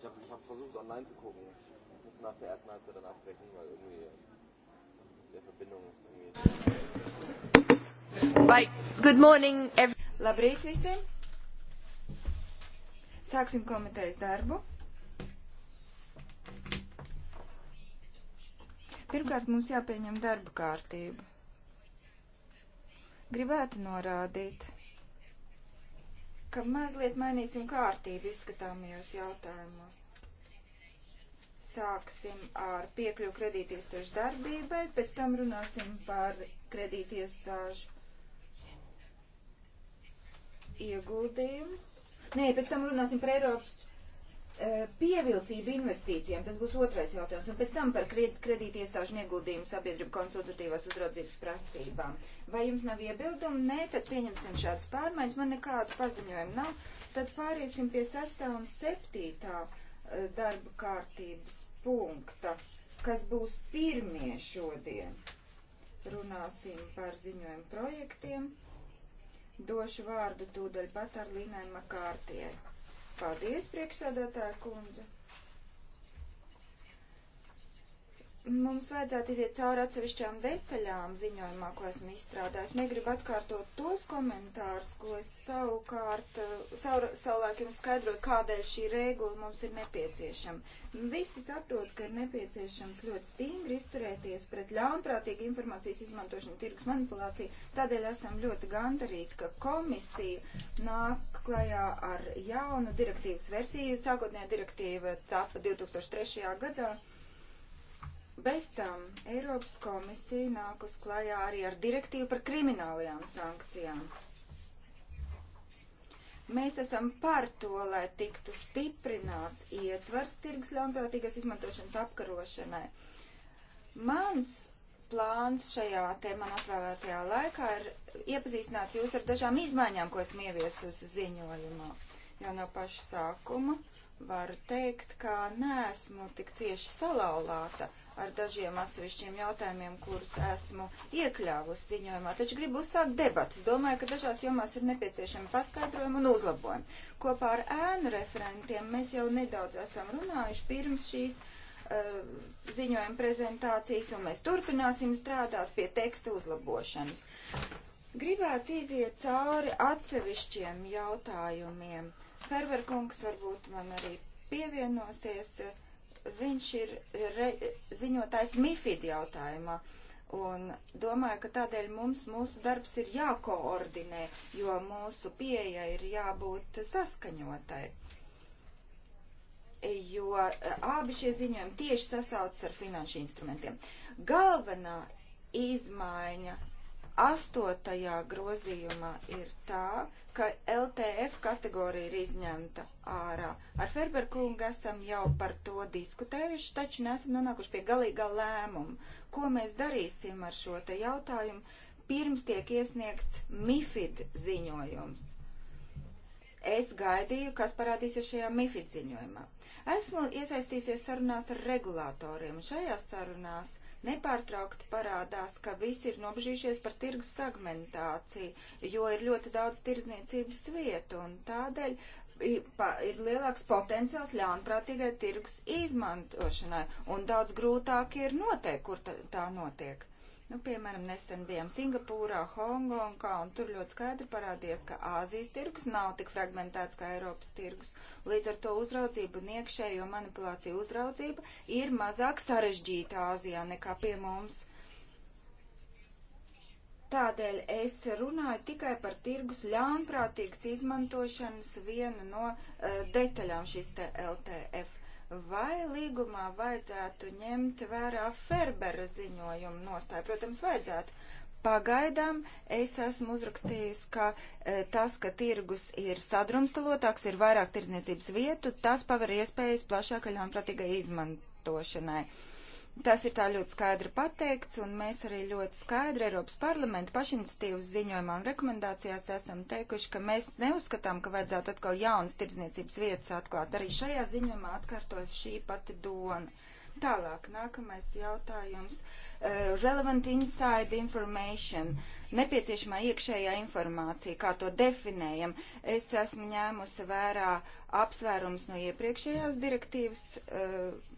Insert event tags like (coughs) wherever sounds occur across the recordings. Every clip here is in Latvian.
Ich habe ich hab versucht, online zu gucken. Ich muss nach der ersten Halbzeit dann abbrechen, weil irgendwie der Verbindung ist irgendwie. Bye. Good morning. Labrīt visiem. Sāksim komitejas darbu. Pirmkārt, mums jāpieņem darba kārtība. Gribētu norādīt ka mazliet mainīsim kārtību izskatāmajos jautājumos. Sāksim ar piekļuvu kredītiestāžu darbībai, pēc tam runāsim par kredītiestāžu ieguldījumu. Nē, pēc tam runāsim par Eiropas Eh, pievilcība investīcijām, tas būs otrais jautājums, un pēc tam par kredīti iestāžu ieguldījumu sabiedrību konsultatīvās uzraudzības prasībām. Vai jums nav iebildumu? Nē, tad pieņemsim šādas pārmaiņas, man nekādu paziņojumu nav. Tad pāriesim pie sastāvam septītā eh, darba kārtības punkta, kas būs pirmie šodien. Runāsim par ziņojumu projektiem. Došu vārdu tūdaļ pat ar Līnai Makārtijai. Paldies, priekšsēdētāja kundze. Mums vajadzētu iziet cauri atsevišķām detaļām ziņojumā, ko esmu izstrādājis. Negribu atkārtot tos komentārus, ko es savukārt savu, savulaik jums skaidroju, kādēļ šī regula mums ir nepieciešama. Visi saprot, ka ir nepieciešams ļoti stingri izturēties pret ļaunprātīgu informācijas izmantošanu, tirgus manipulāciju. Tādēļ esam ļoti gandarīti, ka komisija nāk klajā ar jaunu direktīvas versiju. Sākotnējā direktīva tapa 2003. gadā Bez tam Eiropas komisija nāk uz klajā arī ar direktīvu par kriminālajām sankcijām. Mēs esam par to, lai tiktu stiprināts ietvars tirgus ļaunprātīgas izmantošanas apkarošanai. Mans plāns šajā te man atvēlētajā laikā ir iepazīstināt jūs ar dažām izmaiņām, ko esmu ieviesusi ziņojumā. Jau no paša sākuma varu teikt, ka neesmu tik cieši salauzāta ar dažiem atsevišķiem jautājumiem, kurus esmu iekļāvusi ziņojumā, taču gribu uzsākt debatas. Domāju, ka dažās jomās ir nepieciešami paskaidrojumi un uzlabojumi. Kopā ar ēnu referentiem mēs jau nedaudz esam runājuši pirms šīs uh, ziņojuma prezentācijas, un mēs turpināsim strādāt pie teksta uzlabošanas. Gribētu iziet cauri atsevišķiem jautājumiem. Ferverkungs varbūt man arī pievienosies. Uh, viņš ir re, ziņotājs MIFID jautājumā. Un domāju, ka tādēļ mums mūsu darbs ir jākoordinē, jo mūsu pieeja ir jābūt saskaņotai. Jo e, abi šie ziņojumi tieši sasaucas ar finanšu instrumentiem. Galvenā izmaiņa Astotajā grozījumā ir tā, ka LTF kategorija ir izņemta ārā. Ar Ferberkungu esam jau par to diskutējuši, taču nesam nonākuši pie galīgā lēmuma, ko mēs darīsim ar šo te jautājumu, pirms tiek iesniegts MIFID ziņojums. Es gaidīju, kas parādīsies šajā MIFID ziņojumā. Esmu iesaistīsies sarunās ar regulātoriem. Šajās sarunās Nepārtraukti parādās, ka visi ir nobežījušies par tirgus fragmentāciju, jo ir ļoti daudz tirzniecības vietu un tādēļ ir lielāks potenciāls ļaunprātīgai tirgus izmantošanai un daudz grūtāk ir noteikt, kur tā notiek. Nu, piemēram, nesen bijām Singapūrā, Hongkongā, un tur ļoti skaidri parādījās, ka Āzijas tirgus nav tik fragmentēts kā Eiropas tirgus. Līdz ar to uzraudzību un iekšējo manipulāciju uzraudzība ir mazāk sarežģīta Āzijā nekā pie mums. Tādēļ es runāju tikai par tirgus ļaunprātīgas izmantošanas vienu no uh, detaļām šīs te LTF. Vai līgumā vajadzētu ņemt vērā Ferbera ziņojumu nostāju? Protams, vajadzētu. Pagaidām es esmu uzrakstījusi, ka e, tas, ka tirgus ir sadrumstalotāks, ir vairāk tirdzniecības vietu, tas paver iespējas plašākai ļaunprātīgai izmantošanai. E, Tas ir tā ļoti skaidri pateikts, un mēs arī ļoti skaidri Eiropas parlamenta pašiniciatīvas ziņojumā un rekomendācijās esam teikuši, ka mēs neuzskatām, ka vajadzētu atkal jaunas tirdzniecības vietas atklāt. Arī šajā ziņojumā atkārtos šī pati dona. Tālāk, nākamais jautājums. Uh, relevant inside information. Nepieciešamā iekšējā informācija, kā to definējam. Es esmu ņēmusi vērā apsvērums no iepriekšējās direktīvas. Uh,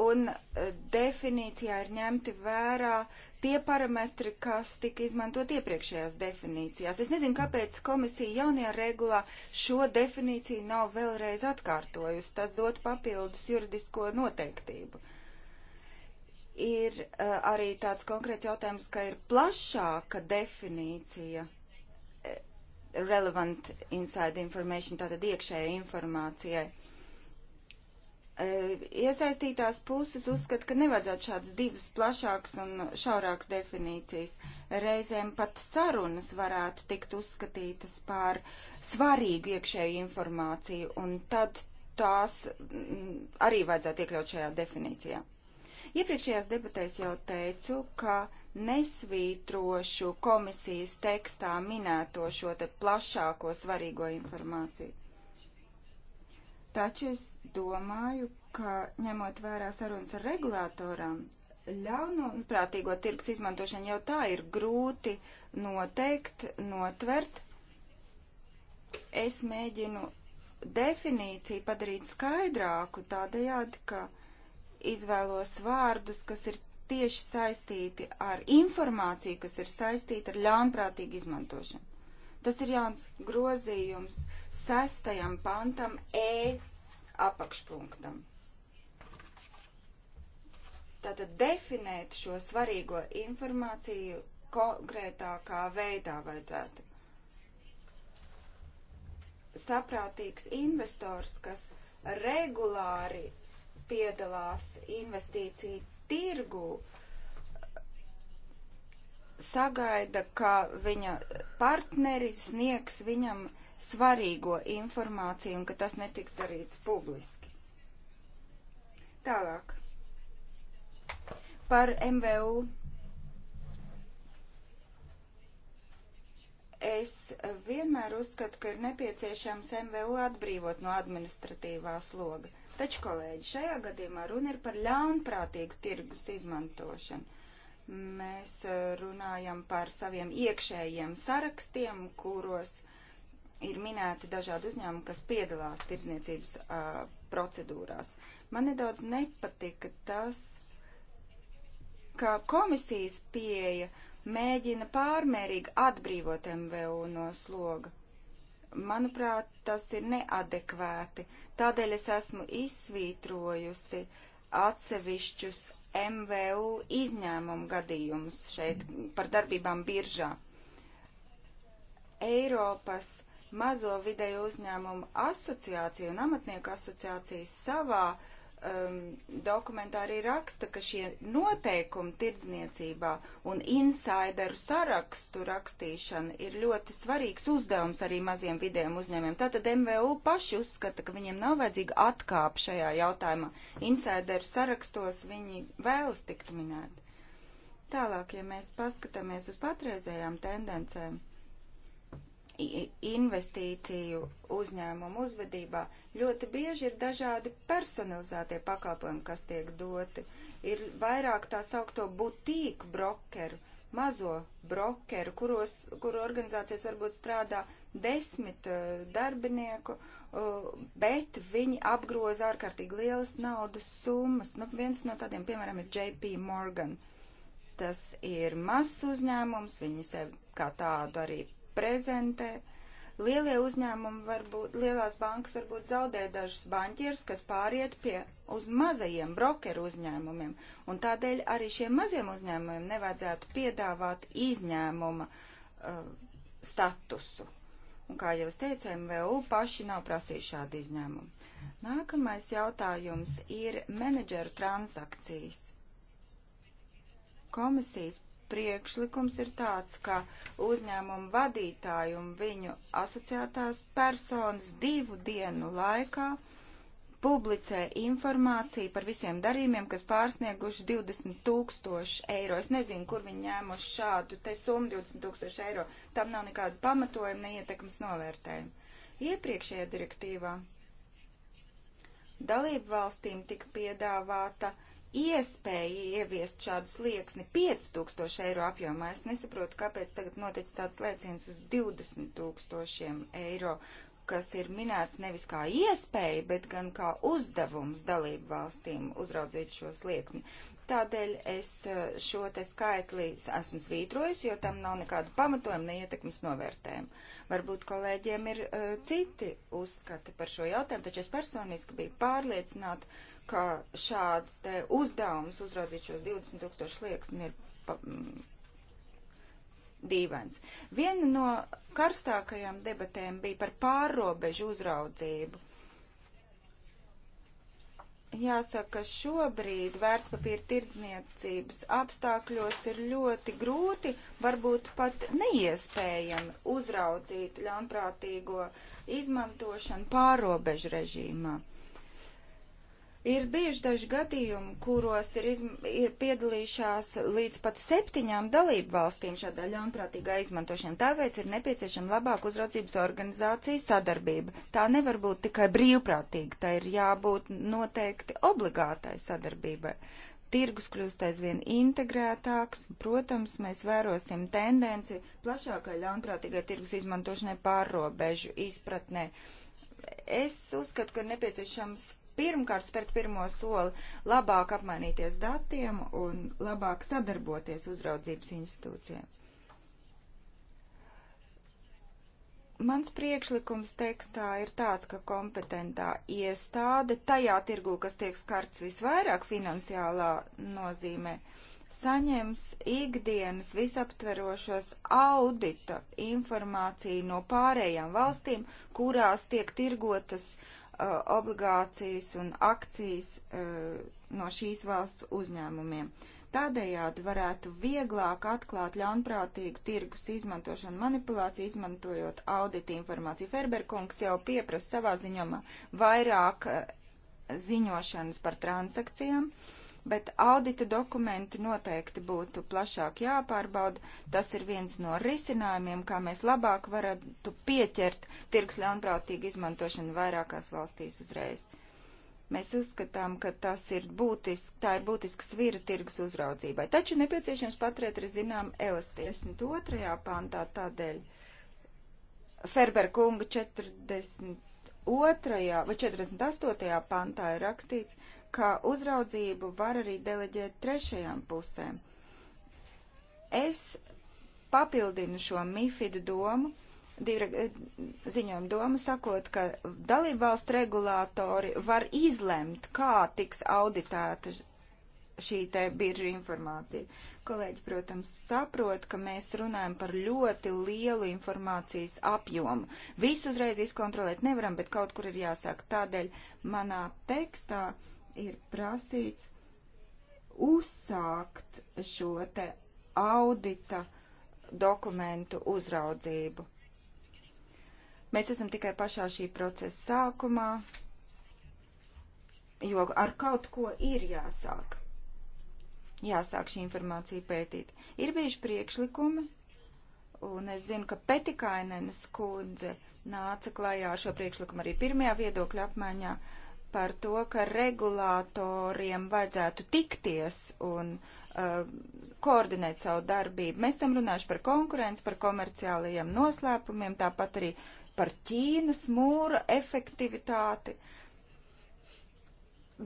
un e, definīcijā ir ņemti vērā tie parametri, kas tika izmantot iepriekšējās definīcijās. Es nezinu, kāpēc komisija jaunajā regulā šo definīciju nav vēlreiz atkārtojusi. Tas dot papildus juridisko noteiktību. Ir uh, arī tāds konkrēts jautājums, ka ir plašāka definīcija e, relevant inside information, tātad iekšējai informācijai. Uh, E, iesaistītās puses uzskata, ka nevajadzētu šādas divas plašākas un šaurākas definīcijas. Reizēm pat sarunas varētu tikt uzskatītas par svarīgu iekšēju informāciju, un tad tās mm, arī vajadzētu iekļaut šajā definīcijā. Iepriekšējās debatēs jau teicu, ka nesvītrošu komisijas tekstā minēto šo te plašāko svarīgo informāciju Taču es domāju, ka ņemot vērā sarunas ar regulātorām, ļaunprātīgo tirgus izmantošanu jau tā ir grūti noteikt, notvert. Es mēģinu definīciju padarīt skaidrāku tādējādi, ka izvēlos vārdus, kas ir tieši saistīti ar informāciju, kas ir saistīta ar ļaunprātīgu izmantošanu. Tas ir jauns grozījums sestajam pantam E apakšpunktam. Tātad definēt šo svarīgo informāciju konkrētākā veidā vajadzētu. Saprātīgs investors, kas regulāri piedalās investīciju tirgu, sagaida, ka viņa partneri sniegs viņam uh, svarīgo informāciju un ka tas netiks darīts publiski. Tālāk. Par MVU. Es vienmēr uzskatu, ka ir nepieciešams MVU atbrīvot no administratīvā sloga. Taču, kolēģi, šajā gadījumā runa ir par ļaunprātīgu tirgus izmantošanu mēs eh, runājam par saviem iekšējiem sarakstiem, kuros ir minēti dažādi uzņēmumi, kas piedalās tirdzniecības uh, procedūrās. Man nedaudz nepatika tas, ka komisijas pieeja mēģina pārmērīgi atbrīvot MVU no sloga. Manuprāt, tas ir neadekvēti. Tādēļ es esmu izsvītrojusi atsevišķus MVU izņēmumu gadījumus šeit par darbībām biržā. Eiropas Mazo vidēju uzņēmumu asociācija un amatnieku asociācija savā um, dokumentā arī raksta, ka šie noteikumi tirdzniecībā un insideru sarakstu rakstīšana ir ļoti svarīgs uzdevums arī maziem vidējiem uzņēmiem. Tātad MVU paši uzskata, ka viņiem nav vajadzīga atkāpa šajā jautājumā. Insideru sarakstos viņi vēlas tikt minēti. Tālāk, ja mēs paskatāmies uz patreizējām tendencēm, investīciju uzņēmumu uzvedībā ļoti bieži ir dažādi personalizētie pakalpojumi, kas tiek doti. Ir vairāk tā saukto butīku brokeru, mazo brokeru, kuros, kuru organizācijas varbūt strādā desmit uh, darbinieku, uh, bet viņi apgroza ārkārtīgi lielas naudas summas. Nu, viens no tādiem, piemēram, ir JP Morgan. Tas ir mazs uzņēmums, viņi sevi kā tādu arī prezentē. Lielie uzņēmumi, varbūt, lielās bankas varbūt zaudē dažus banķierus, kas pāriet pie uz mazajiem brokeru uzņēmumiem. Un tādēļ arī šiem maziem uzņēmumiem nevajadzētu piedāvāt izņēmuma uh, statusu. Un, kā jau es teicu, MVU paši nav prasījuši šādu izņēmumu. Nākamais jautājums ir menedžeru transakcijas komisijas priekšlikums ir tāds, ka uzņēmumu vadītāju un viņu asociētās personas divu dienu laikā publicē informāciju par visiem darījumiem, kas pārsnieguši 20 tūkstoši eiro. Es nezinu, kur viņi ņēmuši šādu te summu 20 tūkstoši eiro. Tam nav nekāda pamatojuma, ne ietekmes novērtējuma. Iepriekšējā direktīvā dalību valstīm tika piedāvāta uh, iespēja ieviest šādu slieksni 5000 eiro apjomā. Es nesaprotu, kāpēc tagad notic tāds lēciens uz 20 tūkstošiem eiro, kas ir minēts nevis kā iespēja, bet gan kā uzdevums dalību valstīm uzraudzīt šo slieksni. Tādēļ es eh, šo te skaitli esmu svītrojusi, jo tam nav nekādu pamatojumu, ne ietekmes novērtējumu. Varbūt kolēģiem ir uh, citi uzskati par šo jautājumu, taču es personiski biju pārliecināta, ka šāds te uzdevums uzraudzīt šos 20 tūkstošu slieksni ir pa, m, mm, dīvains. Viena no karstākajām debatēm bija par pārrobežu uzraudzību. Jāsaka, šobrīd vērtspapīra tirdzniecības apstākļos ir ļoti grūti, varbūt pat neiespējami uzraudzīt ļaunprātīgo izmantošanu pārobežu režīmā. Uh, Ir bieži daži gadījumi, kuros ir, izm, ir piedalījušās līdz pat septiņām dalību valstīm šādā ļaunprātīgā izmantošana. Tāpēc ir nepieciešama labāka uzraudzības organizācija sadarbība. Tā nevar būt tikai brīvprātīga, tā ir jābūt noteikti obligātai sadarbībai. Tirgus kļūst aizvien integrētāks, protams, mēs vērosim tendenci plašākai ļaunprātīgai tirgus izmantošanai pārrobežu izpratnē. Es uzskatu, ka nepieciešams pirmkārt spērt pirmo soli, labāk apmainīties datiem un labāk sadarboties uzraudzības institūcijiem. Mans priekšlikums tekstā ir tāds, ka kompetentā iestāde tajā tirgu, kas tiek skarts visvairāk finansiālā nozīmē, saņems ikdienas visaptverošos audita informāciju no pārējām valstīm, kurās tiek tirgotas Uh, obligācijas un akcijas uh, no šīs valsts uzņēmumiem. Tādējādi varētu vieglāk atklāt ļaunprātīgu tirgus izmantošanu manipulāciju, izmantojot audita informāciju. Ferberkungs jau pieprasa savā ziņomā vairāk uh, ziņošanas par transakcijām. Uh, bet audita dokumenti noteikti būtu plašāk jāpārbauda. Tas ir viens no risinājumiem, kā mēs labāk varētu pieķert tirgus ļaunprātīgu izmantošanu vairākās valstīs uzreiz. Mēs uzskatām, ka tas ir būtiski, tā ir būtiska svira tirgus uzraudzībai. Taču nepieciešams paturēt arī zinām elastību. 22. pantā tādēļ Ferber kunga 40. 2. vai 48. pantā ir rakstīts, ka uzraudzību var arī deleģēt trešajām pusēm. Es papildinu šo MIFID domu, eh, ziņojumu domu, sakot, ka dalību valstu regulātori var izlemt, kā tiks auditēta šī te biržu informācija. Kolēģi, protams, saprot, ka mēs runājam par ļoti lielu informācijas apjomu. Visu uzreiz izkontrolēt nevaram, bet kaut kur ir jāsāk. Tādēļ manā tekstā ir prasīts uzsākt šo te audita dokumentu uzraudzību. Mēs esam tikai pašā šī procesa sākumā, jo ar kaut ko ir jāsāk. Jāsāk šī informācija pētīt. Ir bijuši priekšlikumi, un es zinu, ka Petikainenes kundze nāca klajā ar šo priekšlikumu arī pirmajā viedokļa apmaiņā. Uh, par to, ka regulātoriem vajadzētu tikties un uh, koordinēt savu darbību. Mēs esam runājuši par konkurenci, par komerciālajiem noslēpumiem, tāpat arī par Ķīnas mūra efektivitāti.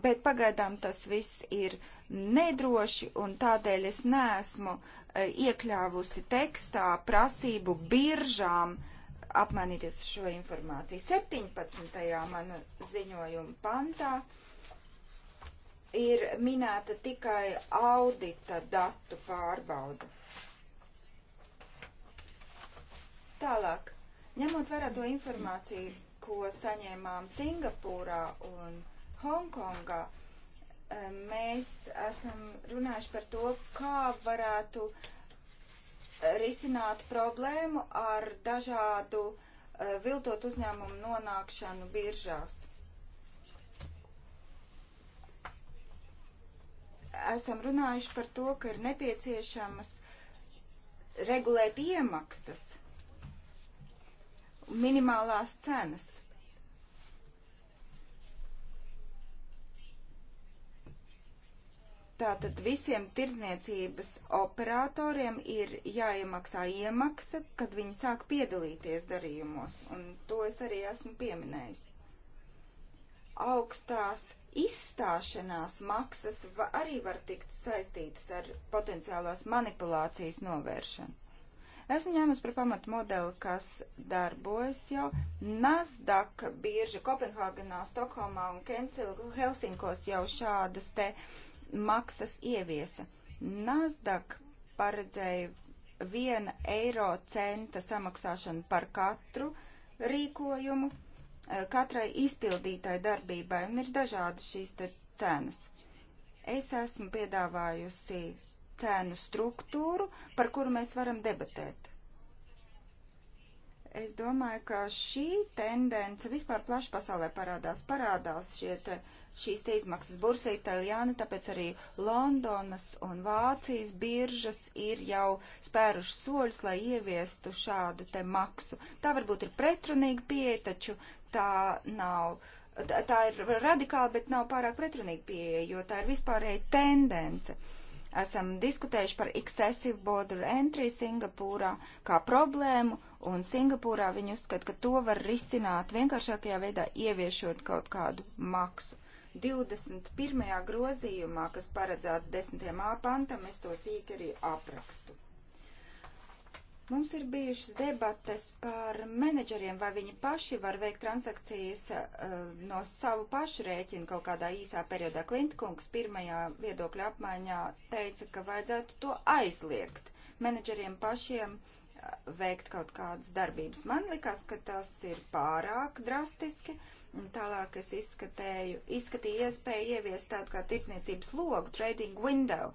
Bet pagaidām tas viss ir nedroši un tādēļ es neesmu uh, iekļāvusi tekstā prasību biržām uh, apmainīties šo informāciju. 17. mana ziņojuma pantā ir minēta tikai audita datu pārbauda. Tālāk, ņemot vērā to informāciju, ko saņēmām Singapūrā un Hongkongā, eh, mēs esam runājuši par to, kā varētu uh, risināt problēmu ar dažādu uh, viltot uzņēmumu nonākšanu biržās. Esam runājuši par to, ka ir nepieciešamas regulēt iemaksas, minimālās cenas. Tātad visiem tirdzniecības operatoriem ir jāiemaksā iemaksa, kad viņi sāk piedalīties darījumos, un to es arī esmu pieminējusi. Augstās izstāšanās maksas va arī var tikt saistītas ar potenciālās manipulācijas novēršanu. Esmu ņēmusi par pamatu modeli, kas darbojas jau Nasdaq bieža Kopenhāgenā, Stokholmā un Kensilgu Helsinkos jau šādas te uh, maksas ieviesa. Nasdaq paredzēja viena eiro centa samaksāšanu par katru rīkojumu, e, katrai izpildītāji darbībai, un ir dažādas šīs te cenas. Es esmu piedāvājusi cēnu struktūru, par kuru mēs varam debatēt. Es domāju, ka šī tendence vispār plaši pasaulē parādās. Parādās šie te uh, šīs te izmaksas. Bursa Itālijāna, tāpēc arī Londonas un Vācijas biržas ir jau spēruši soļus, lai ieviestu šādu te maksu. Tā varbūt ir pretrunīga pieeja, taču tā nav. Tā ir radikāla, bet nav pārāk pretrunīga pieeja, jo tā ir vispārēja tendence esam diskutējuši par excessive border entry Singapūrā kā problēmu, un Singapūrā viņi uzskata, ka to var risināt vienkāršākajā veidā ieviešot kaut kādu maksu. 21. grozījumā, kas paredzēts 10. A pantam, es to sīk arī aprakstu. Mums ir bijušas debates par menedžeriem, vai viņi paši var veikt transakcijas uh, no savu pašu rēķinu kaut kādā īsā periodā. Klintkungs pirmajā viedokļa apmaiņā teica, ka vajadzētu to aizliegt menedžeriem pašiem uh, veikt kaut kādas darbības. Man likās, ka tas ir pārāk drastiski. Uh, Un tālāk es izskatēju, izskatīju iespēju ieviest tādu kā tirdzniecības logu, trading window,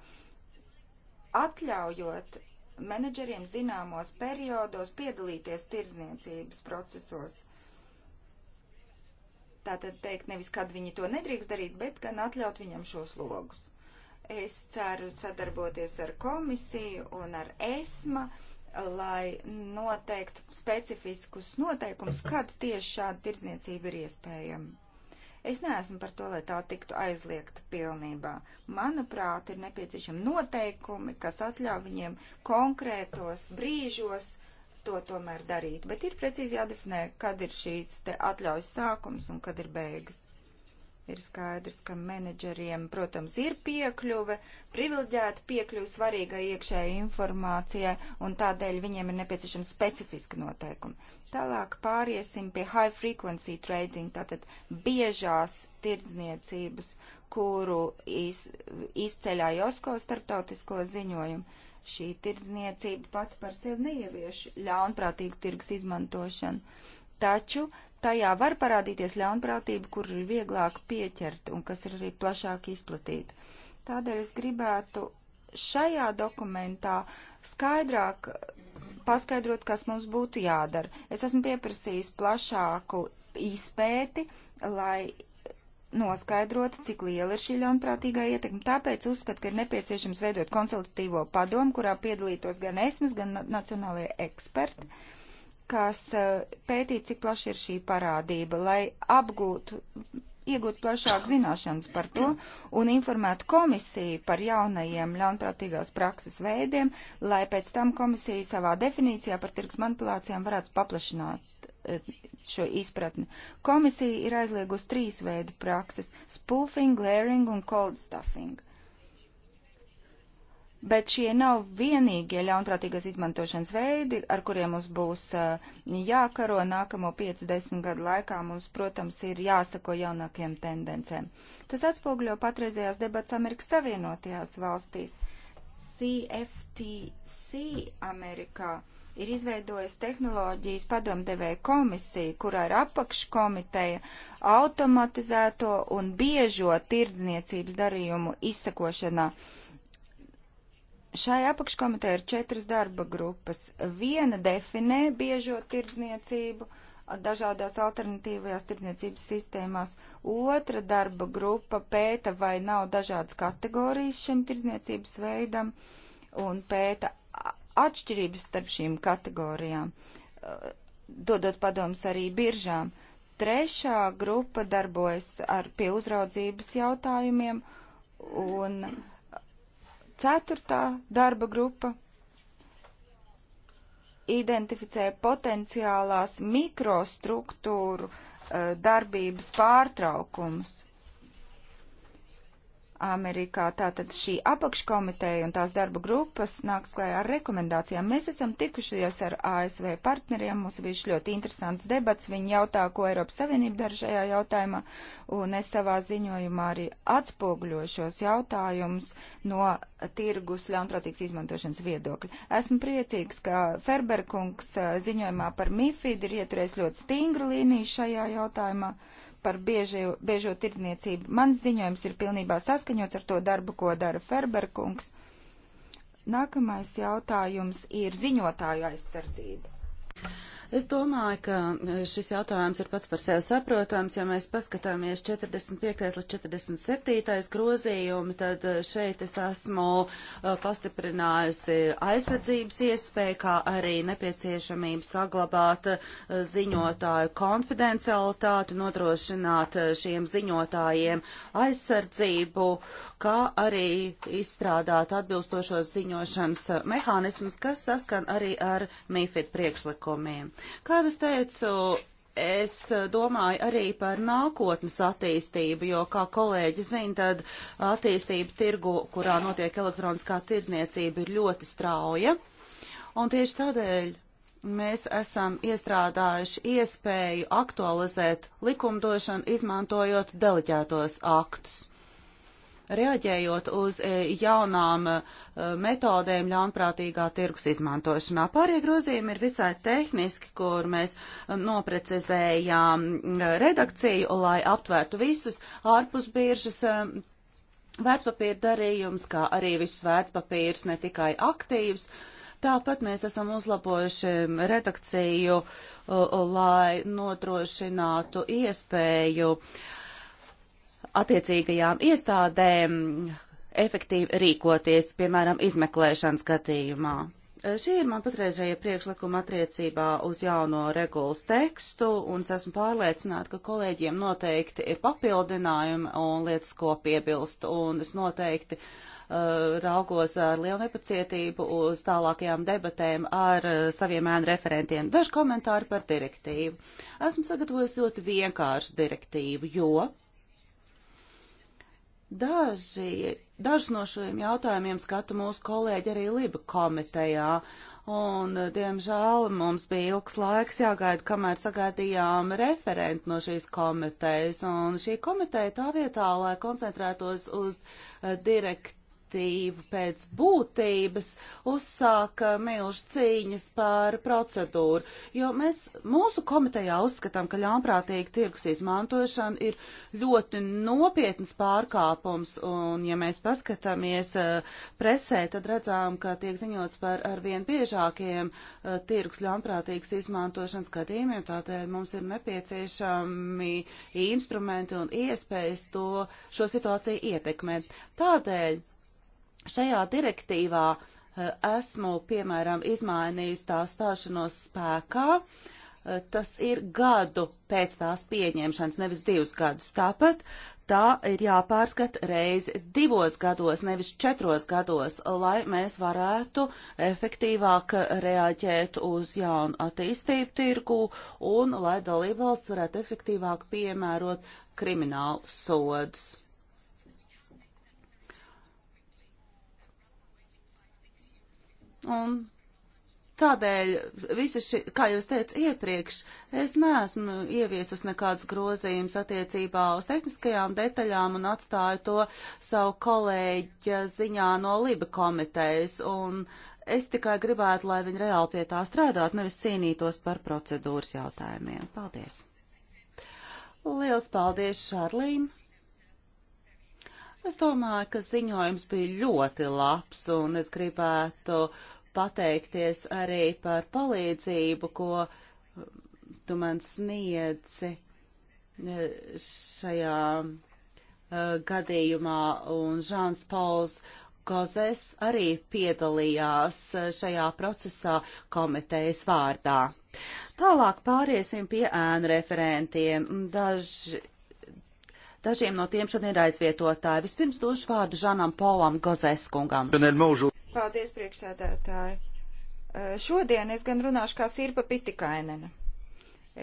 atļaujot menedžeriem zināmos periodos piedalīties tirdzniecības procesos. Tātad teikt nevis, kad viņi to nedrīkst darīt, bet gan atļaut viņam šos logus. Es ceru sadarboties ar komisiju un ar ESMA, uh, lai noteiktu specifiskus noteikumus, kad tieši šāda tirdzniecība ir iespējama. Es neesmu par to, lai tā tiktu aizliegta pilnībā. Manuprāt, ir nepieciešami noteikumi, kas atļauj viņiem konkrētos brīžos to tomēr darīt. Bet ir precīzi jādefinē, kad ir šīs te atļaujas sākums un kad ir beigas. Ir skaidrs, ka menedžeriem, protams, ir piekļuve, privileģēta piekļuve svarīgai iekšējai informācijai, un tādēļ viņiem ir nepieciešama specifiska noteikuma. Tālāk pāriesim pie high frequency trading, tātad biežās tirdzniecības, kuru iz, izceļā Josko starptautisko ziņojumu. Šī tirdzniecība pati par sevi neievieš ļaunprātīgu tirgus izmantošanu taču tajā var parādīties ļaunprātība, kur ir vieglāk pieķert un kas ir arī plašāk izplatīta. Tādēļ es gribētu šajā dokumentā skaidrāk paskaidrot, kas mums būtu jādara. Es esmu pieprasījis plašāku izpēti, lai noskaidrotu, cik liela ir šī ļaunprātīgā ietekme. Tāpēc uzskatu, ka ir nepieciešams veidot konsultatīvo padomu, kurā piedalītos gan esmas, gan nacionālajie eksperti. Uh, kas eh, pētītu, cik plaši ir šī parādība, lai apgūtu, iegūtu plašāk zināšanas par to un informētu komisiju par jaunajiem ļaunprātīgās prakses veidiem, lai pēc tam komisija savā definīcijā par tirgus manipulācijām varētu paplašināt eh, šo izpratni. Komisija ir aizliegusi trīs veidu prakses - spoofing, glaring un cold stuffing. Bet šie nav vienīgie ļaunprātīgas izmantošanas veidi, ar kuriem mums būs uh, jākaro nākamo 5-10 gadu laikā. Mums, protams, ir jāsako jaunākajiem tendencēm. Tas atspoguļo patreizējās debats Amerikas Savienotajās valstīs. CFTC Amerikā ir izveidojis tehnoloģijas padomdevēja komisiju, kurā ir apakškomiteja automatizēto un biežo tirdzniecības darījumu izsakošanā. Uh, Šai apakškomitē ir četras darba grupas. Viena definē biežo tirdzniecību dažādās alternatīvajās tirdzniecības sistēmās. Otra darba grupa pēta, vai nav dažādas kategorijas šim tirdzniecības veidam un pēta atšķirības starp šīm kategorijām, dodot padomus arī biržām. Trešā grupa darbojas ar pie uzraudzības jautājumiem un. Mm Ceturtā darba grupa identificēja potenciālās mikrostruktūru eh, darbības pārtraukumus. Amerikā. Tātad šī apakškomiteja un tās darba grupas nāks klājā ar rekomendācijām. Mēs esam tikušies ar ASV partneriem, mums bija ļoti interesants debats, viņi jautā, ko Eiropas Savienība dara šajā jautājumā, un es savā ziņojumā arī atspoguļošos jautājumus no tirgus ļaunprātīgas izmantošanas viedokļa. Esmu priecīgs, ka Ferberkungs eh, ziņojumā par MIFID ir ieturējis ļoti stingru līniju šajā jautājumā par biežo, biežo tirdzniecību. Mans ziņojums ir pilnībā saskaņots ar to darbu, ko dara Ferberkungs. Nākamais jautājums ir ziņotāju aizsardzība. Es domāju, ka e, šis jautājums ir pats par sevi saprotams. Ja mēs paskatāmies 45. līdz 47. grozījumi, tad e, šeit es esmu e, pastiprinājusi aizsardzības iespēju, kā arī nepieciešamību saglabāt ziņotāju konfidencialitāti, nodrošināt šiem ziņotājiem aizsardzību, kā arī izstrādāt atbilstošos ziņošanas mehānismus, kas saskan arī ar MIFID priekšlikumiem. Kā jau es teicu, Es eh, domāju arī par nākotnes attīstību, jo, kā kolēģi zina, tad attīstība tirgu, kurā notiek elektroniskā tirzniecība, ir ļoti strauja. Un tieši tādēļ mēs esam iestrādājuši iespēju aktualizēt likumdošanu, izmantojot deleģētos aktus reaģējot uz e, jaunām e, metodēm ļaunprātīgā tirgus izmantošanā. Pārējie grozījumi ir visai tehniski, kur mēs noprecizējām e, redakciju, lai aptvērtu visus ārpusbiežas vērtspapīra darījums, kā arī visus vērtspapīrus, ne tikai aktīvus. Tāpat mēs esam uzlabojuši redakciju, lai nodrošinātu iespēju uh, attiecīgajām iestādēm efektīvi rīkoties, piemēram, izmeklēšanas gadījumā. E, šī ir man patreizēja priekšlikuma attiecībā uz jauno regulas tekstu, un es esmu pārliecināta, ka kolēģiem noteikti ir papildinājumi un lietas, ko piebilst, un es noteikti uh, raugos ar lielu nepacietību uz tālākajām debatēm ar uh, saviem ēnu referentiem. Daži komentāri par direktīvu. Esmu sagatavojis ļoti vienkāršu direktīvu, jo Daži, daži no šiem jautājumiem skata mūsu kolēģi arī Liba komitejā, un, diemžēl, mums bija ilgs laiks jāgaida, kamēr sagaidījām referentu no šīs komitejas, un šī komiteja tā vietā, lai koncentrētos uz eh, direktīvu, direktīvu pēc būtības uzsāka eh, milzu cīņas par procedūru, jo mēs mūsu komitejā uzskatām, ka ļaunprātīga tirgus izmantošana ir ļoti nopietns pārkāpums, un ja mēs paskatāmies eh, presē, tad redzām, ka tiek ziņots par arvien biežākiem eh, tirgus ļaunprātīgas izmantošanas gadījumiem, tādēļ mums ir nepieciešami instrumenti un iespējas to, šo situāciju ietekmēt. Tādēļ Šajā direktīvā eh, esmu, piemēram, izmainījusi tā stāšanos spēkā. Eh, tas ir gadu pēc tās pieņemšanas, nevis divus gadus. Tāpat tā ir jāpārskata reizi divos gados, nevis četros gados, lai mēs varētu efektīvāk reaģēt uz jaunu attīstību tirgu un lai dalībvalsts varētu efektīvāk piemērot kriminālu sodus. Un Tādēļ, ši, kā jūs teicat iepriekš, es neesmu ieviesus nekādus grozījumus attiecībā uz tehniskajām detaļām un atstāju to savu kolēģa ziņā no Liba komitejas. Un es tikai gribētu, lai viņi reāli pie tā strādātu, nevis cīnītos par procedūras jautājumiem. Paldies! Liels paldies, Šarlīna! Es domāju, ka ziņojums bija ļoti labs, un es gribētu uh, pateikties arī par palīdzību, ko tu man sniedzi e, šajā e, gadījumā, un Žāns Pauls Gozes arī piedalījās e, šajā procesā komitejas vārdā. Tālāk pāriesim pie ēnu referentiem. Daži, dažiem no tiem šodien ir aizvietotāji. Vispirms došu vārdu Žanam Paulam Gozeskungam. Paldies, priekšsēdētāji. Šodien es gan runāšu kā Sirpa Pitikainena.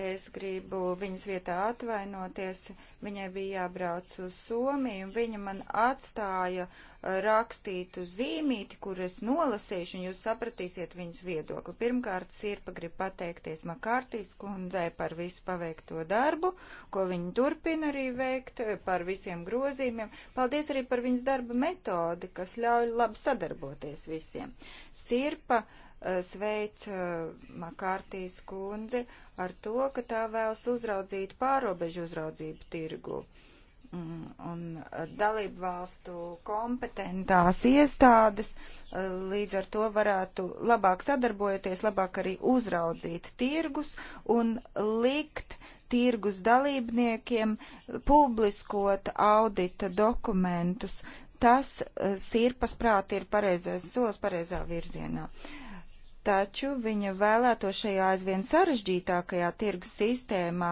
Es gribu viņas vietā atvainoties. Viņai bija jābrauc uz Somiju, un viņa man atstāja uh, rakstītu zīmīti, kur es nolasīšu, un jūs sapratīsiet viņas viedokli. Pirmkārt, Sirpa grib pateikties Makārtīs kundzei par visu paveikto darbu, ko viņa turpina arī veikt, uh, par visiem grozījumiem. Paldies arī par viņas darba metodi, kas ļauj labi sadarboties visiem. Sirpa uh, sveic eh, Makārtīs kundzi ar to, ka tā vēlas uzraudzīt pārobežu uzraudzību tirgu mm, un eh, dalību valstu kompetentās iestādes, eh, līdz ar to varētu labāk sadarbojoties, labāk arī uzraudzīt tirgus un likt tirgus dalībniekiem publiskot audita dokumentus. Tas sirpas prāti ir pareizais solis pareizā virzienā. Uh, taču viņa vēlēto šajā aizvien sarežģītākajā tirgus sistēmā,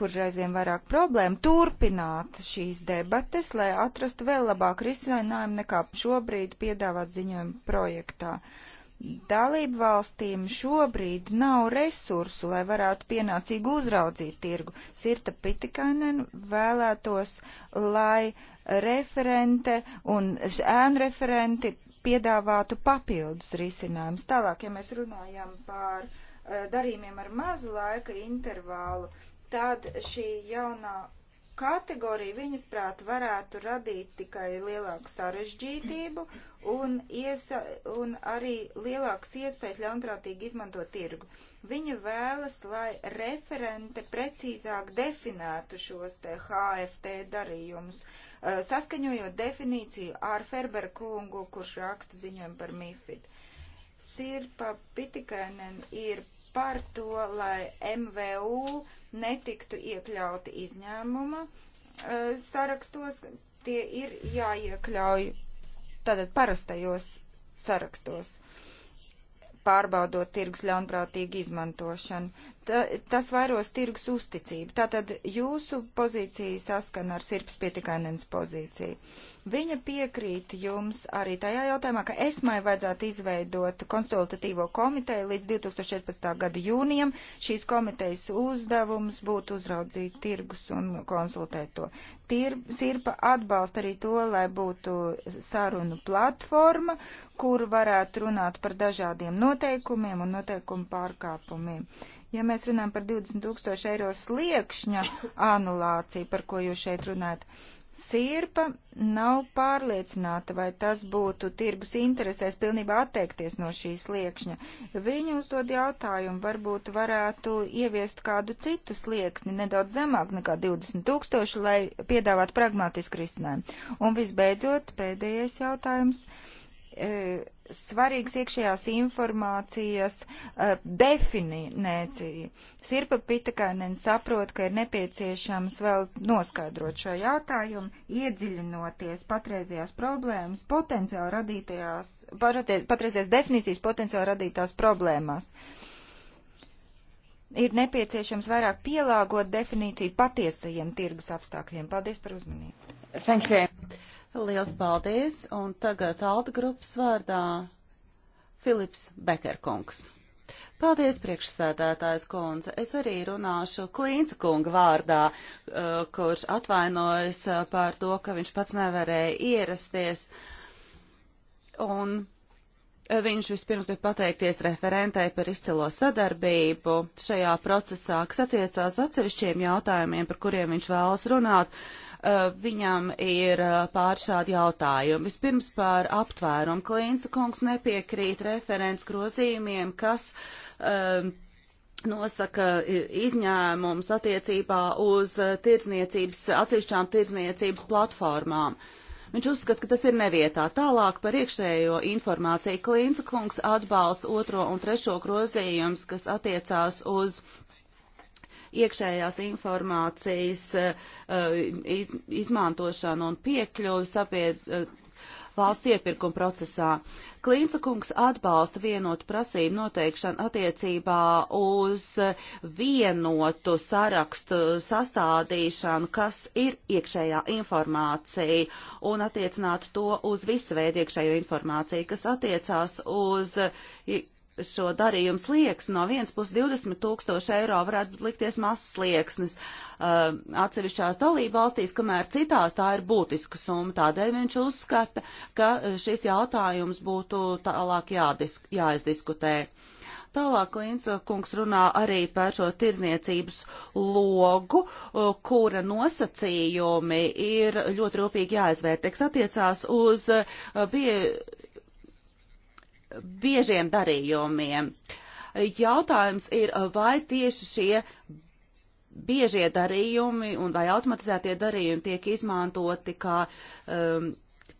kur ir aizvien vairāk problēmu, turpināt šīs debates, lai atrastu vēl labāku risinājumu nekā šobrīd piedāvāt ziņojumu projektā. Dalību valstīm šobrīd nav resursu, lai varētu pienācīgi uzraudzīt tirgu. Sirta Pitikainen vēlētos, lai referente un ēnu referenti piedāvātu papildus risinājumus. Tālāk, ja mēs runājam par eh, darījumiem ar mazu laika intervālu, tad šī jaunā kategorija, viņas prāt, varētu radīt tikai lielāku sarežģītību un, iesa, un arī lielākas iespējas ļaunprātīgi izmantot tirgu. Viņa vēlas, lai referente precīzāk definētu šos te HFT darījumus, eh, saskaņojot definīciju ar Ferber kungu, kurš raksta ziņojumu par MIFID. Sirpa Pitikainen ir par to, lai MVU netiktu iekļauti izņēmuma e, sarakstos, tie ir jāiekļauj tātad parastajos sarakstos, pārbaudot tirgus ļaunprātīgu izmantošanu ta, tas vairos tirgus uzticību. Tātad jūsu pozīcija saskana ar Sirps Pietikainens pozīciju. Viņa piekrīt jums arī tajā jautājumā, ka esmai vajadzētu izveidot konsultatīvo komiteju līdz 2014. gada jūnijam. Šīs komitejas uzdevums būtu uzraudzīt tirgus un konsultēt to. Tir, Sirpa atbalsta arī to, lai būtu sarunu platforma, kur varētu runāt par dažādiem noteikumiem un noteikumu pārkāpumiem. Ja mēs runājam par 20 tūkstošu eiro sliekšņa anulāciju, par ko jūs šeit runājat, Sirpa nav pārliecināta, vai tas būtu tirgus interesēs pilnībā atteikties no šīs sliekšņa. Viņa uzdod jautājumu, varbūt varētu ieviest kādu citu slieksni nedaudz zemāk nekā 20 tūkstoši, lai piedāvātu pragmatisku risinājumu. Un visbeidzot, pēdējais jautājums. Uh, E, svarīgs iekšējās informācijas uh, definīcija. Sirpa Pitakainen saprot, ka ir nepieciešams vēl noskaidrot šo jautājumu, iedziļinoties patreizajās problēmas, potenciāli radītajās, patreizajās definīcijas potenciāli radītās problēmās. Ir nepieciešams vairāk pielāgot definīciju patiesajiem tirgus apstākļiem. Paldies par uzmanību. Thank you. Liels paldies! Un tagad Alta grupas vārdā Filips Bekerkungs. Paldies, priekšsēdētājs kundze. Es arī runāšu Klīnca kunga vārdā, uh, kurš atvainojas uh, par to, ka viņš pats nevarēja ierasties. Un viņš vispirms grib pateikties referentei par izcilo sadarbību šajā procesā, kas attiecās atsevišķiem jautājumiem, par kuriem viņš vēlas runāt. Eh, viņam ir eh, pār šādi jautājumi. Vispirms par aptvērumu. Klīnsa kungs nepiekrīt referents grozījumiem, kas um, nosaka izņēmums attiecībā uz tirdzniecības, atsevišķām tirdzniecības platformām. Viņš uzskata, ka tas ir nevietā. Tālāk par iekšējo informāciju Klīnca kungs atbalsta otro un trešo grozījums, kas attiecās uz uh, iekšējās informācijas eh, iz, izmantošanu un piekļuvi sapied, eh, valsts iepirkuma procesā. Klīnca kungs atbalsta vienotu prasību noteikšanu attiecībā uz vienotu sarakstu sastādīšanu, kas ir iekšējā informācija, un attiecinātu to uz visu veidu iekšējo informāciju, kas attiecās uz šo darījumu slieksni. No vienas puses 20 tūkstoši eiro varētu likties mazs slieksnis uh, atsevišķās dalība valstīs, kamēr citās tā ir būtiska summa. Tādēļ viņš uzskata, ka uh, šis jautājums būtu tālāk jādisk, jāizdiskutē. Tālāk Klīns uh, kungs runā arī par šo tirzniecības logu, uh, kura nosacījumi ir ļoti rūpīgi jāizvērtē, kas attiecās uz pie, biežiem darījumiem. Jautājums ir, vai tieši šie biežie darījumi un vai automatizētie darījumi tiek izmantoti kā um,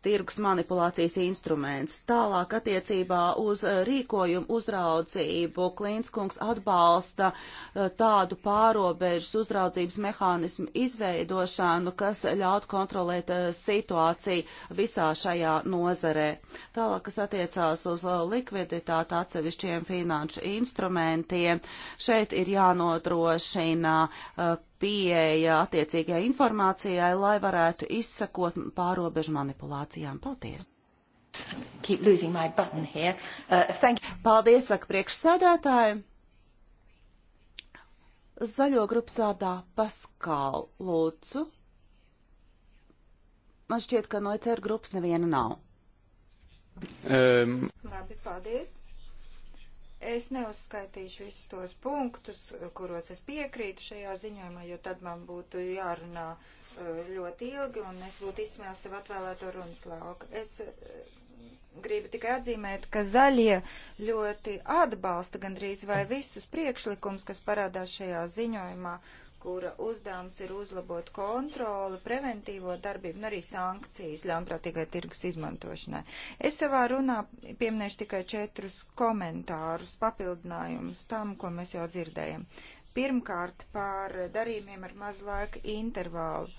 tirgus manipulācijas instruments. Tālāk attiecībā uz eh, rīkojumu uzraudzību Klīnskungs atbalsta eh, tādu pārobežas uzraudzības mehānismu izveidošanu, kas ļaut kontrolēt eh, situāciju visā šajā nozarē. Tālāk, kas attiecās uz likviditāti atsevišķiem finanšu instrumentiem, šeit ir jānodrošina pieeja attiecīgajai informācijai, lai varētu izsekot pārobežu manipulācijām. Paldies! Keep losing my button here. Uh, thank you. Paldies, saka priekšsēdētāji. Zaļo grupas vārdā Paskāl lūdzu. Man šķiet, ka no ECR grupas neviena nav. Um. Labi, paldies. Es neuzskaitīšu visus tos punktus, kuros es piekrītu šajā ziņojumā, jo tad man būtu jārunā uh, ļoti ilgi un es būtu izsmēlis sev atvēlēto runas lauku. Es uh, gribu tikai atzīmēt, ka zaļie ļoti atbalsta gandrīz vai visus priekšlikums, kas parādās šajā ziņojumā, kura uzdevums ir uzlabot kontroli, preventīvo darbību un arī sankcijas ļaunprātīgai tirgus izmantošanai. Es savā runā pieminēšu tikai četrus komentārus, papildinājumus tam, ko mēs jau dzirdējam. Pirmkārt, par darījumiem ar maz laika intervālu.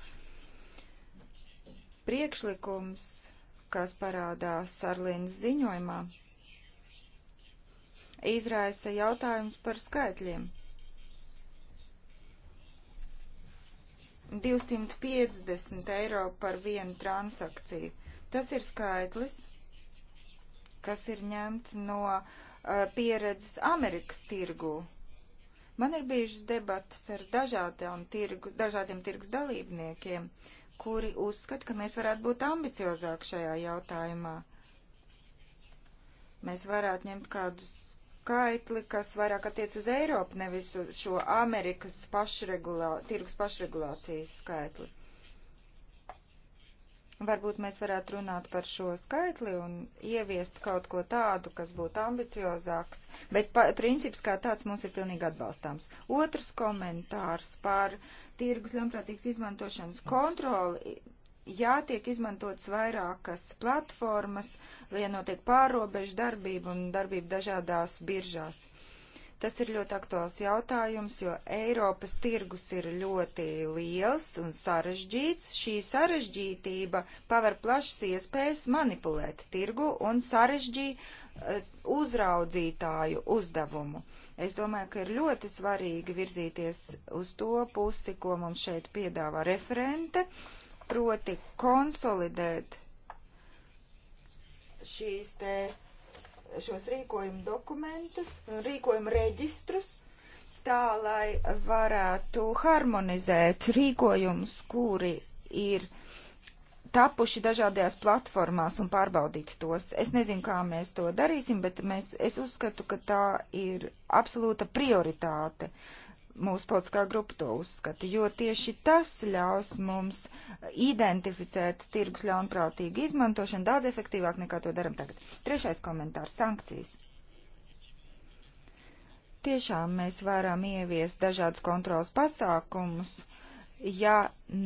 Priekšlikums, kas parādās Arlīnas ziņojumā, izraisa jautājums par skaitļiem 250 eiro par vienu transakciju. Tas ir skaitlis, kas ir ņemts no uh, pieredzes Amerikas tirgū. Man ir bijušas debatas ar dažādiem, tirgu, dažādiem tirgus dalībniekiem, kuri uzskata, ka mēs varētu būt ambiciozāk šajā jautājumā. Mēs varētu ņemt kādus skaitli, kas vairāk attiec uz Eiropu, nevis uz šo Amerikas pašregulā, tirgus pašregulācijas skaitli. Varbūt mēs varētu runāt par šo skaitli un ieviest kaut ko tādu, kas būtu ambiciozāks, bet pa, princips kā tāds mums ir pilnīgi atbalstāms. Otrs komentārs par tirgus ļaunprātīgas izmantošanas kontroli jātiek izmantotas vairākas platformas, lai notiek pārobežu darbība un darbība dažādās biržās. Tas ir ļoti aktuāls jautājums, jo Eiropas tirgus ir ļoti liels un sarežģīts. Šī sarežģītība paver plašas iespējas manipulēt tirgu un sarežģī eh, uzraudzītāju uzdevumu. Es domāju, ka ir ļoti svarīgi virzīties uz to pusi, ko mums šeit piedāvā referente, proti konsolidēt šīs te, šos rīkojumu dokumentus, rīkojumu reģistrus, tā lai varētu harmonizēt rīkojumus, kuri ir tapuši dažādajās platformās un pārbaudīt tos. Es nezinu, kā mēs to darīsim, bet mēs, es uzskatu, ka tā ir absolūta prioritāte. Uh, mūsu politiskā grupa to uzskata, jo tieši tas ļaus mums identificēt tirgus ļaunprātīgu izmantošanu daudz efektīvāk nekā to daram tagad. Trešais komentārs - sankcijas. Tiešām mēs varam ieviest dažādus kontrols pasākumus. Ja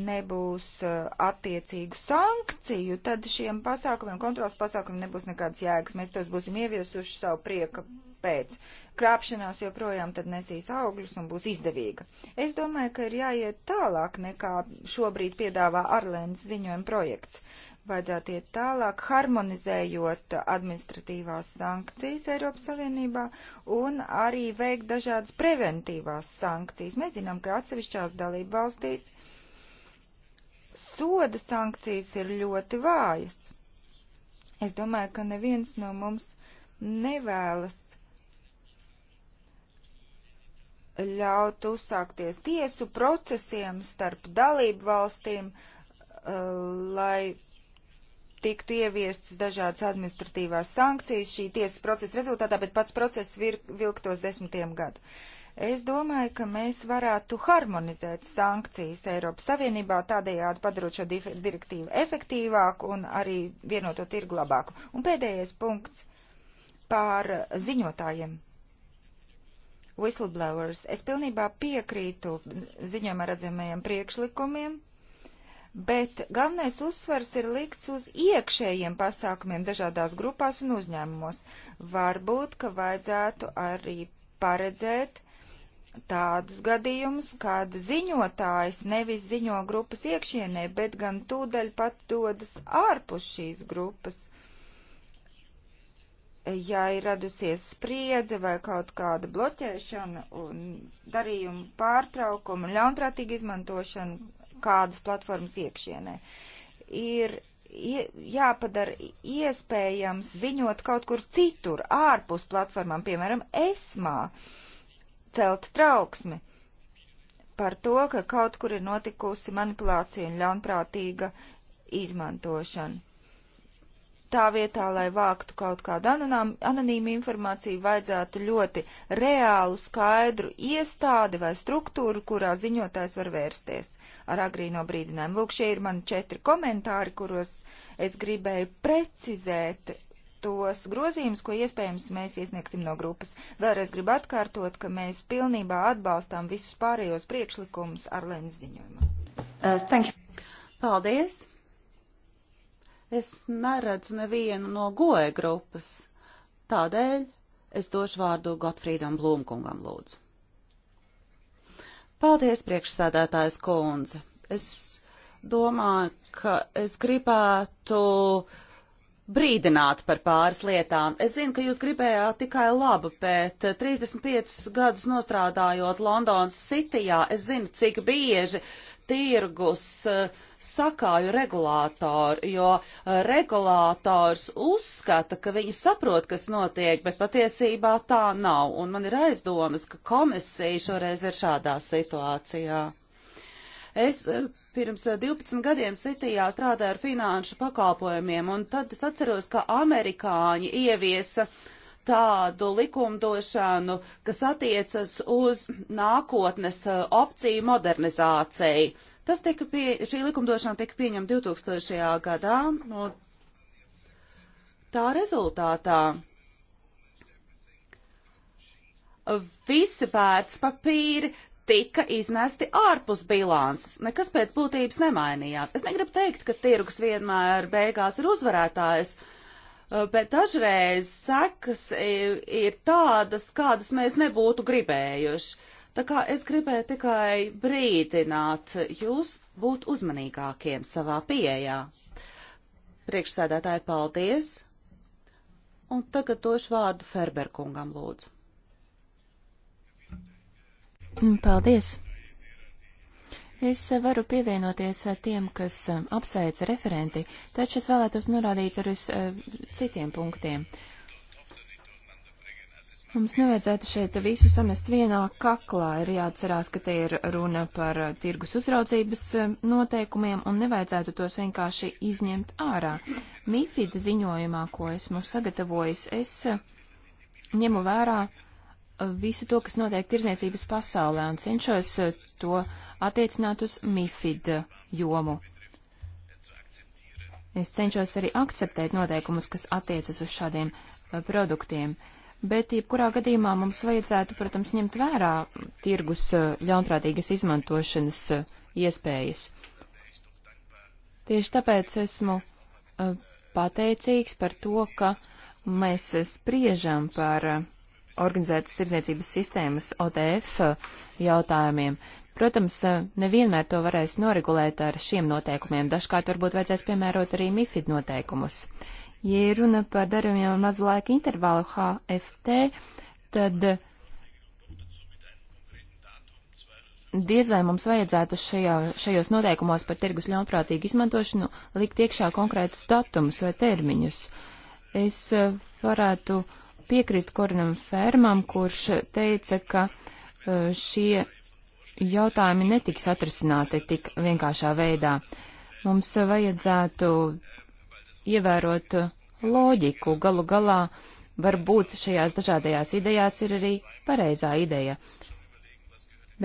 nebūs uh, attiecīgu sankciju, tad šiem pasākumiem, kontrols pasākumiem nebūs nekādas jēgas. Mēs tos būsim ieviesuši savu prieka pēc. Krāpšanās joprojām tad nesīs augļus un būs izdevīga. Es domāju, ka ir jāiet tālāk nekā šobrīd piedāvā Arlēns ziņojuma projekts. Vajadzētu iet tālāk, harmonizējot administratīvās sankcijas Eiropas Savienībā un arī veikt dažādas preventīvās sankcijas. Mēs zinām, ka atsevišķās dalību valstīs soda sankcijas ir ļoti vājas. Es domāju, ka neviens no mums nevēlas ļaut uzsākties tiesu procesiem starp dalību valstīm, eh, lai tiktu ieviestas dažādas administratīvās sankcijas šī tiesas procesa rezultātā, bet pats process vir, vilktos desmitiem gadu. Es domāju, ka mēs varētu harmonizēt sankcijas Eiropas Savienībā, tādējādi padarot šo direktīvu efektīvāku un arī vienoto tirgu labāku. Un pēdējais punkts par ziņotājiem whistleblowers. Es pilnībā piekrītu ziņojumā redzamajiem priekšlikumiem. Bet galvenais uzsvars ir likts uz iekšējiem pasākumiem dažādās grupās un uzņēmumos. Varbūt, ka vajadzētu arī paredzēt tādus gadījumus, kad ziņotājs nevis ziņo grupas iekšienē, bet gan tūdaļ pat dodas ārpus šīs grupas ja ir radusies spriedze vai kaut kāda bloķēšana un darījuma pārtraukuma, ļaunprātīga izmantošana kādas platformas iekšienē, ir jāpadara iespējams ziņot kaut kur citur, ārpus platformām, piemēram, esmā, celt trauksmi par to, ka kaut kur ir notikusi manipulācija un ļaunprātīga izmantošana tā vietā, lai vāktu kaut kādu anonīmu informāciju, vajadzētu ļoti reālu, skaidru iestādi vai struktūru, kurā ziņotājs var vērsties ar agrīno brīdinājumu. Lūk, šie ir mani četri komentāri, kuros es gribēju precizēt tos grozījumus, ko iespējams mēs iesniegsim no grupas. Vēlreiz gribu atkārtot, ka mēs pilnībā atbalstām visus pārējos priekšlikumus ar lēns ziņojumu. Uh, thank you. Paldies! Es neredzu nevienu no goe grupas. Tādēļ es došu vārdu Gotfrīdam Blūmkungam lūdzu. Paldies, priekšsēdētājs kundze. Es domāju, ka es gribētu brīdināt par pāris lietām. Es zinu, ka jūs gribējāt tikai labu, bet 35 gadus nostrādājot Londonas Citijā, es zinu, cik bieži tirgus eh, sakāju regulātori, jo eh, regulātors uzskata, ka viņi saprot, kas notiek, bet patiesībā tā nav. Un man ir aizdomas, ka komisija šoreiz ir šādā situācijā. Es eh, pirms 12 gadiem Sitijā strādāju ar finanšu pakalpojumiem, un tad es atceros, ka amerikāņi ieviesa uh, tādu likumdošanu, kas attiecas uz nākotnes uh, opciju modernizāciju. Tas tika pie, šī likumdošana tika pieņemta 2000. gadā, un tā rezultātā visi vērtspapīri tika iznesti ārpus bilances. Nekas pēc būtības nemainījās. Es negribu teikt, ka tirgus vienmēr beigās ir uzvarētājs. Uh, Eh, bet dažreiz sekas ir tādas, kādas mēs nebūtu gribējuši. Tā kā es gribēju tikai brīdināt jūs būt uzmanīgākiem savā pieejā. Priekšsēdētāji, paldies! Un tagad došu vārdu Ferberkungam, lūdzu. Mm, paldies! Es varu pievienoties eh, tiem, kas eh, apsveic referenti, taču es vēlētos norādīt arī uz eh, citiem punktiem. Mums nevajadzētu šeit visu samest vienā kaklā. Ir jāatcerās, ka te ir runa par tirgus uzraudzības noteikumiem un nevajadzētu tos vienkārši izņemt ārā. Mifida ziņojumā, ko esmu sagatavojis, es ņemu vērā uh, visu to, kas notiek tirzniecības pasaulē, un cenšos eh, to attiecināt uz MIFID jomu. Es cenšos arī akceptēt noteikumus, kas attiecas uz šādiem uh, produktiem. Bet, jebkurā gadījumā, mums vajadzētu, protams, ņemt vērā tirgus uh, ļaunprātīgas izmantošanas uh, iespējas. Tieši tāpēc esmu pateicīgs par to, ka mēs spriežam par organizētas tirdzniecības sistēmas OTF uh, jautājumiem. Protams, uh, nevienmēr to varēs noregulēt ar šiem noteikumiem. Dažkārt varbūt vajadzēs piemērot arī MIFID noteikumus. Ja runa par darījumiem ar mazu laika intervālu HFT, tad uh, diez vai mums vajadzētu šajā, šajos noteikumos par tirgus ļaunprātīgu izmantošanu likt iekšā konkrētus datumus vai termiņus. Es varētu uh, piekrist Korinam Fermam, kurš teica, ka e, šie jautājumi netiks atrisināti tik vienkāršā veidā. Mums vajadzētu ievērot loģiku. Galu galā varbūt šajās dažādajās idejās ir arī pareizā ideja.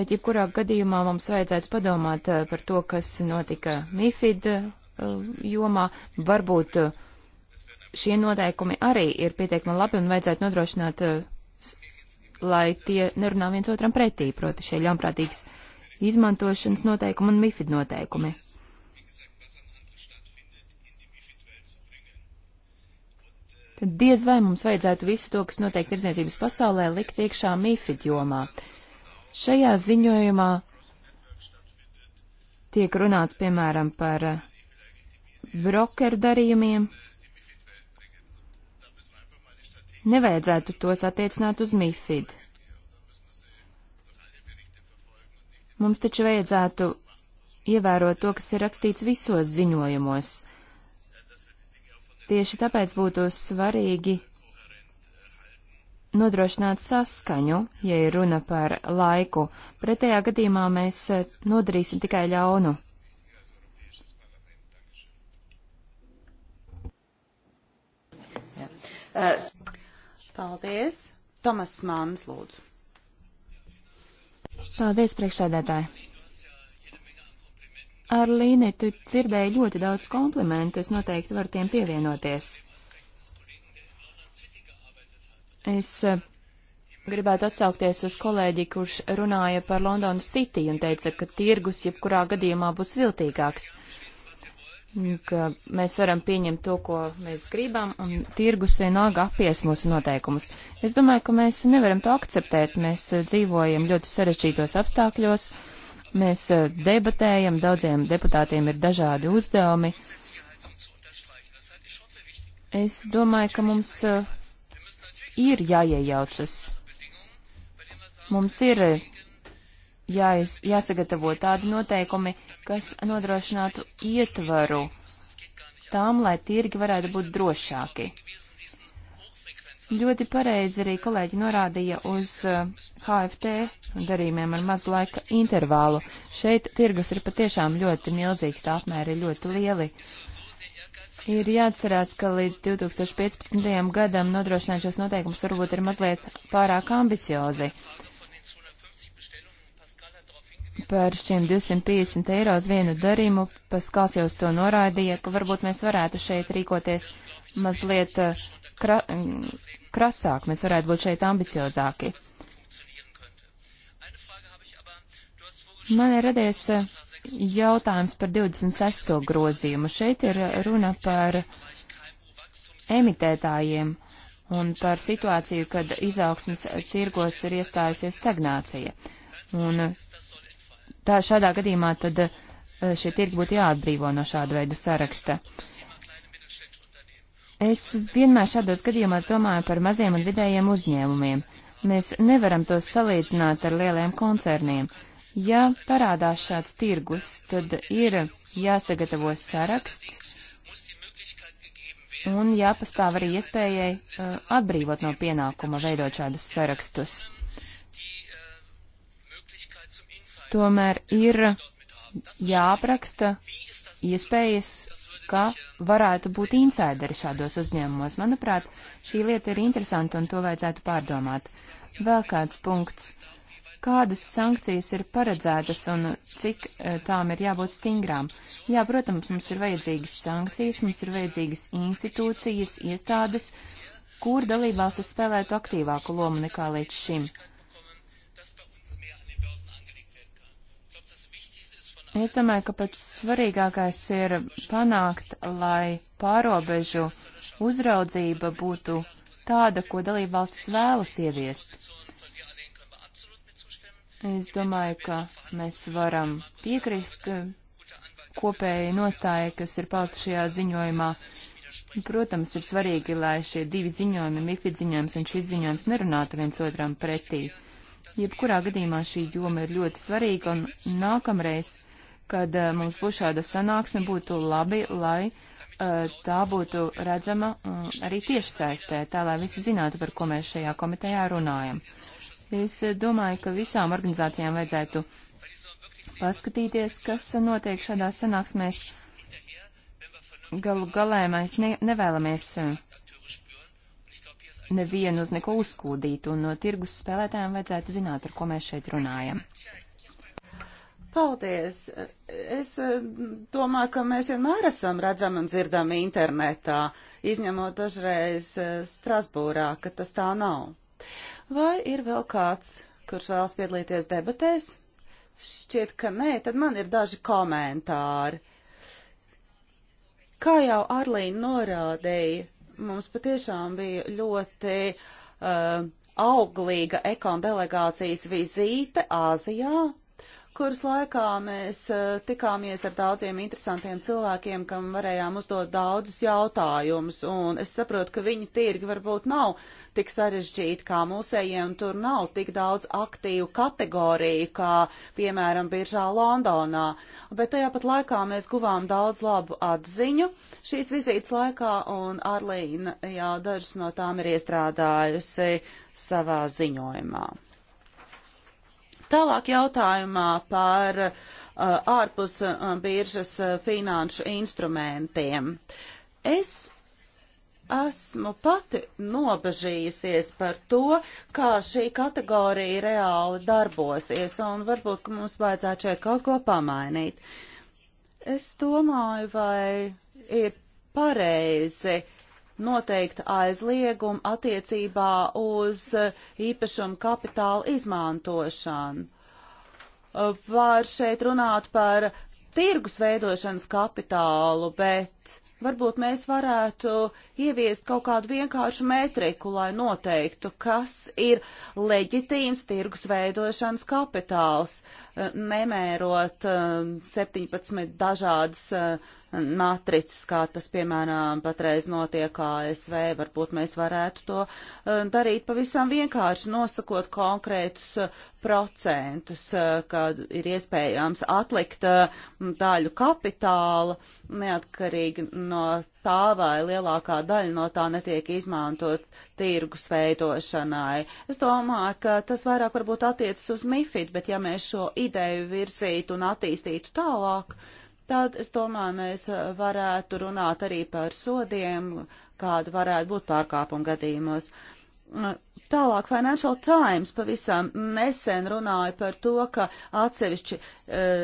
Bet jebkurā gadījumā mums vajadzētu padomāt e, par to, kas notika MIFID e, jomā. Varbūt uh, šie noteikumi arī ir pietiekami labi un vajadzētu nodrošināt, eh, lai tie nerunā viens otram pretī, proti šie ļaunprātīgas izmantošanas noteikumi un MIFID noteikumi. Tad diez vai mums vajadzētu visu to, kas notiek tirdzniecības pasaulē, likt iekšā MIFID jomā. Šajā ziņojumā tiek runāts, piemēram, par eh, brokeru darījumiem, nevajadzētu tos attiecināt uz MIFID. Mums taču vajadzētu ievērot to, kas ir rakstīts visos ziņojumos. Tieši tāpēc būtu svarīgi nodrošināt saskaņu, ja ir runa par laiku. Pretējā gadījumā mēs e, nodarīsim tikai ļaunu. Paldies. Tomas Mānis, lūdzu. Paldies, priekšsēdētāji. Arlīne, tu dzirdēji ļoti daudz komplimentu, es noteikti varu tiem pievienoties. Es eh, gribētu atsaukties uz kolēģi, kurš runāja par Londonu City un teica, ka tirgus jebkurā gadījumā būs viltīgāks ka mēs varam pieņemt to, ko mēs gribam, un tirgus vienalga apies mūsu noteikumus. Es domāju, ka mēs nevaram to akceptēt. Mēs eh, dzīvojam ļoti sarežģītos apstākļos, mēs eh, debatējam, daudziem deputātiem ir dažādi uzdevumi. Es domāju, ka mums eh, ir jāiejaucas. Mums ir jāiz, jāsagatavo tādi noteikumi, kas nodrošinātu ietvaru tām, lai tirgi varētu būt drošāki. Ļoti pareizi arī kolēģi norādīja uz HFT uh, darījumiem ar mazu laika intervālu. Šeit tirgus ir patiešām ļoti milzīgs, apmēri ļoti lieli. Ir jāatcerās, ka līdz 2015. gadam nodrošināt šos noteikumus varbūt ir mazliet pārāk ambiciozi par šiem 250 eiro uz vienu darījumu. Paskals jau uz to norādīja, ka varbūt mēs varētu šeit rīkoties mazliet eh, kra mm, krasāk, mēs varētu būt šeit ambiciozāki. Man ir radies eh, jautājums par 26. grozījumu. Šeit ir runa par emitētājiem un par situāciju, kad izaugsmas tirgos ir iestājusies stagnācija. Un Tā šādā gadījumā tad eh, šie tirgi būtu jāatbrīvo no šāda veida saraksta. Es vienmēr šādos gadījumos domāju par maziem un vidējiem uzņēmumiem. Mēs nevaram tos salīdzināt ar lieliem koncerniem. Ja parādās šāds tirgus, tad ir jāsagatavo saraksts un jāpastāv arī iespējai uh, atbrīvot no pienākuma veidot šādus sarakstus. tomēr ir jāapraksta iespējas, ka varētu būt insideri šādos uzņēmumos. Manuprāt, šī lieta ir interesanta un to vajadzētu pārdomāt. Vēl kāds punkts. Kādas sankcijas ir paredzētas un cik eh, tām ir jābūt stingrām? Jā, protams, mums ir vajadzīgas sankcijas, mums ir vajadzīgas institūcijas, iestādes, kur dalībvalstis spēlētu aktīvāku lomu nekā līdz šim. Es domāju, ka pats svarīgākais ir panākt, lai pārobežu uzraudzība būtu tāda, ko dalībvalstis vēlas ieviest. Es domāju, ka mēs varam piekrist eh, kopēji nostāja, kas ir pausta šajā ziņojumā. Protams, ir svarīgi, lai šie divi ziņojumi, MIFID ziņojums un šis ziņojums nerunātu viens otram pretī. Jebkurā gadījumā šī joma ir ļoti svarīga, un nākamreiz kad eh, mums būs šāda sanāksme, būtu labi, lai eh, tā būtu redzama mm, arī tieši saistē, tā lai visi zinātu, par ko mēs šajā komitejā runājam. Es eh, domāju, ka visām organizācijām vajadzētu paskatīties, kas notiek šādās sanāksmēs. Galu galē mēs ne, nevēlamies nevienu uz neko uzkūdīt, un no tirgus spēlētājiem vajadzētu zināt, par ko mēs šeit runājam. Paldies! Es eh, domāju, ka mēs vienmēr esam redzami un dzirdami internetā, izņemot dažreiz eh, Strasbūrā, ka tas tā nav. Vai ir vēl kāds, kurš vēlas piedalīties debatēs? Šķiet, ka nē, tad man ir daži komentāri. Kā jau Arlīna norādīja, mums patiešām bija ļoti uh, auglīga ekon delegācijas vizīte Āzijā, kuras laikā mēs eh, tikāmies ar daudziem interesantiem cilvēkiem, kam varējām uzdot daudzus jautājumus, un es saprotu, ka viņu tirgi varbūt nav tik sarežģīti kā mūsējiem, tur nav tik daudz aktīvu kategoriju, kā, piemēram, biržā Londonā, bet tajā pat laikā mēs guvām daudz labu atziņu šīs vizītes laikā, un Arlīna jau dažas no tām ir iestrādājusi savā ziņojumā. Tālāk jautājumā par uh, ārpus uh, biržas uh, finanšu instrumentiem. Es esmu pati nobežījusies par to, kā šī kategorija reāli darbosies, un varbūt, ka mums vajadzētu šeit kaut ko pamainīt. Es domāju, vai ir pareizi uh, noteikta aizlieguma attiecībā uz uh, īpašumu kapitāla izmantošanu. Uh, var šeit runāt par tirgus veidošanas kapitālu, bet varbūt mēs varētu ieviest kaut kādu vienkāršu metriku, lai noteiktu, kas ir leģitīms tirgus veidošanas kapitāls. Uh, nemērot 17 um, dažādas uh, matricas, kā tas, piemēram, patreiz notiek ASV. Varbūt mēs varētu to uh, darīt pavisam vienkārši, nosakot konkrētus uh, procentus, kad ir iespējams atlikt daļu kapitāla, neatkarīgi no tā, vai lielākā daļa no tā netiek izmantot tirgus veidošanai. Es domāju, ka tas vairāk varbūt attiecas uz MIFID, bet ja mēs šo ideju virzītu un attīstītu tālāk, tad es domāju, mēs varētu runāt arī par sodiem, kāda varētu būt pārkāpuma gadījumos. Tālāk Financial Times pavisam nesen runāja par to, ka atsevišķi uh,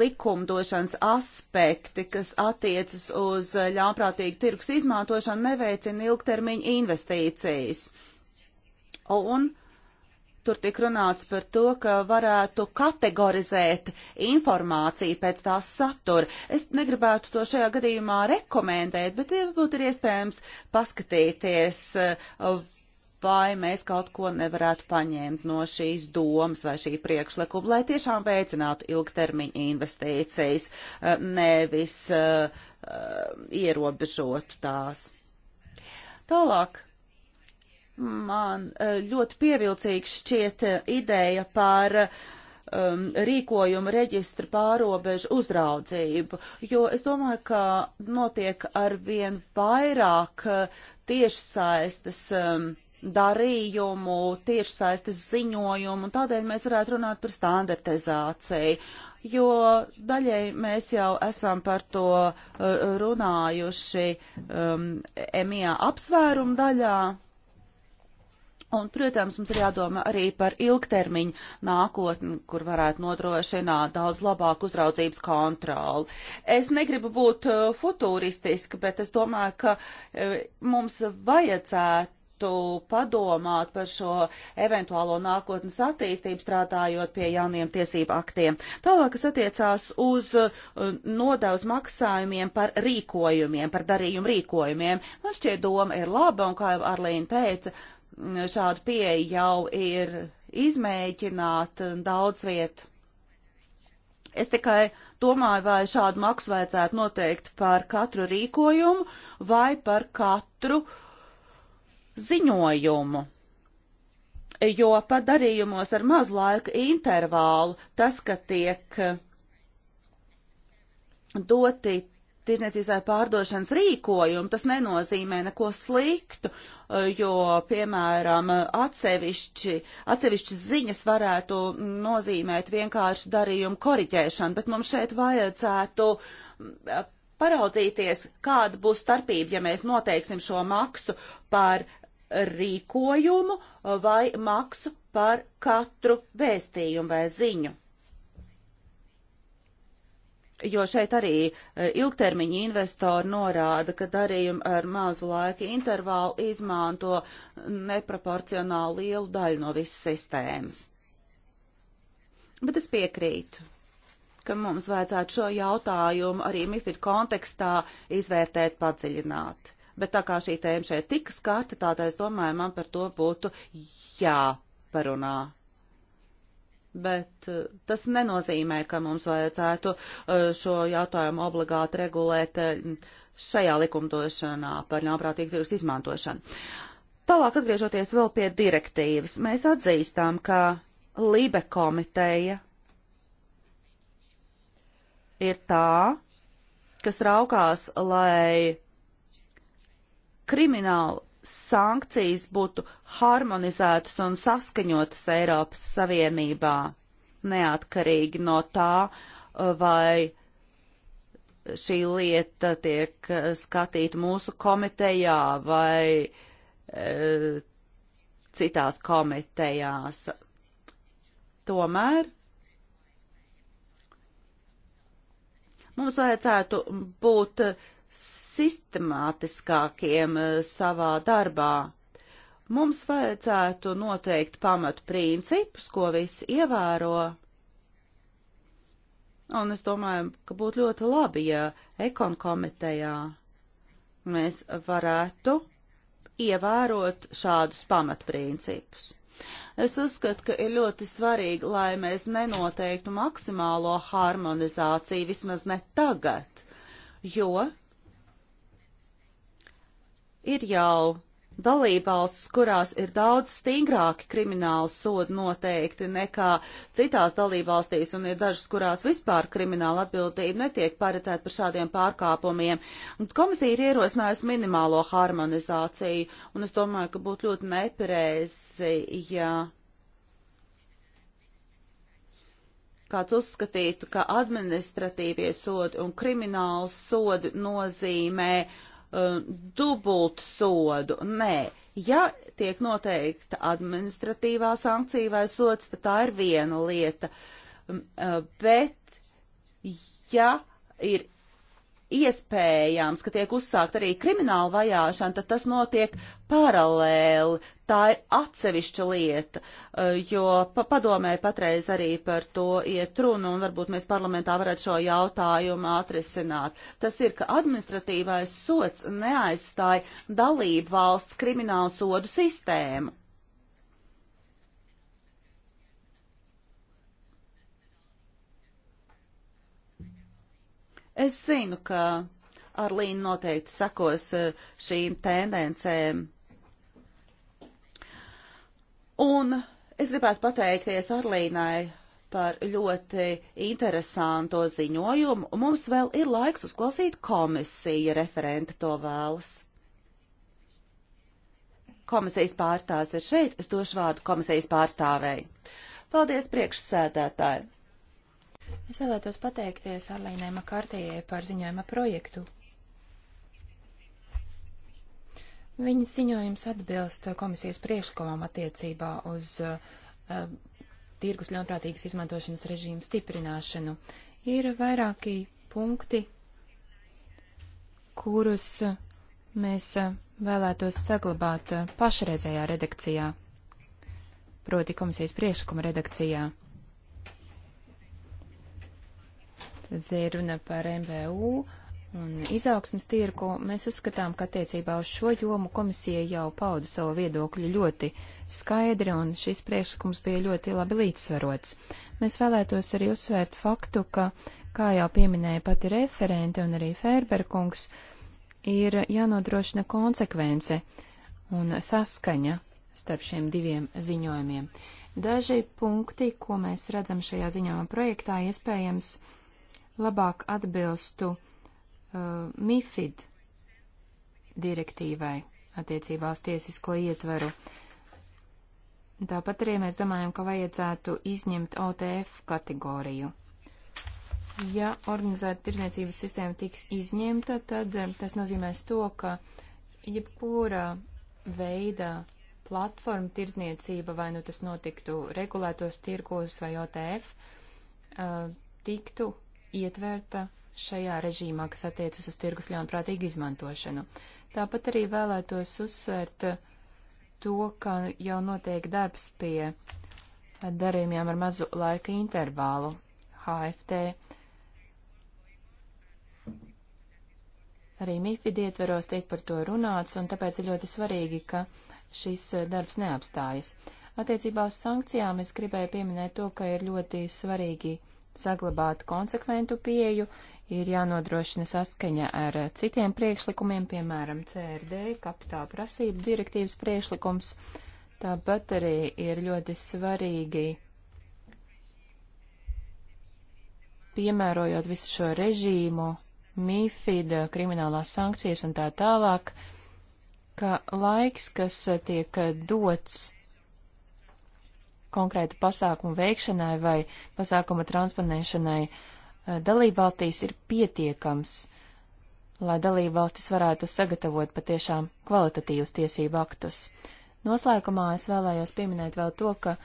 likumdošanas aspekti, kas attiecas uz e, ļaunprātīgu tirgus izmantošanu, neveicina ilgtermiņa investīcijas. Un tur tik runāts par to, ka varētu kategorizēt informāciju pēc tās satura. Es negribētu to šajā gadījumā rekomendēt, bet varbūt ir iespējams paskatīties, uh, vai mēs kaut ko nevarētu paņemt no šīs domas vai šī priekšlikuma, lai tiešām veicinātu ilgtermiņa investīcijas, eh, nevis uh, uh, ierobežotu tās. Tālāk. Man uh, ļoti pievilcīgs šķiet ideja par uh, um, rīkojumu reģistra pārobežu uzraudzību, jo es domāju, ka notiek ar vien vairāk uh, tiešsaistes um, darījumu, tiešsaistes ziņojumu, un tādēļ mēs varētu runāt par standartizāciju, jo daļai mēs jau esam par to uh, runājuši um, EMIA apsvērumu daļā. Un, protams, mums ir jādomā arī par ilgtermiņu nākotni, kur varētu nodrošināt daudz labāku uzraudzības kontroli. Es negribu būt uh, futūristiska, bet es domāju, ka uh, mums vajadzētu vajadzētu padomāt par šo eventuālo nākotnes attīstību, strādājot pie jauniem tiesību aktiem. Tālāk, kas attiecās uz uh, nodevs maksājumiem par rīkojumiem, par darījumu rīkojumiem, man šķiet doma ir laba, un kā jau Arlīna teica, šāda pieeja jau ir izmēģināta daudz viet. Es tikai domāju, vai šādu maksu vajadzētu noteikt par katru rīkojumu vai par katru uh, ziņojumu jo padarījumos ar mazu laika intervālu tas, ka tiek uh, doti tirsniecības vai pārdošanas rīkojumi, tas nenozīmē neko sliktu, uh, jo, piemēram, atsevišķi, atsevišķi ziņas varētu nozīmēt vienkārši darījumu koriģēšanu, bet mums šeit vajadzētu uh, paraudzīties, kāda būs starpība, ja mēs noteiksim šo maksu par rīkojumu vai maksu par katru vēstījumu vai ziņu. Jo šeit arī e, ilgtermiņa investori norāda, ka darījumi ar mazu laika intervālu izmanto neproporcionāli lielu daļu no visas sistēmas. Bet es piekrītu, ka mums vajadzētu šo jautājumu arī MIFID kontekstā izvērtēt padziļināti bet tā kā šī tēma šeit tika skārta, tā tā es domāju, man par to būtu jāparunā. Bet eh, tas nenozīmē, ka mums vajadzētu eh, šo jautājumu obligāti regulēt eh, šajā likumdošanā par ļaunprātīgu tirgus izmantošanu. Tālāk atgriežoties vēl pie direktīvas, mēs atzīstām, ka Lībe komiteja ir tā, kas raukās, lai krimināla sankcijas būtu harmonizētas un saskaņotas Eiropas Savienībā, neatkarīgi no tā, uh, vai šī lieta tiek uh, skatīta mūsu komitejā vai e, citās komitejās. Tomēr mums vajadzētu būt uh, sistemātiskākiem eh, savā darbā. Mums vajadzētu noteikt pamatu principus, ko visi ievēro. Un es domāju, ka būtu ļoti labi, ja ekon komitejā mēs varētu ievērot šādus pamatprincipus. Es uzskatu, ka ir ļoti svarīgi, lai mēs nenoteiktu maksimālo harmonizāciju vismaz ne tagad, jo Ir jau dalībvalstis, kurās ir daudz stingrāki krimināli sodi noteikti nekā citās dalībvalstīs, un ir dažas, kurās vispār krimināla atbildība netiek paredzēta par šādiem pārkāpumiem. Un komisija ir ierosinājusi minimālo harmonizāciju, un es domāju, ka būtu ļoti nepareizi, ja kāds uzskatītu, ka administratīvie sodi un krimināli sodi nozīmē uh, dubultu sodu. Nē, ja tiek noteikta administratīvā sankcija vai sots, tad tā ir viena lieta. Eh, bet, ja ir iespējams, ka tiek uzsākt arī krimināla vajāšana, tad tas notiek paralēli. Tā ir atsevišķa lieta, eh, jo pa padomē patreiz arī par to iet runa, un varbūt mēs parlamentā varētu šo jautājumu atrisināt. Tas ir, ka administratīvais sots neaizstāja dalību valsts kriminālu sodu sistēmu. Es zinu, ka Arlīna noteikti sakos eh, šīm tendencēm. Un es gribētu pateikties Arlīnai par ļoti interesanto ziņojumu. Mums vēl ir laiks uzklausīt komisiju, ja referenta to vēlas. Komisijas pārstāvs ir šeit. Es došu vārdu komisijas pārstāvēji. Paldies priekšsēdētāji! Es vēlētos pateikties Arlīnai Makārtējai par ziņojuma projektu. Viņas ziņojums atbilst komisijas priekšlikumam attiecībā uz uh, tirgus ļaunprātīgas izmantošanas režīmu stiprināšanu. Ir vairāki punkti, kurus mēs vēlētos saglabāt pašreizējā redakcijā, proti komisijas priekšlikuma redakcijā. Tad ir runa par MVU un izaugsmas tirku. Mēs uzskatām, ka attiecībā uz šo jomu komisija jau pauda savu viedokļu ļoti skaidri, un šis priekšlikums bija ļoti labi līdzsvarots. Mēs vēlētos arī uzsvērt faktu, ka, kā jau pieminēja pati referente un arī Fērberkungs, ir jānodrošina konsekvence un saskaņa starp šiem diviem ziņojumiem. Daži punkti, ko mēs redzam šajā ziņojuma projektā, iespējams labāk atbilstu uh, MIFID direktīvai attiecībā uz tiesisko ietveru. Tāpat arī mēs domājam, ka vajadzētu izņemt OTF kategoriju. Ja organizēta tirdzniecības sistēma tiks izņemta, tad eh, tas nozīmēs to, ka jebkura veida platforma tirdzniecība, vai nu tas notiktu regulētos tirgos vai OTF, uh, eh, tiktu ietverta šajā režīmā, kas attiecas uz tirgus ļaunprātīgu izmantošanu. Tāpat arī vēlētos uzsvērt to, ka jau notiek darbs pie darījumiem ar mazu laika intervālu HFT. Arī MIFID ietveros tiek par to runāts, un tāpēc ir ļoti svarīgi, ka šis darbs neapstājas. Attiecībā uz sankcijām es gribēju pieminēt to, ka ir ļoti svarīgi saglabāt konsekventu pieju, ir jānodrošina saskaņa ar citiem priekšlikumiem, piemēram, CRD, kapitāla prasību direktīvas priekšlikums. Tāpat arī ir ļoti svarīgi, piemērojot visu šo režīmu, MIFID, kriminālās sankcijas un tā tālāk, ka laiks, kas tiek dots konkrētu pasākumu veikšanai vai pasākuma transponēšanai eh, dalībvalstīs ir pietiekams, lai dalībvalstis varētu sagatavot patiešām kvalitatīvus tiesību aktus. Noslēgumā es vēlējos pieminēt vēl to, ka,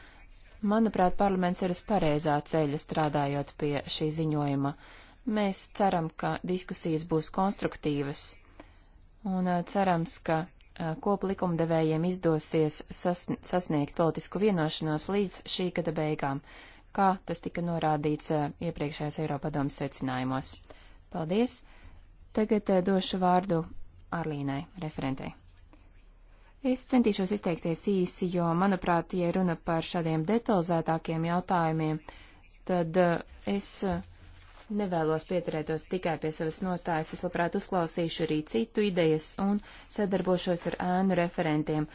manuprāt, parlaments ir uz pareizā ceļa strādājot pie šī ziņojuma. Mēs ceram, ka diskusijas būs konstruktīvas, un eh, cerams, ka Eh, kopu likumdevējiem izdosies sasniegt politisku vienošanos līdz šī gada beigām, kā tas tika norādīts eh, iepriekšējās Eiropadomas secinājumos. Paldies! Tagad eh, došu vārdu Arlīnai, referentei. Es centīšos izteikties īsi, jo, manuprāt, ja runa par šādiem detalizētākiem jautājumiem, tad es nevēlos pieturētos tikai pie savas nostājas, es labprāt uzklausīšu arī citu idejas un sadarbošos ar ēnu referentiem,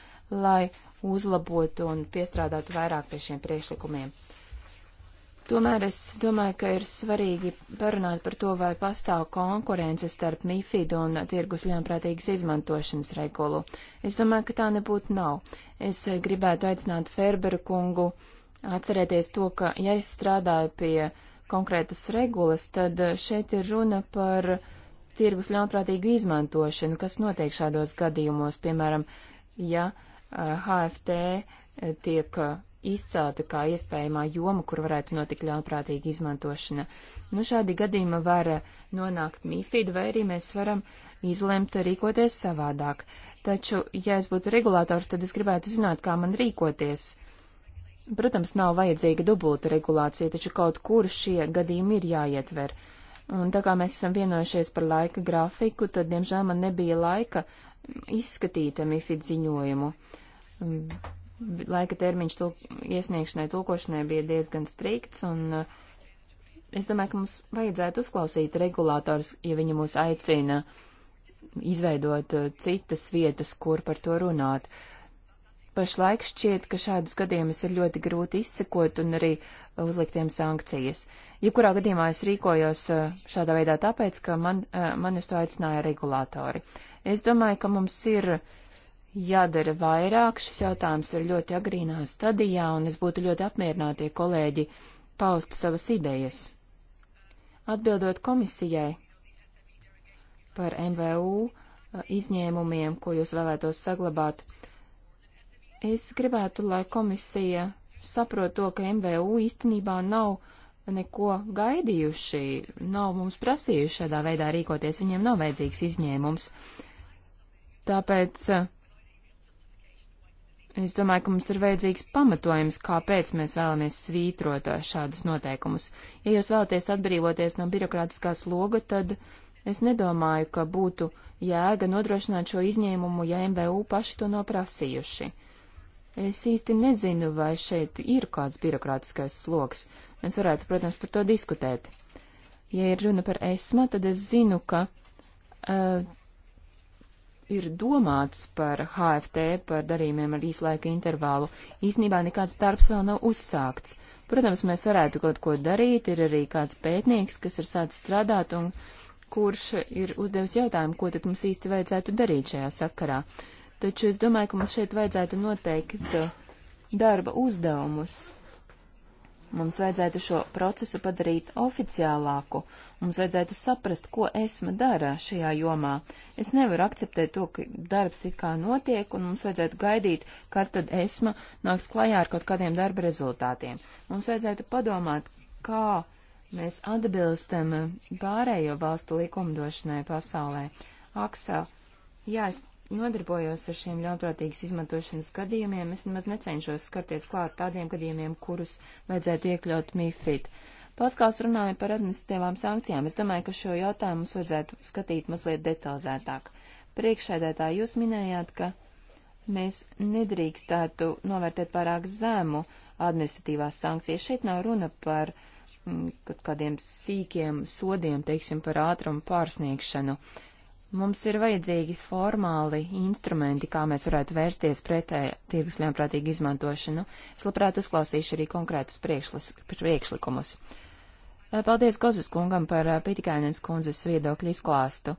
lai uzlabotu un piestrādātu vairāk pie šiem priekšlikumiem. Tomēr es domāju, ka ir svarīgi parunāt par to, vai pastāv konkurence starp MIFID un tirgus ļaunprātīgas izmantošanas regulu. Es domāju, ka tā nebūtu nav. Es gribētu aicināt Ferberu kungu atcerēties to, ka ja es strādāju pie uh, konkrētas regulas, tad eh, šeit ir runa par tirgus ļaunprātīgu izmantošanu, kas notiek šādos gadījumos, piemēram, ja HFT eh, eh, tiek izcelta kā iespējamā joma, kur varētu notikt ļaunprātīga izmantošana. Nu, šādi gadījumi var nonākt MIFID, vai arī mēs varam izlemt rīkoties savādāk. Taču, ja es būtu regulators, tad es gribētu zināt, kā man rīkoties. Uh, Protams, nav vajadzīga dubulta regulācija, taču kaut kur šie gadījumi ir jāietver. Un tā kā mēs esam vienojušies par laika grafiku, tad, diemžēl, man nebija laika izskatīt MIFID ziņojumu. Mm, laika termiņš tulk iesniegšanai, tulkošanai bija diezgan strikts, un uh, es domāju, ka mums vajadzētu uzklausīt regulātors, ja viņi mūs aicina izveidot uh, citas vietas, kur par to runāt. Uh, Pašlaik šķiet, ka šādus gadījumus ir ļoti grūti izsekot un arī uzliktiem sankcijas. Jebkurā gadījumā es rīkojos uh, šādā veidā tāpēc, ka man, uh, man uz to aicināja regulātori. Es domāju, ka mums ir jādara vairāk. Šis jautājums ir ļoti agrīnā stadijā, un es būtu ļoti apmierināti, ja kolēģi paustu savas idejas. Atbildot komisijai par MVU uh, izņēmumiem, ko jūs vēlētos saglabāt, uh, Es gribētu, lai komisija saprot to, ka MVU īstenībā nav neko gaidījuši, nav mums prasījuši šādā veidā rīkoties, viņiem nav vajadzīgs izņēmums. Tāpēc eh, es domāju, ka mums ir vajadzīgs pamatojums, kāpēc mēs vēlamies svītrot eh, šādus noteikumus. Ja jūs vēlaties atbrīvoties no birokrātiskās loga, tad es nedomāju, ka būtu jēga nodrošināt šo izņēmumu, ja MVU paši to nav prasījuši. Es īsti nezinu, vai šeit ir kāds birokrātiskais sloks. Mēs varētu, protams, par to diskutēt. Ja ir runa par esmu, tad es zinu, ka uh, ir domāts par HFT, par darījumiem ar īslaika intervālu. Īsnībā nekāds darbs vēl nav uzsākts. Protams, mēs varētu kaut ko darīt, ir arī kāds pētnieks, kas ir sācis strādāt un kurš ir uzdevis jautājumu, ko tad mums īsti vajadzētu darīt šajā sakarā. Uh, taču es domāju, ka mums šeit vajadzētu noteikt uh, darba uzdevumus. Mums vajadzētu šo procesu padarīt oficiālāku, mums vajadzētu saprast, ko esma dara šajā jomā. Es nevaru akceptēt to, ka darbs it kā notiek, un mums vajadzētu gaidīt, kad tad esma nāks klajā ar kaut kādiem darba rezultātiem. Mums vajadzētu padomāt, kā mēs atbilstam uh, pārējo valstu likumdošanai pasaulē. Aksel, jā, es nodarbojos ar šiem ļaunprātīgas izmantošanas gadījumiem, es nemaz necenšos skarties klāt tādiem gadījumiem, kurus vajadzētu iekļaut MIFID. Paskals runāja par administratīvām sankcijām. Es domāju, ka šo jautājumu mums vajadzētu skatīt mazliet detalizētāk. Priekšēdētā jūs minējāt, ka mēs nedrīkstētu novērtēt pārāk zēmu administratīvās sankcijas. Šeit nav runa par mm, kaut kādiem sīkiem sodiem, teiksim, par ātrumu pārsniegšanu. Uh, Mums ir vajadzīgi formāli instrumenti, kā mēs varētu vērsties pret eh, tirgus ļaunprātīgu izmantošanu. Es labprāt uzklausīšu arī konkrētus priekšlikumus. Eh, paldies Gozes kungam par eh, Pitikainas kundzes viedokļu izklāstu.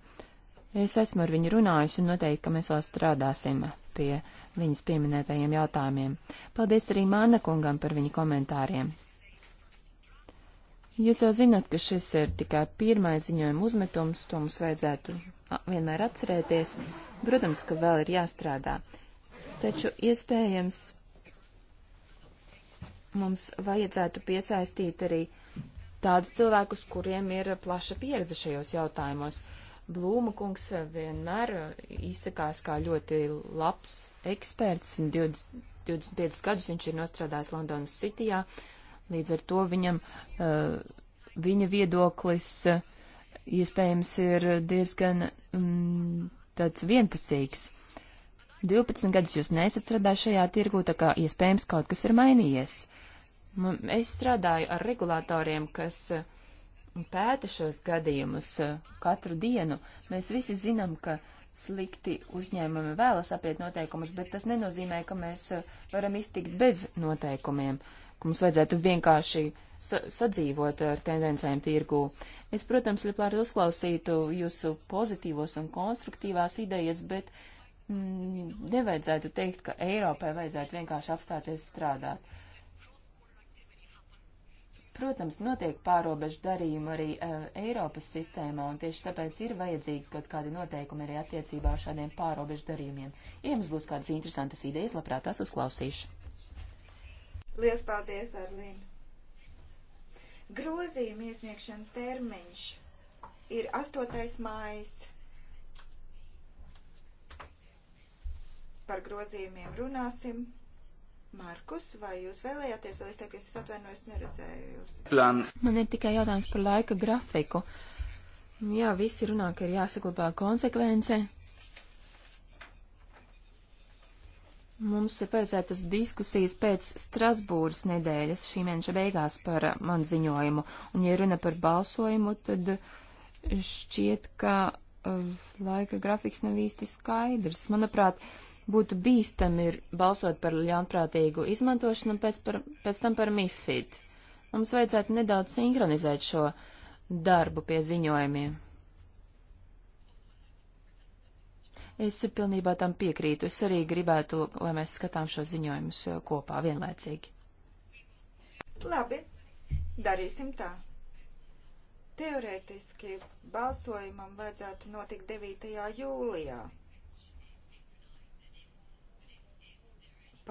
Es esmu ar viņu runājusi un noteikti, ka mēs vēl strādāsim pie viņas pieminētajiem jautājumiem. Paldies arī Māna kungam par viņa komentāriem. Jūs jau zinat, ka šis ir tikai pirmais ziņojuma uzmetums, to mums vajadzētu vienmēr atcerēties. Protams, ka vēl ir jāstrādā. Taču iespējams mums vajadzētu piesaistīt arī tādus cilvēkus, kuriem ir plaša pieredze šajos jautājumos. Blūma kungs vienmēr izsakās kā ļoti labs eksperts. 20, 25 gadus viņš ir nostrādājis Londonas Citijā. Uh, Līdz ar to viņam, eh, viņa viedoklis eh, iespējams ir diezgan mm, tāds vienpusīgs. 12 gadus jūs nesat strādājis šajā tirgu, tā kā iespējams kaut kas ir mainījies. Es strādāju ar regulātoriem, kas eh, pēta šos gadījumus katru dienu. Mēs visi zinām, ka slikti uzņēmumi vēlas apiet noteikumus, bet tas nenozīmē, ka mēs varam iztikt bez noteikumiem. Uh, ka mums vajadzētu vienkārši sa sadzīvot ar tendencēm tirgū. Es, protams, labprāt uzklausītu jūsu pozitīvos un konstruktīvās idejas, bet mm, nevajadzētu teikt, ka Eiropai vajadzētu vienkārši apstāties strādāt. Protams, notiek pārobežu darījumi arī uh, Eiropas sistēmā, un tieši tāpēc ir vajadzīgi kaut kādi noteikumi arī attiecībā ar šādiem pārobežu darījumiem. Ja jums būs kādas interesantas idejas, labprāt tās uzklausīšu. Lielas paldies, Arlīna! Grozījuma iesniegšanas termiņš ir 8. mājas. Par grozījumiem runāsim. Markus, vai jūs vēlējāties vēl izteikties? Es atvainojos, neredzēju jūs. Plan. Man ir tikai jautājums par laika grafiku. Jā, visi runā, ka ir jāsaglabā konsekvence, Mums ir paredzētas diskusijas pēc Strasbūras nedēļas šī mēneša beigās par manu ziņojumu. Un, ja runa par balsojumu, tad šķiet, ka uh, laika grafiks nav īsti skaidrs. Manuprāt, būtu bīstami balsot par ļaunprātīgu izmantošanu un pēc, par, pēc tam par MIFID. Mums vajadzētu nedaudz sinhronizēt šo darbu pie ziņojumiem. Es pilnībā tam piekrītu. Es arī gribētu, lai mēs skatām šo ziņojumus eh, kopā vienlaicīgi. Labi, darīsim tā. Teorētiski balsojumam vajadzētu notikt 9. jūlijā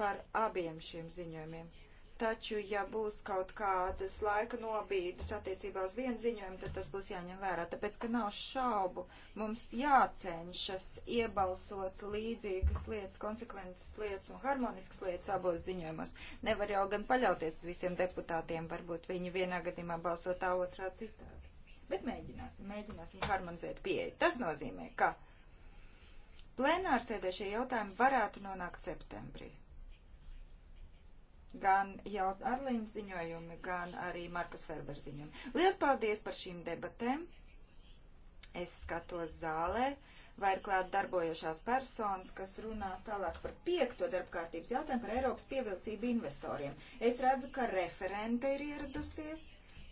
par abiem šiem ziņojumiem. Taču, ja būs kaut kādas laika nobīdes attiecībā uz vienu ziņojumu, tad tas būs jāņem vērā. Tāpēc, ka nav šaubu, mums jācenšas iebalsot līdzīgas lietas, konsekventas lietas un harmoniskas lietas abos ziņojumos. Nevar jau gan paļauties uz visiem deputātiem, varbūt viņi vienā gadījumā balso tā otrā citādi. Bet mēģināsim, mēģināsim harmonizēt pieeju. Tas nozīmē, ka plenārsēdē šie jautājumi varētu nonākt septembrī gan jau Arlīna ziņojumi, gan arī Markus Ferber ziņojumi. Lielas paldies par šīm debatēm. Es skatos zālē, vai ir klāt darbojošās personas, kas runās tālāk par piekto darbkārtības jautājumu par Eiropas pievilcību investoriem. Es redzu, ka referente ir ieradusies,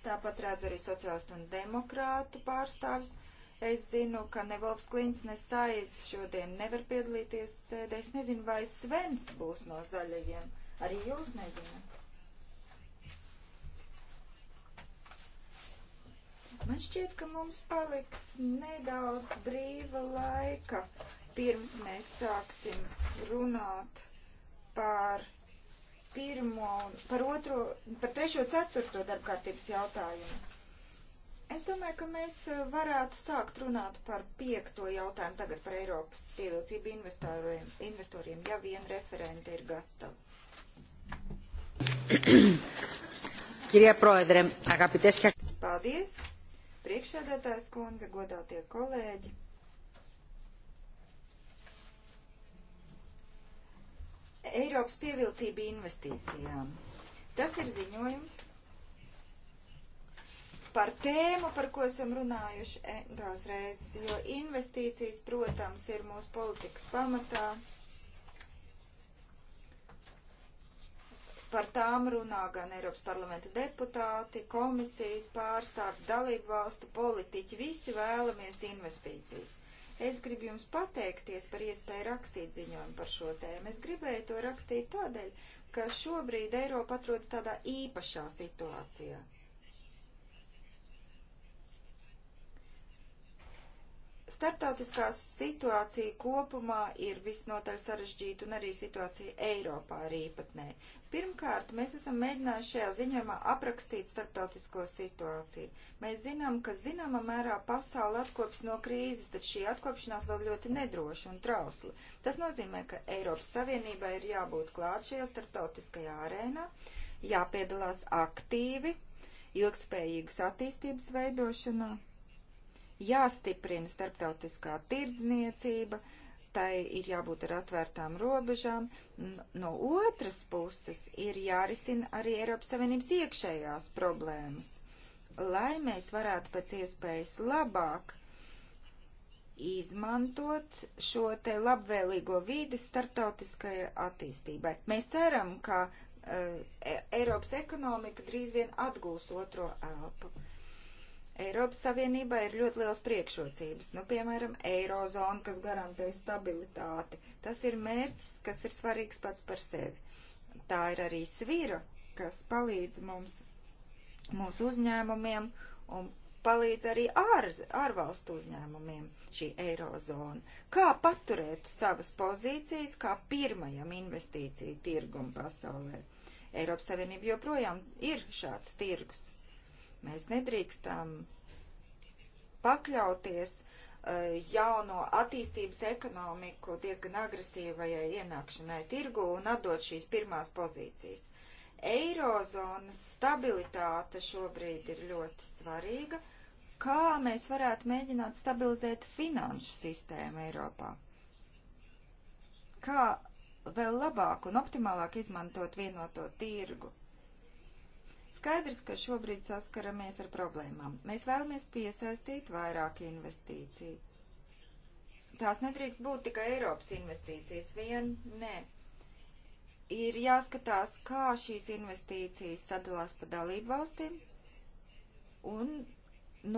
tāpat redzu arī sociālistu un demokrātu pārstāvis. Es zinu, ka ne Volfs Klīns, ne Saids šodien nevar piedalīties sēdē. Es nezinu, vai Svens būs no zaļajiem. Arī jūs nezināt. Man šķiet, ka mums paliks nedaudz brīva laika, pirms mēs sāksim runāt par pirmo, par otro, par trešo, ceturto darbkārtības jautājumu. Es domāju, ka mēs eh, varētu sākt runāt par piekto jautājumu tagad par Eiropas pievilcību investoriem, investoriem ja vien referente ir gatava. (coughs) Kirjā proedre, agapitēs, ka... Paldies, priekšsēdētājs kundze, godātie kolēģi. Eiropas pievilcība investīcijām. Tas ir ziņojums, par tēmu, par ko esam runājuši endās reizes, jo investīcijas, protams, ir mūsu politikas pamatā. Par tām runā gan Eiropas parlamenta deputāti, komisijas pārstāvji, dalību valstu politiķi. Visi vēlamies investīcijas. Es gribu jums pateikties par iespēju rakstīt ziņojumu par šo tēmu. Es gribēju to rakstīt tādēļ, ka šobrīd Eiropa atrodas tādā īpašā situācijā. Startautiskā situācija kopumā ir visnotaļ sarežģīta un arī situācija Eiropā ir īpatnē. Pirmkārt, mēs esam mēģinājuši šajā ziņojumā aprakstīt starptautisko situāciju. Mēs zinām, ka zināmā mērā pasauli atkops no krīzes, tad šī atkopšanās vēl ļoti nedroša un trausla. Tas nozīmē, ka Eiropas Savienībai ir jābūt klāt šajā starptautiskajā arēnā, jāpiedalās aktīvi ilgspējīgas attīstības veidošanā jāstiprina starptautiskā tirdzniecība, tai ir jābūt ar atvērtām robežām. No otras puses ir jārisina arī Eiropas Savienības iekšējās problēmas, lai mēs varētu pēc iespējas labāk izmantot šo te labvēlīgo vīdi starptautiskajai attīstībai. Mēs ceram, ka uh, Eiropas ekonomika drīz vien atgūs otro elpu. Uh, Eiropas Savienībā ir ļoti liels priekšrocības, nu, piemēram, eirozona, kas garantē stabilitāti. Tas ir mērķis, kas ir svarīgs pats par sevi. Tā ir arī svira, kas palīdz mums, mūsu uzņēmumiem un palīdz arī ār, ārvalstu uzņēmumiem šī eirozona. Kā paturēt savas pozīcijas kā pirmajam investīciju tirgumu pasaulē? Eiropas Savienība joprojām ir šāds tirgus Mēs nedrīkstam pakļauties eh, jauno attīstības ekonomiku diezgan agresīvajai ienākšanai tirgu un atdot šīs pirmās pozīcijas. Eirozonas stabilitāte šobrīd ir ļoti svarīga. Kā mēs varētu mēģināt stabilizēt finanšu sistēmu Eiropā? Kā vēl labāk un optimālāk izmantot vienoto tirgu? Skaidrs, ka šobrīd saskaramies ar problēmām. Mēs vēlamies piesaistīt vairāk investīciju. Tās nedrīkst būt tikai Eiropas investīcijas vien, nē. Ir jāskatās, kā šīs investīcijas sadalās pa dalību valstīm un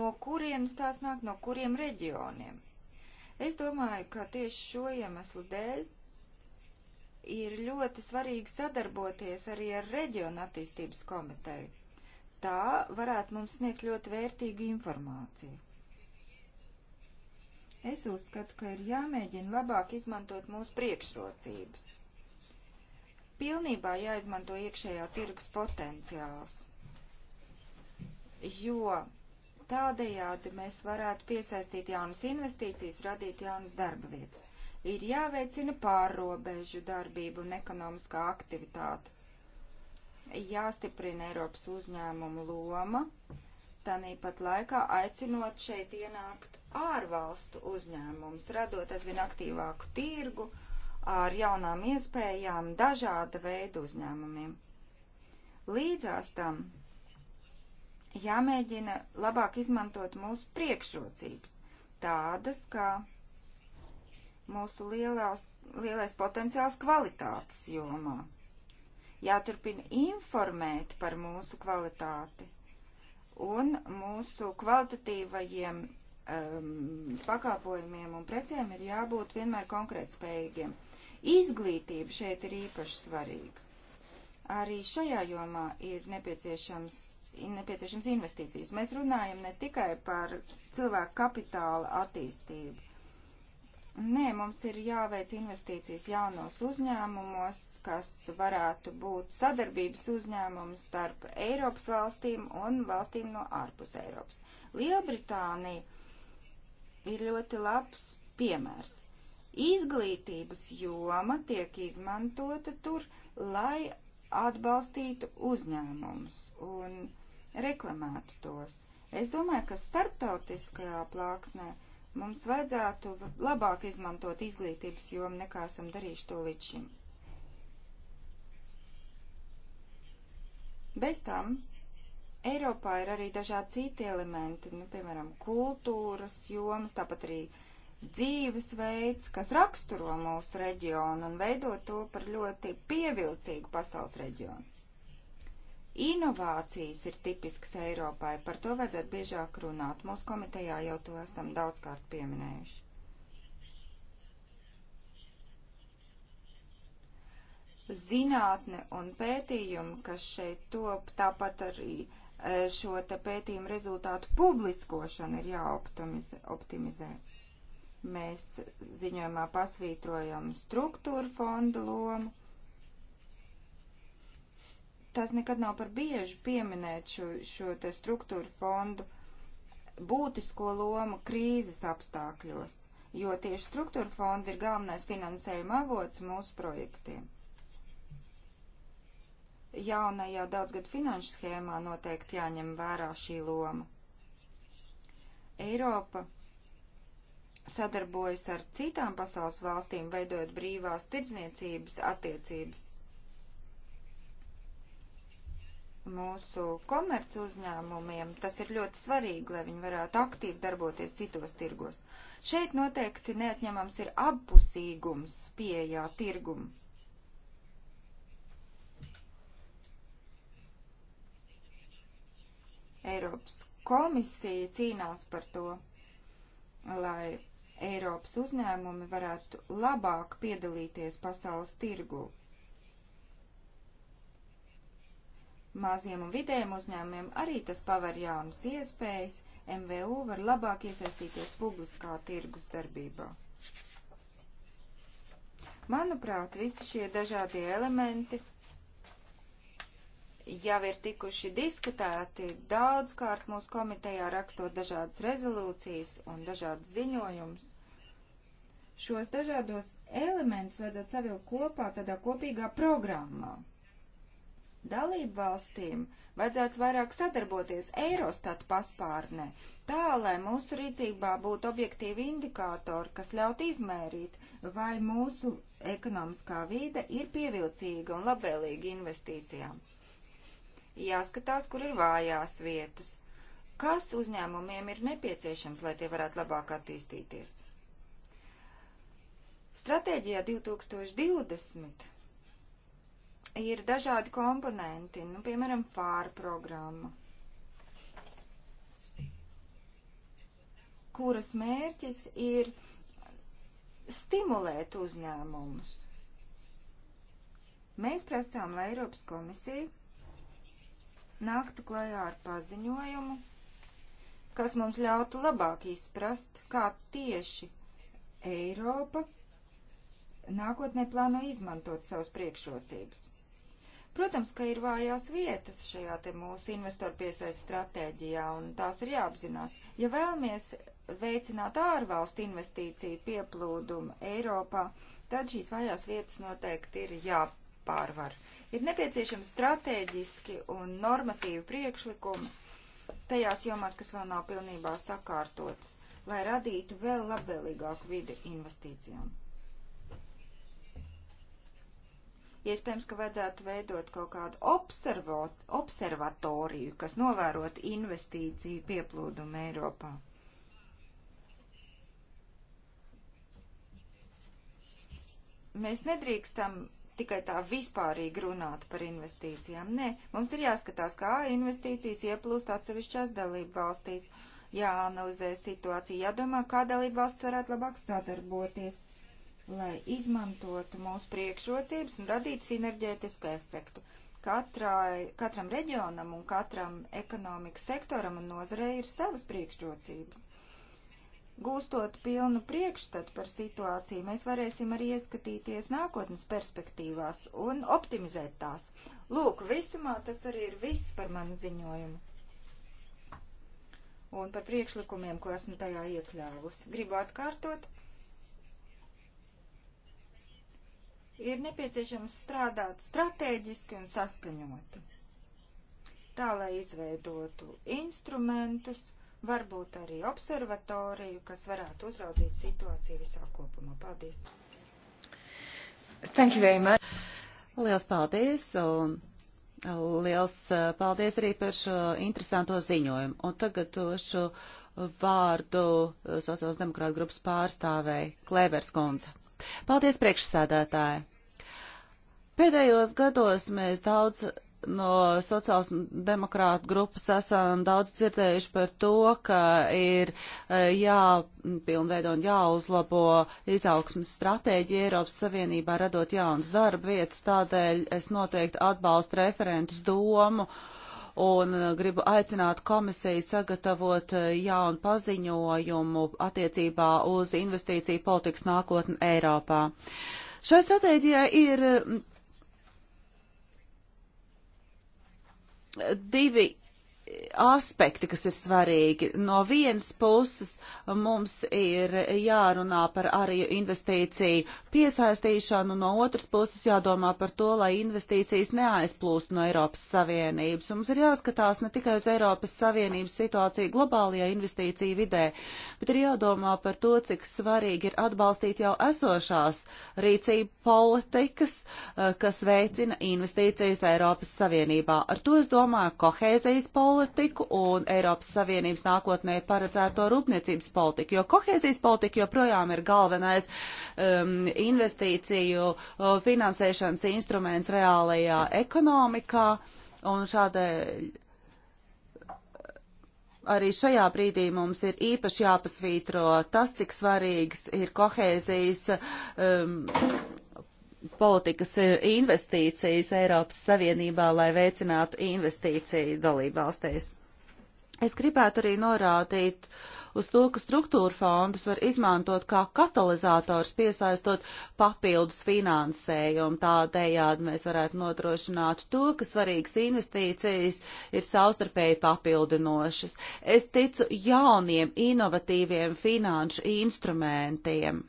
no kurienes tās nāk, no kuriem reģioniem. Es domāju, ka tieši šo iemeslu dēļ ir ļoti svarīgi sadarboties arī ar reģionu attīstības komiteju. Tā varētu mums sniegt ļoti vērtīgu informāciju. Es uzskatu, ka ir jāmēģina labāk izmantot mūsu priekšrocības. Pilnībā jāizmanto iekšējā tirgus potenciāls, jo tādējādi mēs varētu piesaistīt jaunas investīcijas, radīt jaunas darba vietas ir jāveicina pārrobežu darbība un ekonomiskā aktivitāte. Jāstiprina Eiropas uzņēmumu loma, tanīpat laikā aicinot šeit ienākt ārvalstu uzņēmumus, radot aizvien aktīvāku tirgu ar jaunām iespējām dažāda veida uzņēmumiem. Līdzās tam jāmēģina labāk izmantot mūsu priekšrocības, tādas kā mūsu lielās, lielais potenciāls kvalitātes jomā. Jāturpina informēt par mūsu kvalitāti un mūsu kvalitatīvajiem um, pakalpojumiem un precēm ir jābūt vienmēr konkrētspējīgiem. Izglītība šeit ir īpaši svarīga. Arī šajā jomā ir nepieciešams, ir nepieciešams investīcijas. Mēs runājam ne tikai par cilvēku kapitāla attīstību, Nē, mums ir jāveic investīcijas jaunos uzņēmumos, kas varētu būt sadarbības uzņēmumi starp Eiropas valstīm un valstīm no ārpus Eiropas. Lielbritānija ir ļoti labs piemērs. Izglītības joma tiek izmantota tur, lai atbalstītu uzņēmumus un reklamētu tos. Es domāju, ka starptautiskajā plāksnē Mums vajadzētu labāk izmantot izglītības jomu, nekā esam darījuši to līdz šim. Bez tam Eiropā ir arī dažādi citi elementi, nu, piemēram, kultūras jomas, tāpat arī dzīvesveids, kas raksturo mūsu reģionu un veido to par ļoti pievilcīgu pasaules reģionu. Inovācijas ir tipiskas Eiropai, par to vajadzētu biežāk runāt. Mūsu komitejā jau to esam daudzkārt pieminējuši. Zinātne un pētījumi, kas šeit top, tāpat arī e, šo te pētījumu rezultātu publiskošana ir jāoptimizē. Mēs ziņojumā pasvītrojam struktūru fonda lomu tās nekad nav par bieži pieminēt šo, šo te struktūru fondu būtisko lomu krīzes apstākļos, jo tieši struktūra fonda ir galvenais finansējuma avots mūsu projektiem. Jaunajā daudzgad finanšu schēmā noteikti jāņem vērā šī loma. Eiropa sadarbojas ar citām pasaules valstīm, veidojot brīvās tirdzniecības attiecības mūsu komercu uzņēmumiem, tas ir ļoti svarīgi, lai viņi varētu aktīvi darboties citos tirgos. Šeit noteikti neatņemams ir abpusīgums pieejā tirgumu. Eiropas komisija cīnās par to, lai Eiropas uzņēmumi varētu labāk piedalīties pasaules tirgū. maziem un vidējiem uzņēmumiem arī tas paver jaunas iespējas, MVU var labāk iesaistīties publiskā tirgus darbībā. Manuprāt, visi šie dažādie elementi jau ir tikuši diskutēti daudzkārt mūsu komitejā rakstot dažādas rezolūcijas un dažādas ziņojumus. Šos dažādos elementus vajadzētu savilkt kopā tādā kopīgā programmā. Dalību valstīm vajadzētu vairāk sadarboties Eirostat paspārnē, tā, lai mūsu rīcībā būtu objektīvi indikātori, kas ļaut izmērīt, vai mūsu ekonomiskā vīde ir pievilcīga un labvēlīga investīcijām. Jāskatās, kur ir vājās vietas, kas uzņēmumiem ir nepieciešams, lai tie varētu labāk attīstīties. Stratēģijā 2020 ir dažādi komponenti, nu, piemēram, fāra programma, kuras mērķis ir stimulēt uzņēmumus. Mēs prasām, lai Eiropas komisija nāktu klajā ar paziņojumu, kas mums ļautu labāk izprast, kā tieši Eiropa nākotnē plāno izmantot savas priekšrocības. Protams, ka ir vājās vietas šajā te mūsu investoru piesaist stratēģijā, un tās ir jāapzinās. Ja vēlamies veicināt ārvalstu investīciju pieplūdumu Eiropā, tad šīs vājās vietas noteikti ir jāpārvar. Ir nepieciešami stratēģiski un normatīvi priekšlikumi tajās jomās, kas vēl nav pilnībā sakārtotas, lai radītu vēl labvēlīgāku vidi investīcijām. Iespējams, ka vajadzētu veidot kaut kādu observatoriju, kas novērot investīciju pieplūdumu Eiropā. Mēs nedrīkstam tikai tā vispārīgi runāt par investīcijām. Nē, mums ir jāskatās, kā investīcijas ieplūst atsevišķās dalību valstīs, jāanalizē situācija, jādomā, kā dalību valsts varētu labāk sadarboties lai izmantotu mūsu priekšrocības un radītu sinerģētisku efektu. Katrai, katram reģionam un katram ekonomikas sektoram un nozarei ir savas priekšrocības. Gūstot pilnu priekšstatu par situāciju, mēs varēsim arī ieskatīties nākotnes perspektīvās un optimizēt tās. Lūk, visumā tas arī ir viss par manu ziņojumu un par priekšlikumiem, ko esmu tajā iekļāvusi. Gribu atkārtot, ir nepieciešams strādāt strateģiski un saskaņoti. Tā, lai izveidotu instrumentus, varbūt arī observatoriju, kas varētu uzraudzīt situāciju visā kopumā. Paldies! Thank you very much! Liels paldies! Un... Liels uh, paldies arī par šo interesanto ziņojumu. Un tagad došu vārdu uh, sociāls demokrāta grupas pārstāvēja Klēvers Konza. Paldies priekšsēdētāji! Pēdējos gados mēs daudz no sociāls demokrātu grupas esam daudz dzirdējuši par to, ka ir e, jāpilnveido un jāuzlabo izaugsmas stratēģija Eiropas Savienībā, radot jaunas darba vietas. Tādēļ es noteikti atbalstu referentus domu un e, gribu aicināt komisiju sagatavot e, jaunu paziņojumu attiecībā uz investīciju politikas nākotni Eiropā. Šai stratēģijai ir divi aspekti, kas ir svarīgi. No vienas puses mums ir jārunā par arī investīciju piesaistīšanu, no otras puses jādomā par to, lai investīcijas neaizplūst no Eiropas Savienības. Mums ir jāskatās ne tikai uz Eiropas Savienības situāciju globālajā investīciju vidē, bet ir jādomā par to, cik svarīgi ir atbalstīt jau esošās rīcību politikas, eh, kas veicina investīcijas Eiropas Savienībā. Ar to es domāju kohēzijas politiku politiku un Eiropas Savienības nākotnē paredzēto rūpniecības politiku, jo kohēzijas politika joprojām ir galvenais um, investīciju uh, finansēšanas instruments reālajā ekonomikā. Un šādēļ arī šajā brīdī mums ir īpaši jāpasvītro tas, cik svarīgs ir kohēzijas um, politikas eh, investīcijas Eiropas Savienībā, lai veicinātu investīcijas dalībvalstīs. Es gribētu arī norādīt uz to, ka struktūra fondus var izmantot kā katalizators, piesaistot papildus finansējumu. Tādējādi mēs varētu nodrošināt to, ka svarīgas investīcijas ir savstarpēji papildinošas. Es ticu jauniem, inovatīviem finanšu instrumentiem.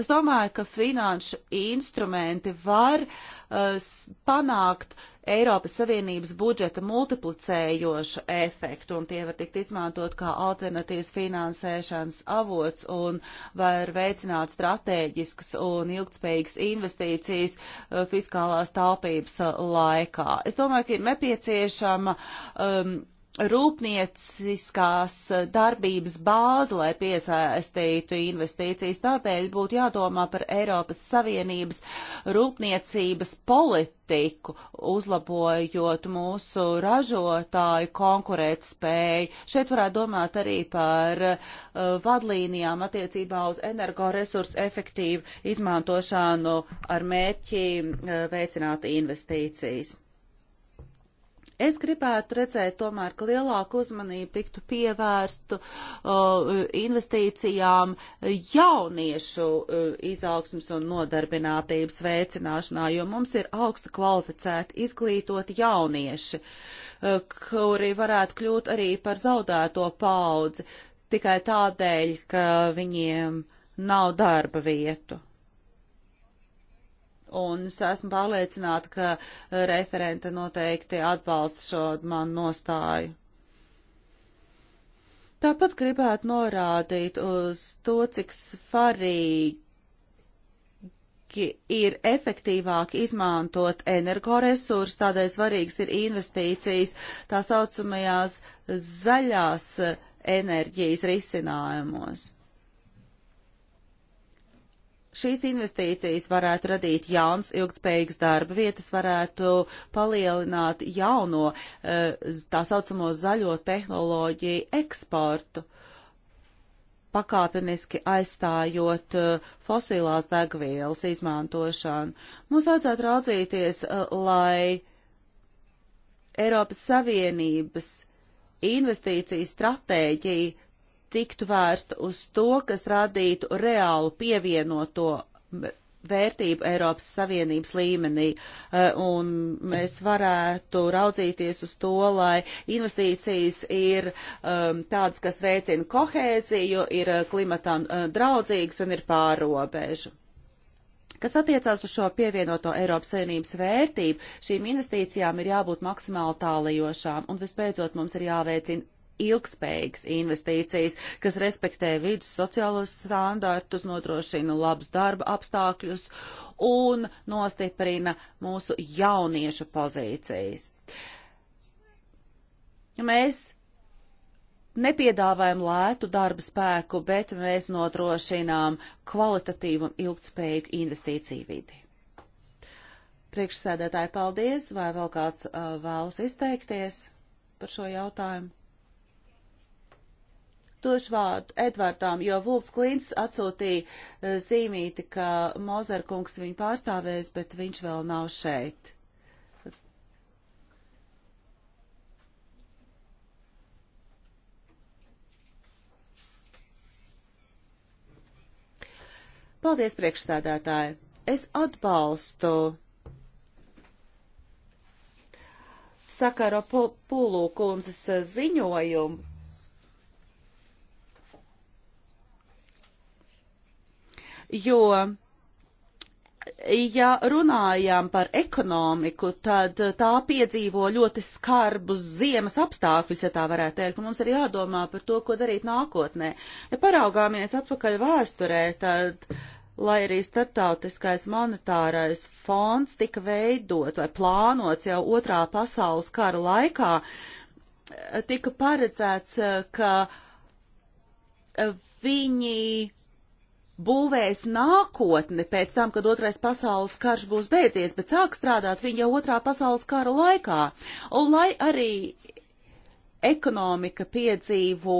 Es domāju, ka finanšu instrumenti var uh, panākt Eiropas Savienības budžeta multiplicējošu efektu, un tie var tikt izmantot kā alternatīvas finansēšanas avots un var veicināt strateģiskas un ilgtspējīgas investīcijas uh, fiskālās taupības eh, laikā. Es domāju, ka ir nepieciešama um, rūpnieciskās darbības bāzi, lai piesaistītu investīcijas. Tādēļ būtu jādomā par Eiropas Savienības rūpniecības politiku, uzlabojot mūsu ražotāju konkurētspēju. Šeit varētu domāt arī par uh, vadlīnijām attiecībā uz energoresursu efektīvu izmantošanu ar mērķi uh, veicināt investīcijas. Es gribētu redzēt tomēr, ka lielāku uzmanību tiktu pievērstu uh, investīcijām jauniešu uh, izaugsmas un nodarbinātības veicināšanā, jo mums ir augstu kvalificēti izglītoti jaunieši, uh, kuri varētu kļūt arī par zaudēto paudzi tikai tādēļ, ka viņiem nav darba vietu un es esmu pārliecināta, ka eh, referente noteikti atbalsta šo manu nostāju. Tāpat gribētu norādīt uz to, cik svarīgi ir efektīvāk izmantot energoresursus, tādēļ svarīgs ir investīcijas tā saucamajās zaļās eh, enerģijas risinājumos. Šīs investīcijas varētu radīt jauns, ilgspējīgs darba vietas, varētu palielināt jauno, eh, tā saucamo zaļo tehnoloģiju eksportu, pakāpeniski aizstājot eh, fosilās degvielas izmantošanu. Mums vajadzētu raudzīties, eh, lai Eiropas Savienības investīciju stratēģija tiktu vērsta uz to, kas radītu reālu pievienoto vērtību Eiropas Savienības līmenī, eh, un mēs varētu raudzīties uz to, lai investīcijas ir um, tādas, kas veicina kohēziju, ir eh, klimatam uh, eh, draudzīgas un ir pārobežu. Kas attiecās uz šo pievienoto Eiropas Savienības vērtību, šīm investīcijām ir jābūt maksimāli tālajošām, un visbeidzot mums ir jāveicina ilgspējīgas investīcijas, kas respektē vidus sociālos standartus, nodrošina labus darba apstākļus un nostiprina mūsu jauniešu pozīcijas. Mēs nepiedāvājam lētu darba spēku, bet mēs nodrošinām kvalitatīvu un ilgspējīgu investīciju vidi. Priekšsēdētāji, paldies! Vai vēl kāds uh, vēlas izteikties par šo jautājumu? došu vārdu Edvardām, jo Vulfs Klīns atsūtīja eh, zīmīti, ka Mozerkungs viņu pārstāvēs, bet viņš vēl nav šeit. Paldies, priekšstādātāji! Es atbalstu Sakaro Pulūkundzes eh, ziņojumu jo ja runājam par ekonomiku, tad tā piedzīvo ļoti skarbus ziemas apstākļus, ja tā varētu teikt, un mums ir jādomā par to, ko darīt nākotnē. Ja paraugāmies atpakaļ vēsturē, tad, lai arī startautiskais monetārais fonds tika veidots vai plānots jau otrā pasaules kara laikā, tika paredzēts, ka viņi būvēs nākotni pēc tam, kad otrais pasaules karš būs beidzies, bet sāk strādāt viņa jau otrā pasaules kara laikā. Un lai arī ekonomika piedzīvo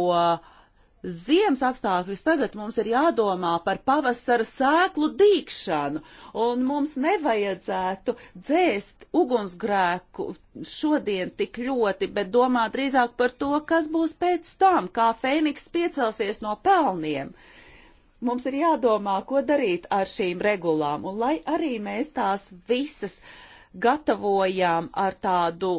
ziemas apstākļus, tagad mums ir jādomā par pavasara sēklu dīkšanu, un mums nevajadzētu dzēst ugunsgrēku šodien tik ļoti, bet domāt drīzāk par to, kas būs pēc tam, kā Fēniks piecelsies no pelniem. Uh, Mums ir jādomā, ko darīt ar šīm regulām, un lai arī mēs tās visas gatavojām ar tādu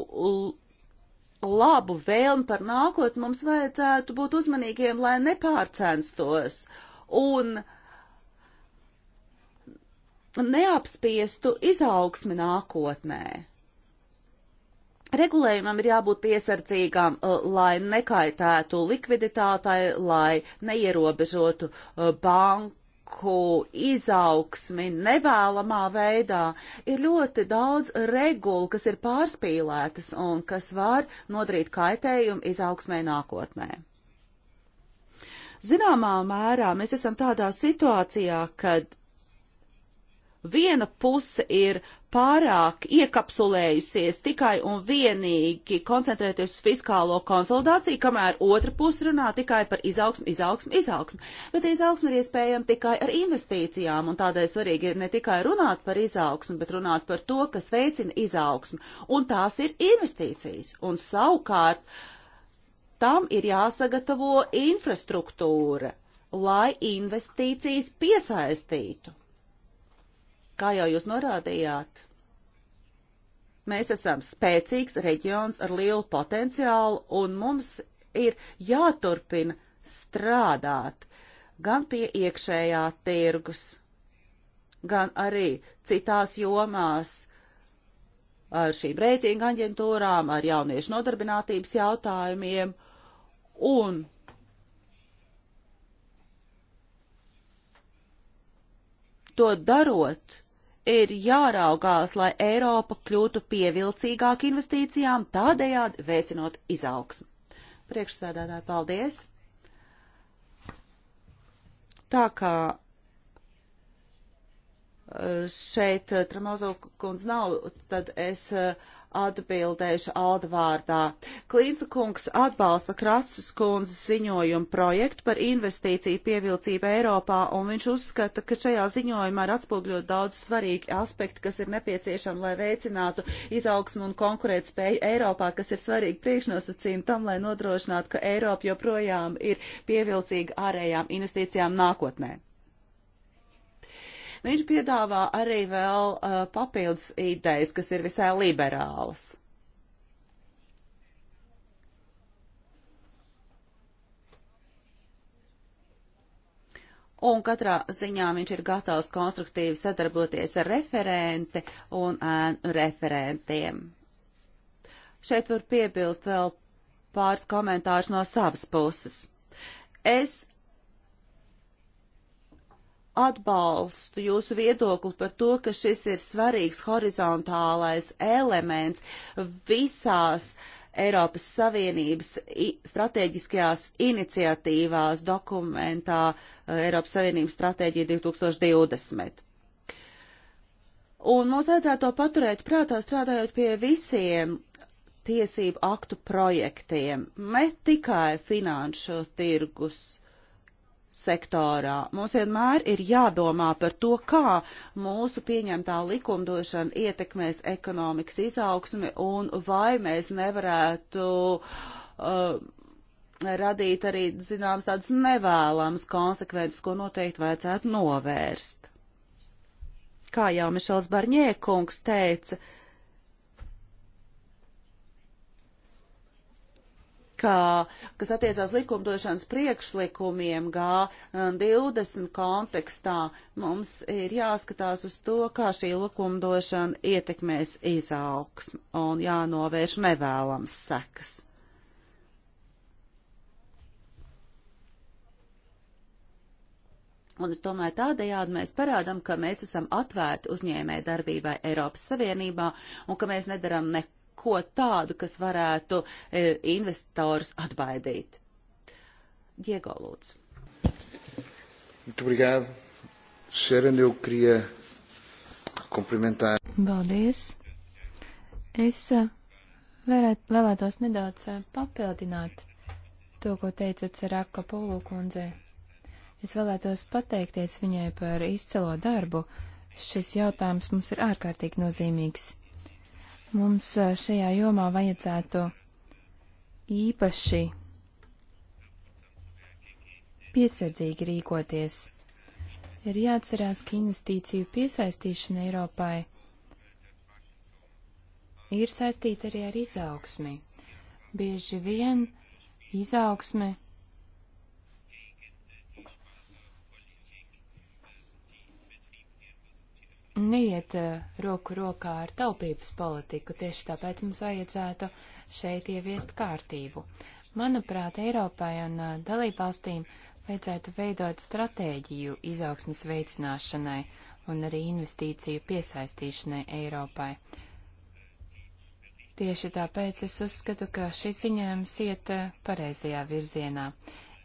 labu vēlmi par nākotni, mums vajadzētu būt uzmanīgiem, lai nepārcenstos un neapspiestu izaugsmi nākotnē. Regulējumam ir jābūt piesardzīgām, uh, lai nekaitētu likviditātai, lai neierobežotu uh, banku izaugsmi nevēlamā veidā. Ir ļoti daudz regulu, kas ir pārspīlētas un kas var nodarīt kaitējumu izaugsmē nākotnē. Zināmā mērā mēs esam tādā situācijā, kad viena puse ir pārāk iekapsulējusies tikai un vienīgi koncentrēties uz fiskālo konsolidāciju, kamēr otra puse runā tikai par izaugsmu, izaugsmu, izaugsmu. Bet izaugsmu ir iespējama tikai ar investīcijām, un tādēļ svarīgi ir ne tikai runāt par izaugsmu, bet runāt par to, kas veicina izaugsmu, un tās ir investīcijas. Un savukārt tam ir jāsagatavo infrastruktūra, lai investīcijas piesaistītu kā jau jūs norādījāt, mēs esam spēcīgs reģions ar lielu potenciālu, un mums ir jāturpina strādāt gan pie iekšējā tirgus, gan arī citās jomās ar šīm reitinga aģentūrām, ar jauniešu nodarbinātības jautājumiem un to darot, ir jāraugās, lai Eiropa kļūtu pievilcīgāk investīcijām, tādējādi veicinot izaugsmu. Priekšsēdētāji, paldies! Tā kā eh, šeit eh, Tramazov kundze nav, tad es uh, atbildēšu Alda vārdā. Klīnsa kungs atbalsta Kratsas kundzes ziņojumu projektu par investīciju pievilcību Eiropā, un viņš uzskata, ka šajā ziņojumā ir atspūgļot daudz svarīgi aspekti, kas ir nepieciešami, lai veicinātu izaugsmu un konkurētspēju Eiropā, kas ir svarīgi priekšnosacījumi tam, lai nodrošinātu, ka Eiropa joprojām ir pievilcīga ārējām investīcijām nākotnē. Viņš piedāvā arī vēl uh, papildus idejas, kas ir visai liberālas. un katrā ziņā viņš ir gatavs konstruktīvi sadarboties ar referenti un ēnu referentiem. Šeit var piebilst vēl pāris komentārus no savas puses. Es atbalstu jūsu viedokli par to, ka šis ir svarīgs horizontālais elements visās Eiropas Savienības strateģiskajās iniciatīvās dokumentā eh, Eiropas Savienības stratēģija 2020. Un mums vajadzētu to paturēt prātā strādājot pie visiem tiesību aktu projektiem, ne tikai finanšu tirgus sektorā. Mums vienmēr ir jādomā par to, kā mūsu pieņemtā likumdošana ietekmēs ekonomikas izaugsmi un vai mēs nevarētu uh, radīt arī, zināms, tādas nevēlamas konsekvences, ko noteikti vajadzētu novērst. Kā jau Mišels Barņēkungs teica, uh, kā, kas attiecās likumdošanas priekšlikumiem G20 um, kontekstā, mums ir jāskatās uz to, kā šī likumdošana ietekmēs izaugsmu un jānovērš nevēlams sekas. Un es domāju, tādējādi mēs parādām, ka mēs esam atvērti uzņēmē darbībai Eiropas Savienībā un ka mēs nedaram neko ko tādu, kas varētu e, investors atbaidīt. Diego Lūdzu. Muito obrigado. Sharon, eu queria cumprimentar. Paldies. Es e, varētu, vēlētos nedaudz e, papildināt to, ko teica Ceraka Polu kundze. Es vēlētos pateikties viņai par izcelo darbu. Šis jautājums mums ir ārkārtīgi nozīmīgs. Mums eh, šajā jomā vajadzētu īpaši piesardzīgi rīkoties. Ir jāatcerās, ka investīciju piesaistīšana Eiropai ir saistīta arī ar izaugsmi. Bieži vien izaugsme neiet eh, roku rokā ar taupības politiku, tieši tāpēc mums vajadzētu šeit ieviest kārtību. Manuprāt, Eiropai un eh, dalībvalstīm vajadzētu veidot stratēģiju izaugsmas veicināšanai un arī investīciju piesaistīšanai Eiropai. Tieši tāpēc es uzskatu, ka šis ziņojums iet eh, pareizajā virzienā.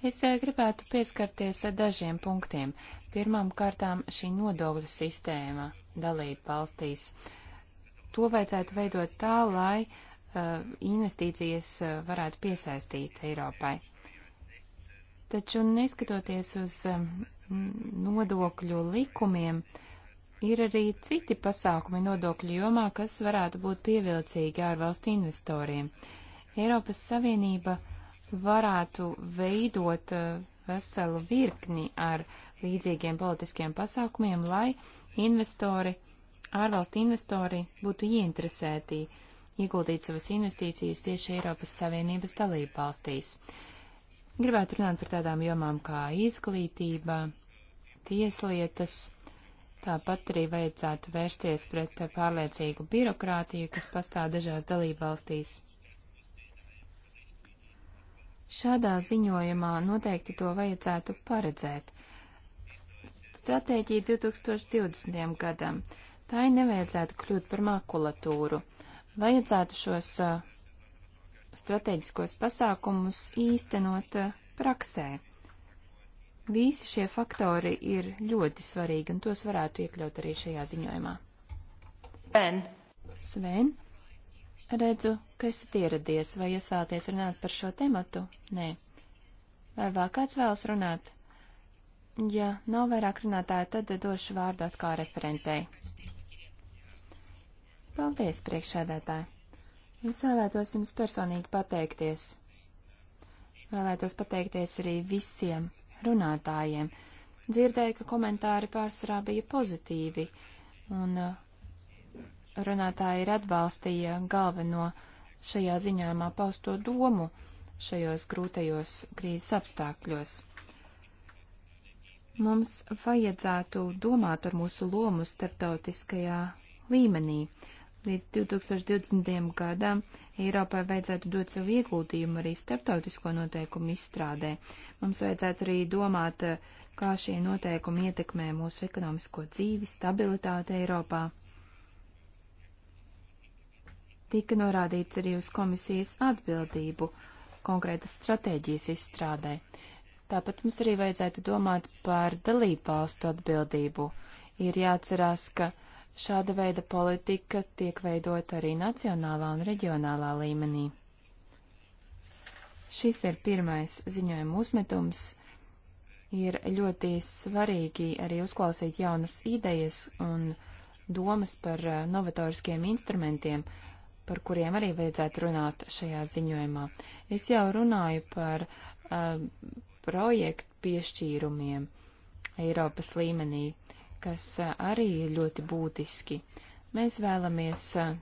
Es eh, gribētu pieskarties eh, dažiem punktiem. Pirmām kārtām šī nodokļu sistēma dalība valstīs. To vajadzētu veidot tā, lai uh, investīcijas varētu piesaistīt Eiropai. Taču neskatoties uz nodokļu likumiem, ir arī citi pasākumi nodokļu jomā, kas varētu būt pievilcīgi ārvalstu investoriem. Eiropas Savienība uh, varētu veidot eh, veselu virkni ar līdzīgiem politiskiem pasākumiem, lai investori, ārvalstu investori būtu ieinteresēti ieguldīt savas investīcijas tieši Eiropas Savienības dalību valstīs. Gribētu runāt par tādām jomām kā izglītība, tieslietas, tāpat arī vajadzētu vērsties pret pārliecīgu birokrātiju, kas pastāv dažās dalību valstīs. Šādā ziņojumā noteikti to vajadzētu paredzēt. Stratēģija 2020. gadam. Tā ir nevajadzētu kļūt par makulatūru. Vajadzētu šos stratēģiskos pasākumus īstenot praksē. Visi šie faktori ir ļoti svarīgi, un tos varētu iekļaut arī šajā ziņojumā. Sven. Sven. Redzu, ka esat ieradies. Vai jūs vēlaties runāt par šo tematu? Nē. Vai vēl kāds vēlas runāt? Ja nav vairāk runātāju, tad došu vārdu atkal referentei. Paldies, priekšsēdētāji! Es vēlētos jums personīgi pateikties. Vēlētos pateikties arī visiem runātājiem dzirdēju, ka komentāri pārsvarā bija pozitīvi, un runātāji ir atbalstīja galveno šajā ziņojumā pausto domu šajos grūtajos krīzes apstākļos. Mums vajadzētu domāt par mūsu lomu starptautiskajā līmenī. Līdz 2020. gadam Eiropai vajadzētu dot savu ieguldījumu arī starptautisko noteikumu izstrādē. Mums vajadzētu arī domāt, kā šie noteikumi ietekmē mūsu ekonomisko dzīvi, stabilitāti Eiropā. Tika norādīts arī uz komisijas atbildību konkrētas stratēģijas izstrādē. Tāpat mums arī vajadzētu domāt par dalību valstu atbildību. Ir jāatcerās, ka šāda veida politika tiek veidota arī nacionālā un reģionālā līmenī. Šis ir pirmais ziņojuma uzmetums. Ir ļoti svarīgi arī uzklausīt jaunas idejas un domas par novatoriskiem instrumentiem, par kuriem arī vajadzētu runāt šajā ziņojumā. Es jau runāju par uh, projektu piešķīrumiem Eiropas līmenī, kas uh, arī ir ļoti būtiski. Mēs vēlamies uh,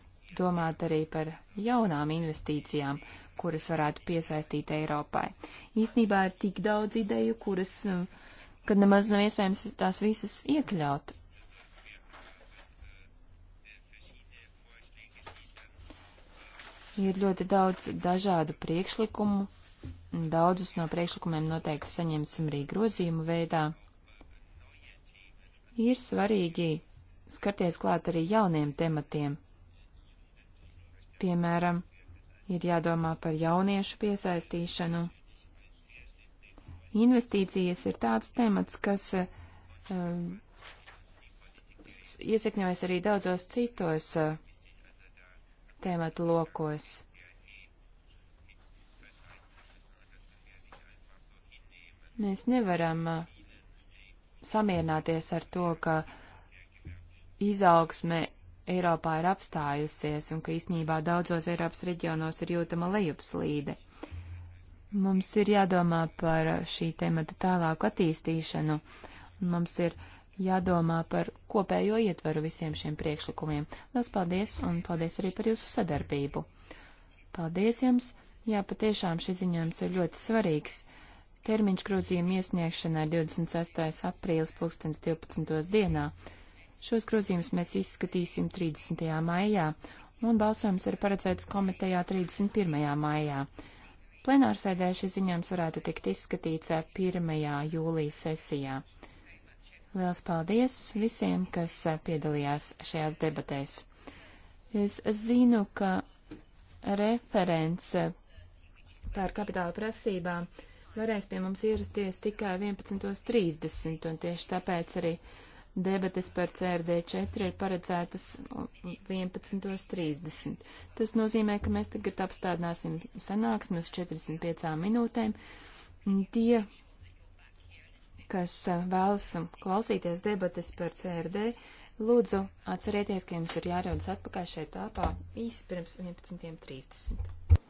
domāt arī par jaunām investīcijām, kuras varētu piesaistīt Eiropai. Īsnībā ir tik daudz ideju, kuras, uh, kad nemaz nav iespējams tās visas iekļaut Ir ļoti daudz dažādu priekšlikumu. Daudzus no priekšlikumiem noteikti saņemsim arī grozījumu veidā. Ir svarīgi skarties klāt arī jauniem tematiem. Piemēram, ir jādomā par jauniešu piesaistīšanu. Investīcijas ir tāds temats, kas um, iesakņojas arī daudzos citos uh, tēmatu lokos. Mēs nevaram uh, samierināties ar to, ka izaugsme Eiropā ir apstājusies un ka īsnībā daudzos Eiropas reģionos ir jūtama lejupslīde. Mums ir jādomā par šī temata tālāku attīstīšanu, un mums ir jādomā par kopējo ietvaru visiem šiem priekšlikumiem. Lielas paldies un paldies arī par jūsu sadarbību. Paldies jums! Jā, patiešām šis ziņojums ir ļoti svarīgs. Termiņš grozījuma iesniegšanai 26. aprīlis 2012. dienā. Šos grozījumus mēs izskatīsim 30. maijā, un balsojums ir paredzēts komitejā 31. maijā. Plenārsēdē šis ziņojums varētu tikt izskatīts 1. Eh, jūlija sesijā. Liels paldies visiem, kas eh, piedalījās šajās debatēs. Es zinu, ka referents eh, par kapitāla prasībām varēs pie mums ierasties tikai 11.30, un tieši tāpēc arī debates par CRD4 ir paredzētas 11.30. Tas nozīmē, ka mēs tagad apstādināsim sanāksmi uz 45 minūtēm. Tie, kas vēlas um, klausīties debates par CRD, lūdzu atcerieties, ka jums ir jārodas atpakaļ šeit telpā īsi pirms 11.30.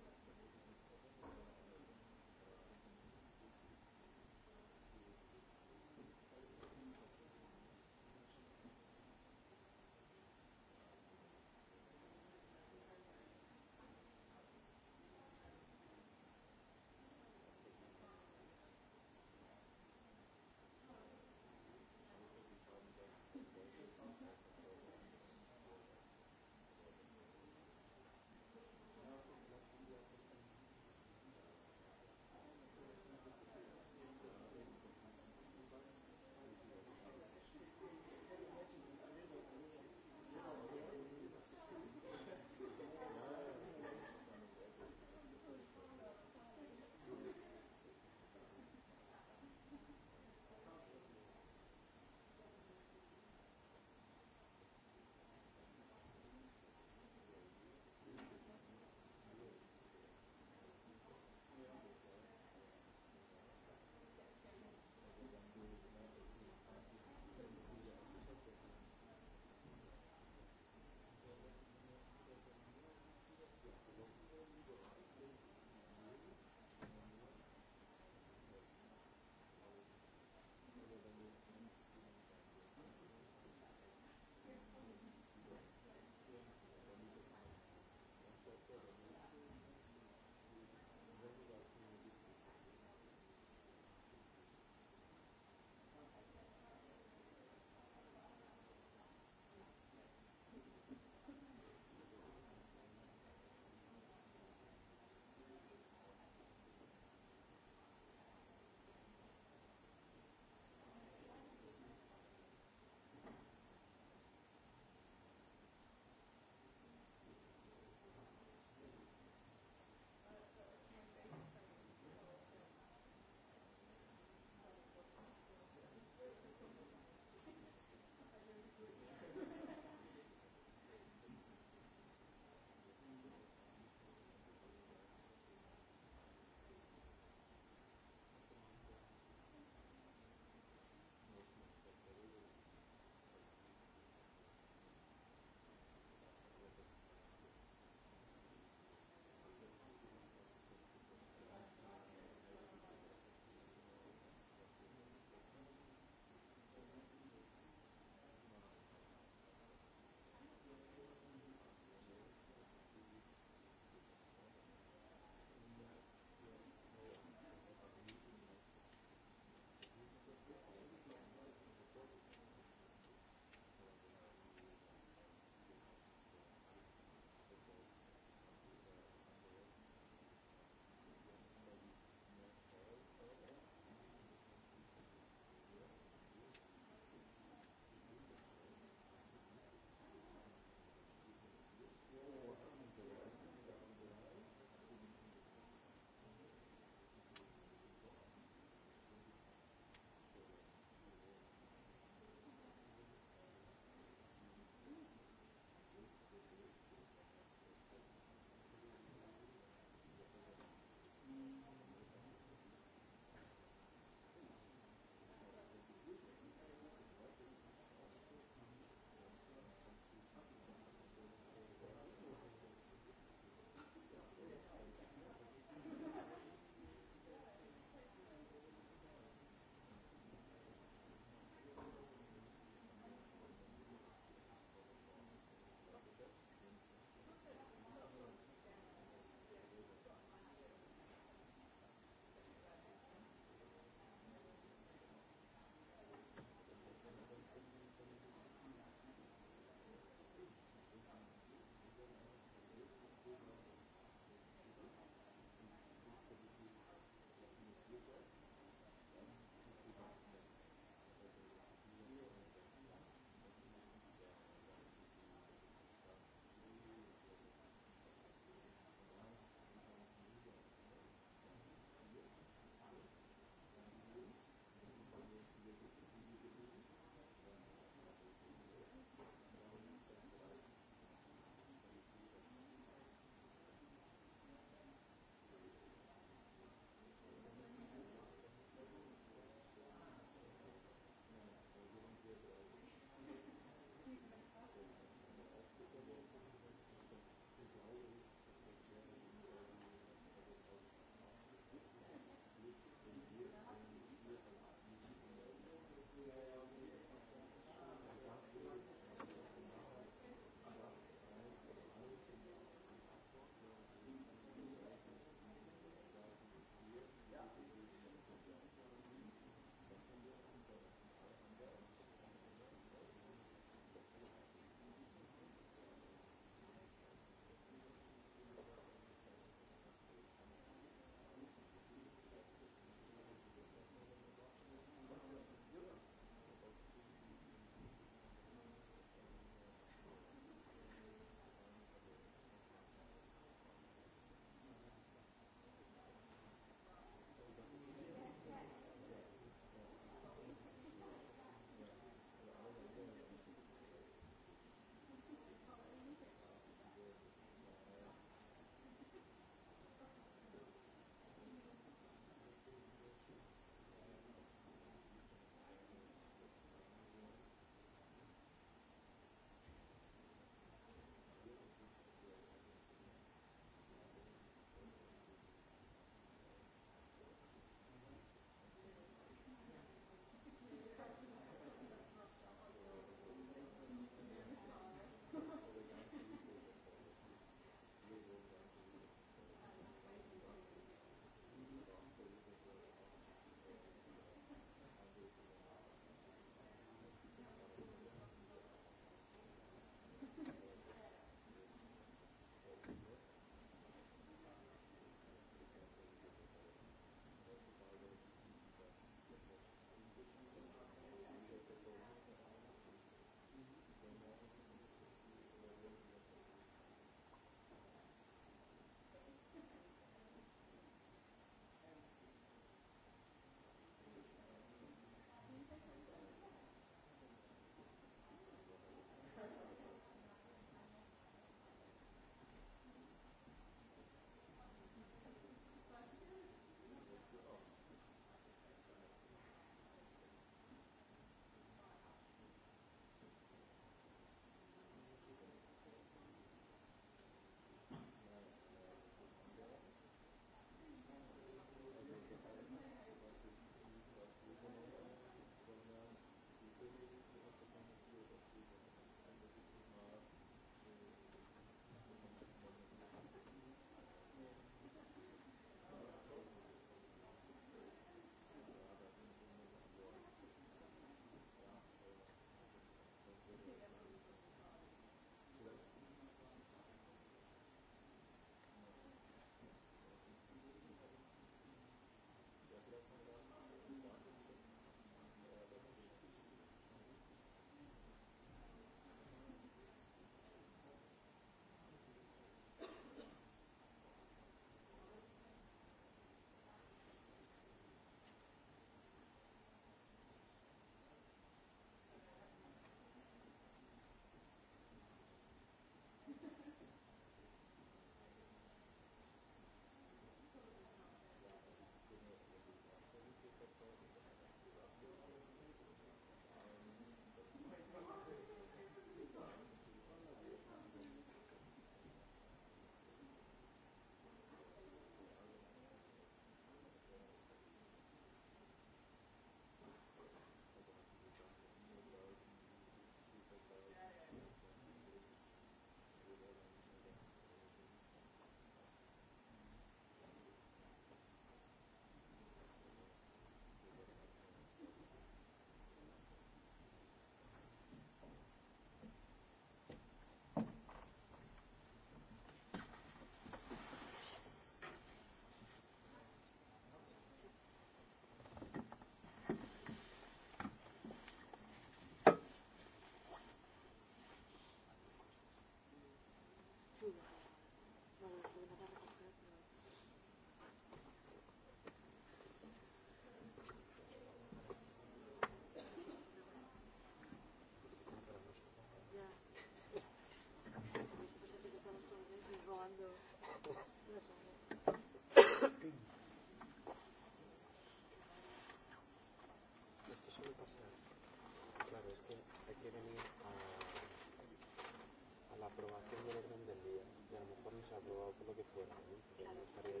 aprobación del orden del día. Y a lo mejor no se ha aprobado por lo que fuera, ¿no? Pero claro, no estaría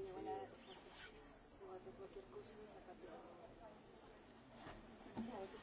aquí. O hacer cualquier cosa y sacar todo. O sea, hay que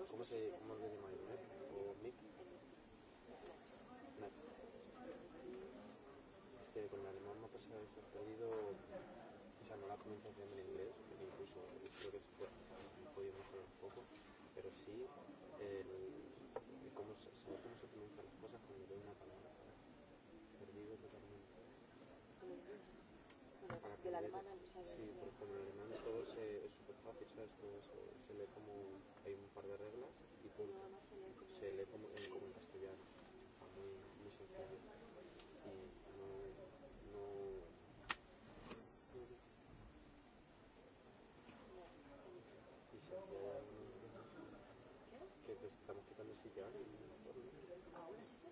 grados. ¿Cómo, se, ¿cómo le llamáis? ¿MEP o MIP? MEPS. Es que con el alemán me ha pasado eso. He perdido, o sea, no la pronunciación en inglés, que incluso creo que se puede, he podido mejorar un poco, pero sí el, el cómo se, saber cómo se pronuncian las cosas cuando veo una palabra. Perdido totalmente. Para del alemán al Sí, porque con el alemán todo se, es súper fácil, ¿sabes? Como se, se lee como hay un par de reglas y punto. Se lee como en, como en castellano, está muy, muy sencillo. Y no, no, y se hacía que te estamos quitando el sillón. ¿Ahora sí está?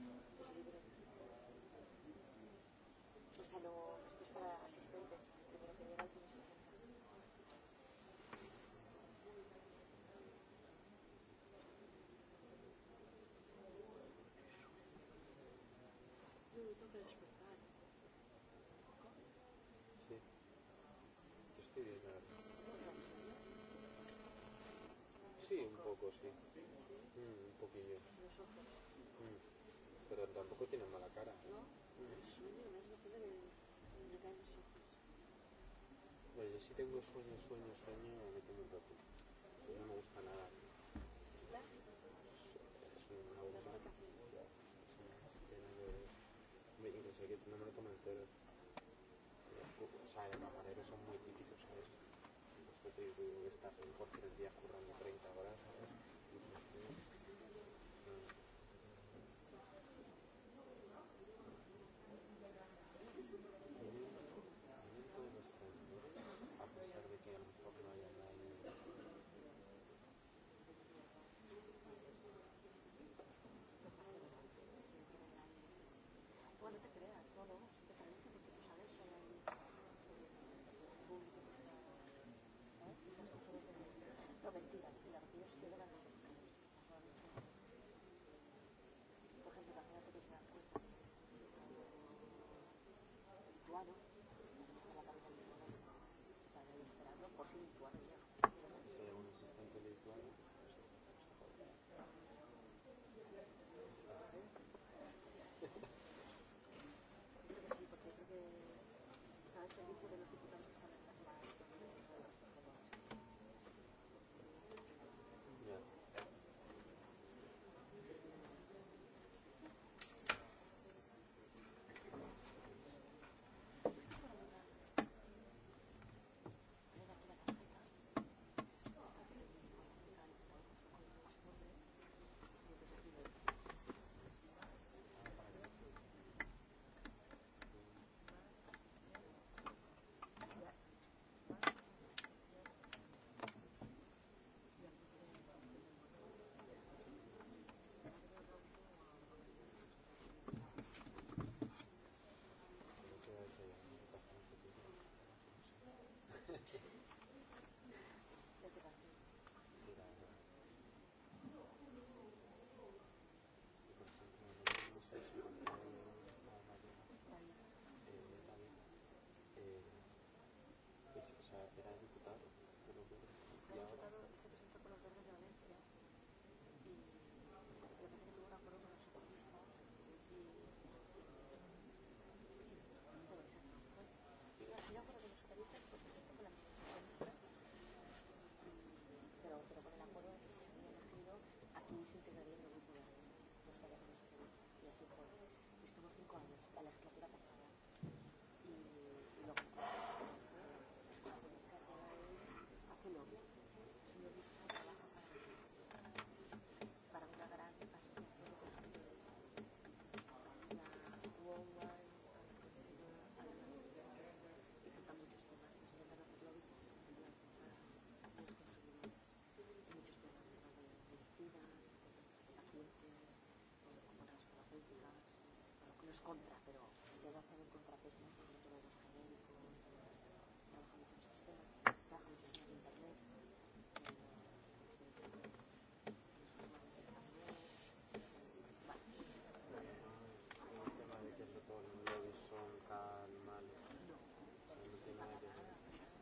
Mm. O sea, lo io tant que je peux pas. Encore Sì. Che stile è nato? Sì, un poco sì. Mm, un pochillo. Mm. Pero tampoco tiene mala cara. ¿eh? No, mm. sueño, me has dicho que me caen los ojos. Bueno, yo sí tengo sueño, sueño, sueño, a mí tengo un rato. No me gusta nada. ¿La? Es una bomba me interesaría tener una marca mantera. O sea, de camarero son muy típicos, ¿sabes? Esto te digo que estás en por tres días currando 30 horas, ¿sabes? one of the principal. es contra, pero debe hacer el contrapeso ¿no? entre lo de los genéricos, trabaja mucho en sistemas, trabaja mucho en Internet.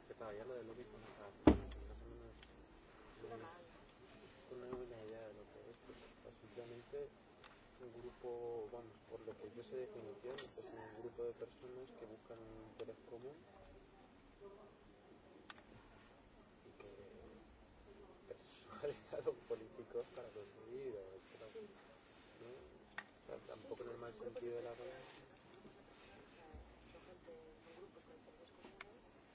Que para allá lo del lobby con la cara. Una novela idea de lo que es, pues, básicamente un grupo, vamos, por lo que yo sé definición, es un grupo de personas que buscan un interés común y que persuaden (laughs) a los políticos para conseguir. Para, sí. ¿no? o sea, tampoco en el mal sentido de la palabra.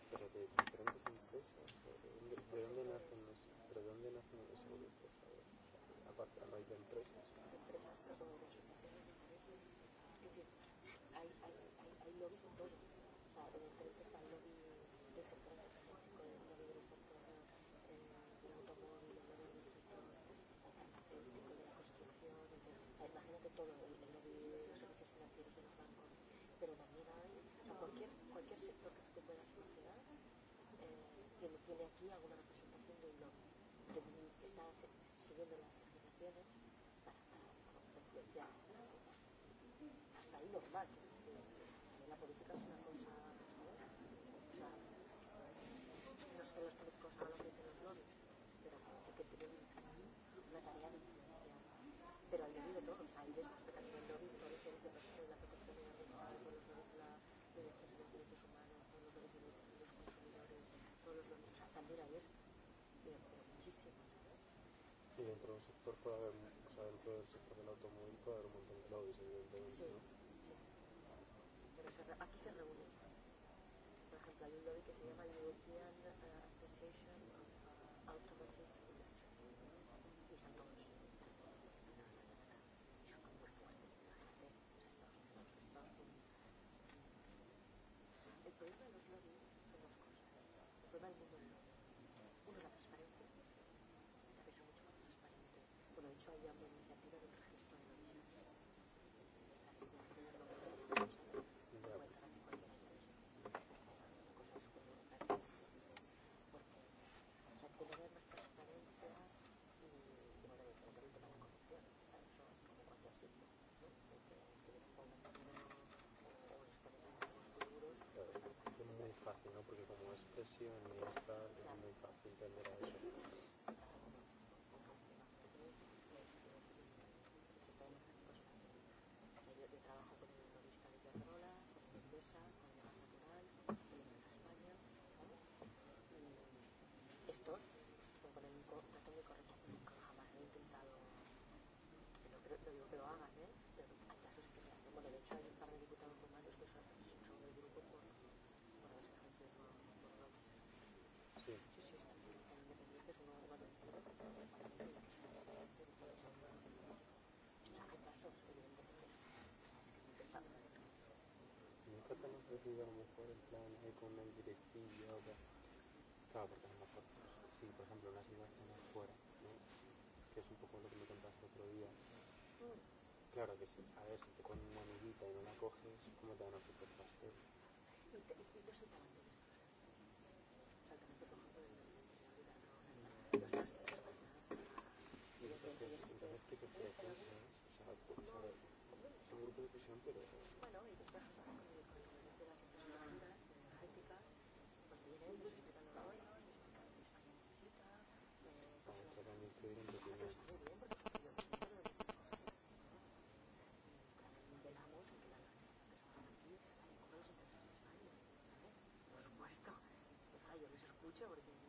Pero de diferentes empresas, ¿de dónde nacen los, de dónde nacen los grupos? Aparte, a raíz de empresas. hay, hay, hay, hay lobbies en todo. O sea, evidentemente está el lobby del sector energético, el lobby del sector eh, del automóvil, el lobby del sector farmacéutico, de la construcción, de, ah, imagínate todo, el, el lobby de los servicios financieros de los bancos, pero también hay a cualquier, cualquier sector que tú te puedas imaginar. Eh, tiene, tiene aquí alguna representación de un lobby, que está siguiendo las normal. La política es una cosa. O sea, no es que los políticos hagan lo que dicen los lobbies, pero sí que tienen una tarea de Pero ahí ha habido todo, o sea, hay desrespetar los lobbies, todos los lobbies de la protección de la riqueza, todos los lobbies de la dirección de los derechos humanos, todos los lobbies de los consumidores, todos los lobbies. O sea, también hay esto, pero, pero muchísimo, ¿sabes? Sí, dentro del sector puede haber, o sea, dentro del sector del automóvil puede haber un montón de lobbies, evidentemente. Sí. ¿no? se re, aquí se reúne. Por ejemplo, hay un lobby que se llama European uh, Association of uh, Automotive Industry. Y están todos. Son muy fuertes. Imagínate, estos, estos, estos. El problema de los lobbies son dos cosas. El problema del mundo del lobby. Uno es la persona. pero no que lo hagan, ¿eh? Pero hay casos que se hacen. Bueno, de hecho hay un par de diputados romanos que son, son del grupo por, por esa gente por, por Londres. Sí. Sí, sí, están, están independientes. Uno, bueno, el otro partido del partido y que están independientes y por eso hablan de político. O sea, hay casos, evidentemente, que no pensamos en eso. Nunca te han ofrecido a lo mejor en plan eh, con una directilla o Claro, porque a lo mejor, sí, por ejemplo, una situación afuera, ¿no? que es un poco lo que me contaste otro día, Claro que sí. A ver, si te ponen una amiguita y no la coges, ¿cómo te van a ofrecer pastel? Y te, y por separado. O sea, que no te cojan por el nombre, sino que te cojan los pasteles. Y entonces, entonces ¿qué te ofrecen? O sea, son grupos de prisión, pero... पूछे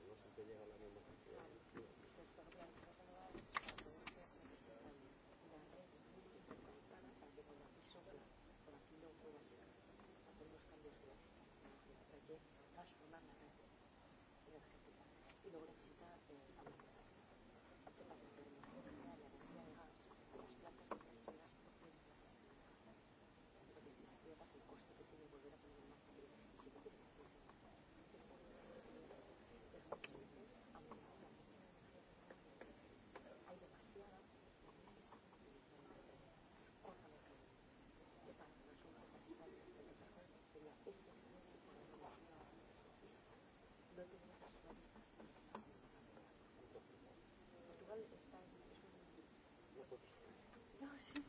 que llega la misma cantidad. Pues podrían regular la audiencia que necesitan una red muy concertada para que cuando aquí sobra, por aquí no pueda ser. Hacer los cambios que necesitan. Hay que transformar la red energética. Y luego necesita eh, No, sí.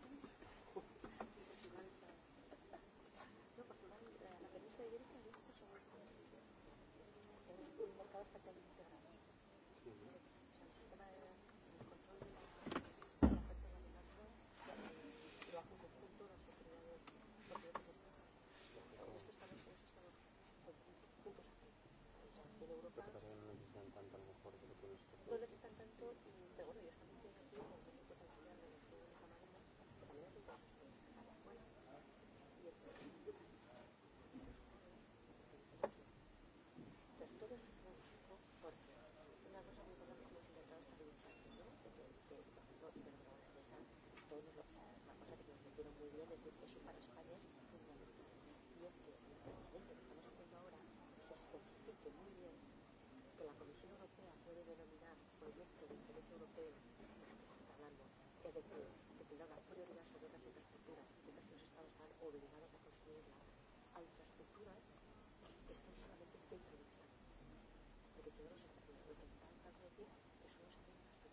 es que el nivel que estamos haciendo ahora se especifique muy bien que la Comisión Europea puede denominar proyecto de interés europeo, está hablando, es decir, que tenga una prioridad sobre otras infraestructuras, mientras que los Estados están obligados a construirla, a infraestructuras que están solamente dentro del Estado. Porque si no los Estados, lo que intentan transmitir es solo son infraestructuras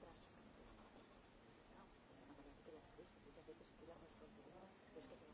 transfronterizas. Claro, la manera que las ves, muchas veces tú la transfronteriza, no es que tenga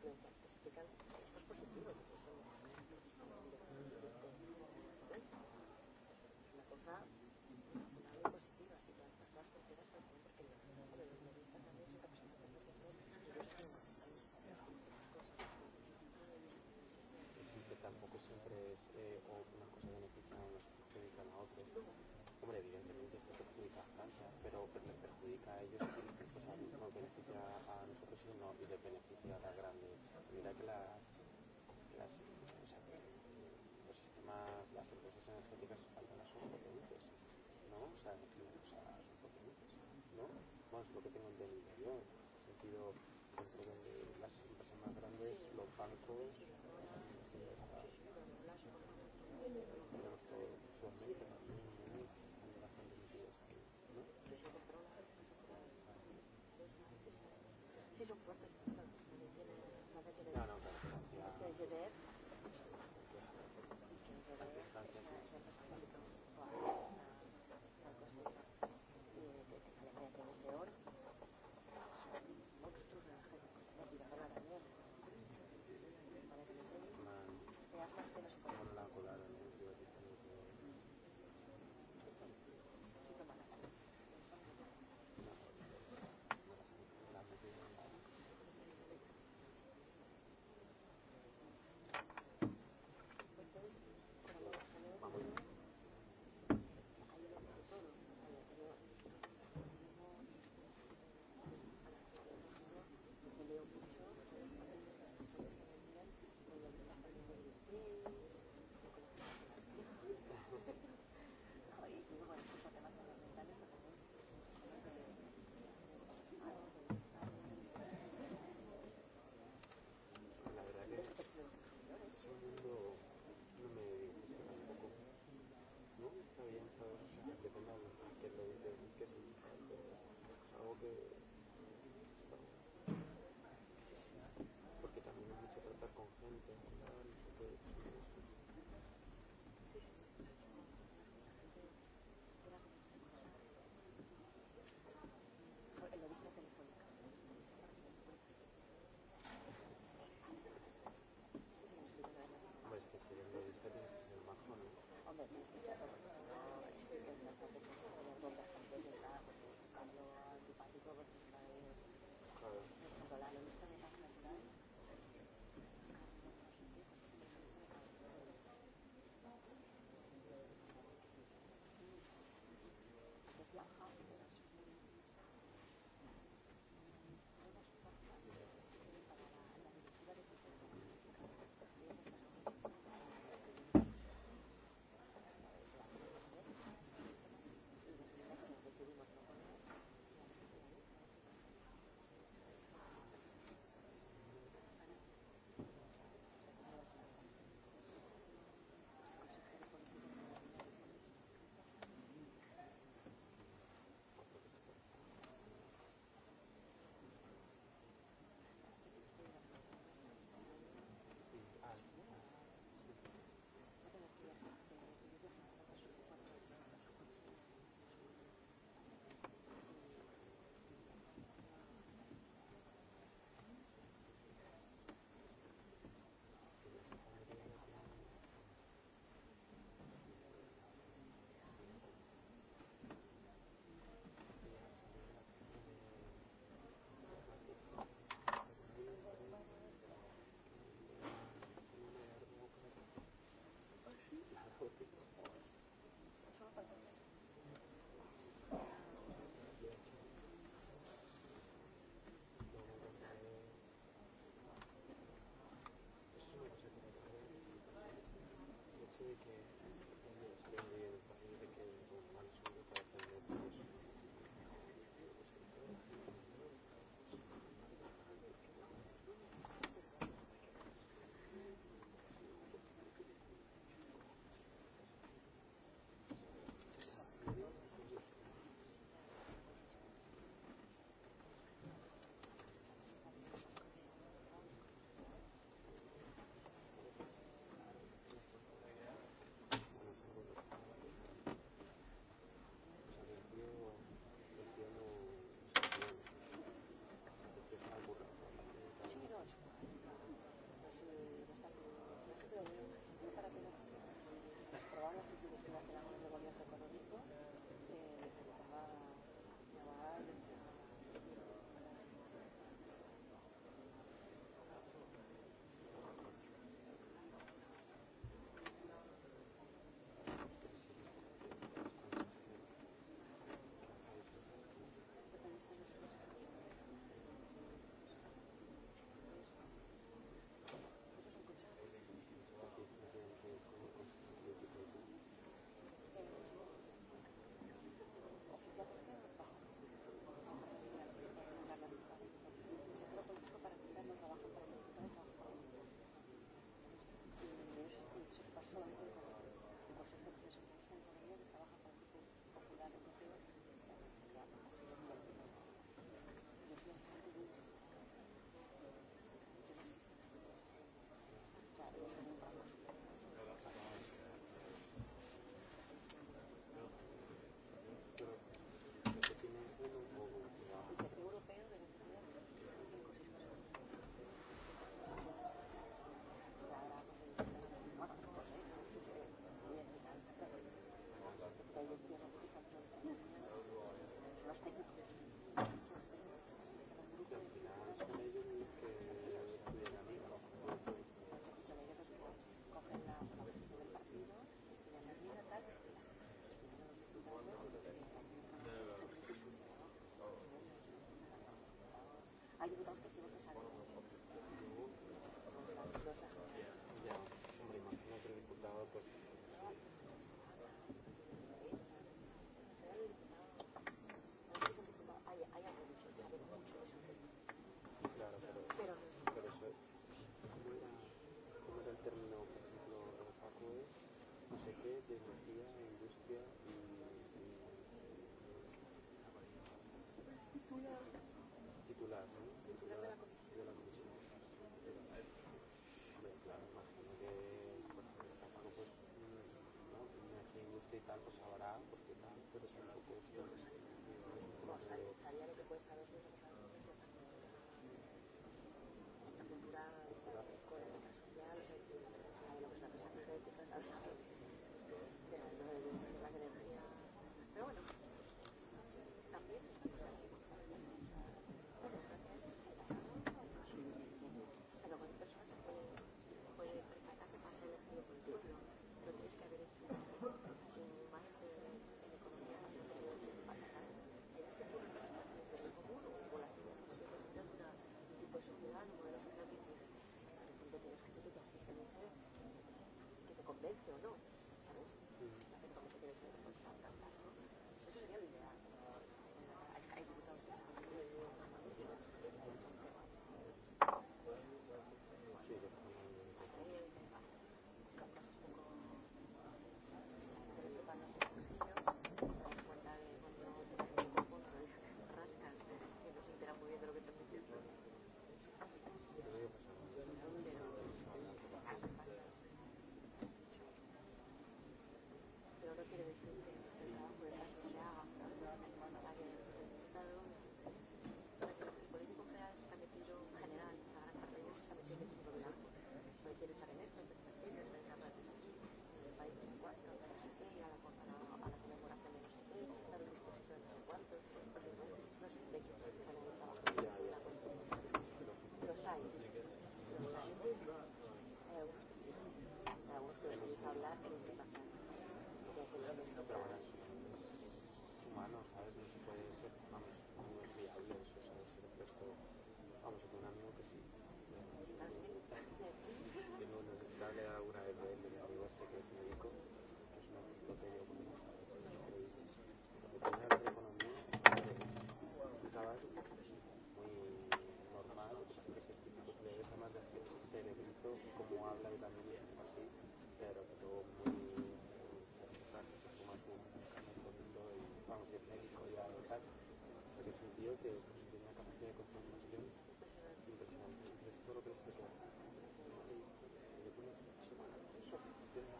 influencian, te explican esto es positivo, y dices, bueno, pues es que está hablando de Es una cosa muy positiva, y todas estas cosas funcionan sobre todo porque hombre, los periodistas también son representantes del sector, Sí, que tampoco siempre es eh, o una cosa beneficia a unos que perjudican a otros. Hombre, evidentemente esto perjudica a Francia, pero, pero les perjudica a ellos y beneficia a nosotros y, no, y les beneficia a las grandes. Mira que las, las, o sea, que los sistemas, las empresas energéticas españolas son potentes, ¿no? O sea, que, o sea son potentes, ¿no? Bueno, es lo que tengo entendido yo, en el sentido dentro de las empresas más grandes, sí. los bancos, sí proyectos que tengan que pedir de que se algo que Bombas tampoco está, porque cambio antipático porque está de... Claro. Cuando la lista de paz natural... Es la y tal, pues convexo, ¿no? trabajar sus humanos, ¿sabes? No se puede ser, vamos, muy fiable eso, ¿sabes? Siempre esto, vamos, con un amigo que sí. Tengo una darle alguna vez a él, mi amigo este que es médico, que es un amigo que yo conozco, ¿sabes? Es increíble. Lo que pasa es que la economía, un chaval muy normal, lo que pasa es que es el típico, le ves además de cerebrito, como habla y también creo que tiene una capacidad de concentración impresionante. Entonces, todo lo que les queda. Se le pone eso, de la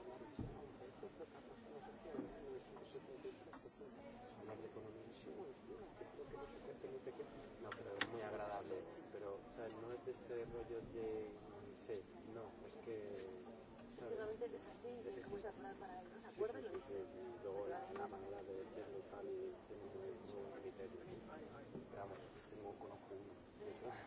mano, hablar de economía, sí, bueno, creo que no sé qué, no sé qué. No, pero es muy agradable. Pero, ¿sabes? No es de este rollo de, no sé, no, es que es que realmente es así, es, es muy natural para ellos, ¿se acuerdan? Sí, sí, sí, sí. Luego la, la manera de, de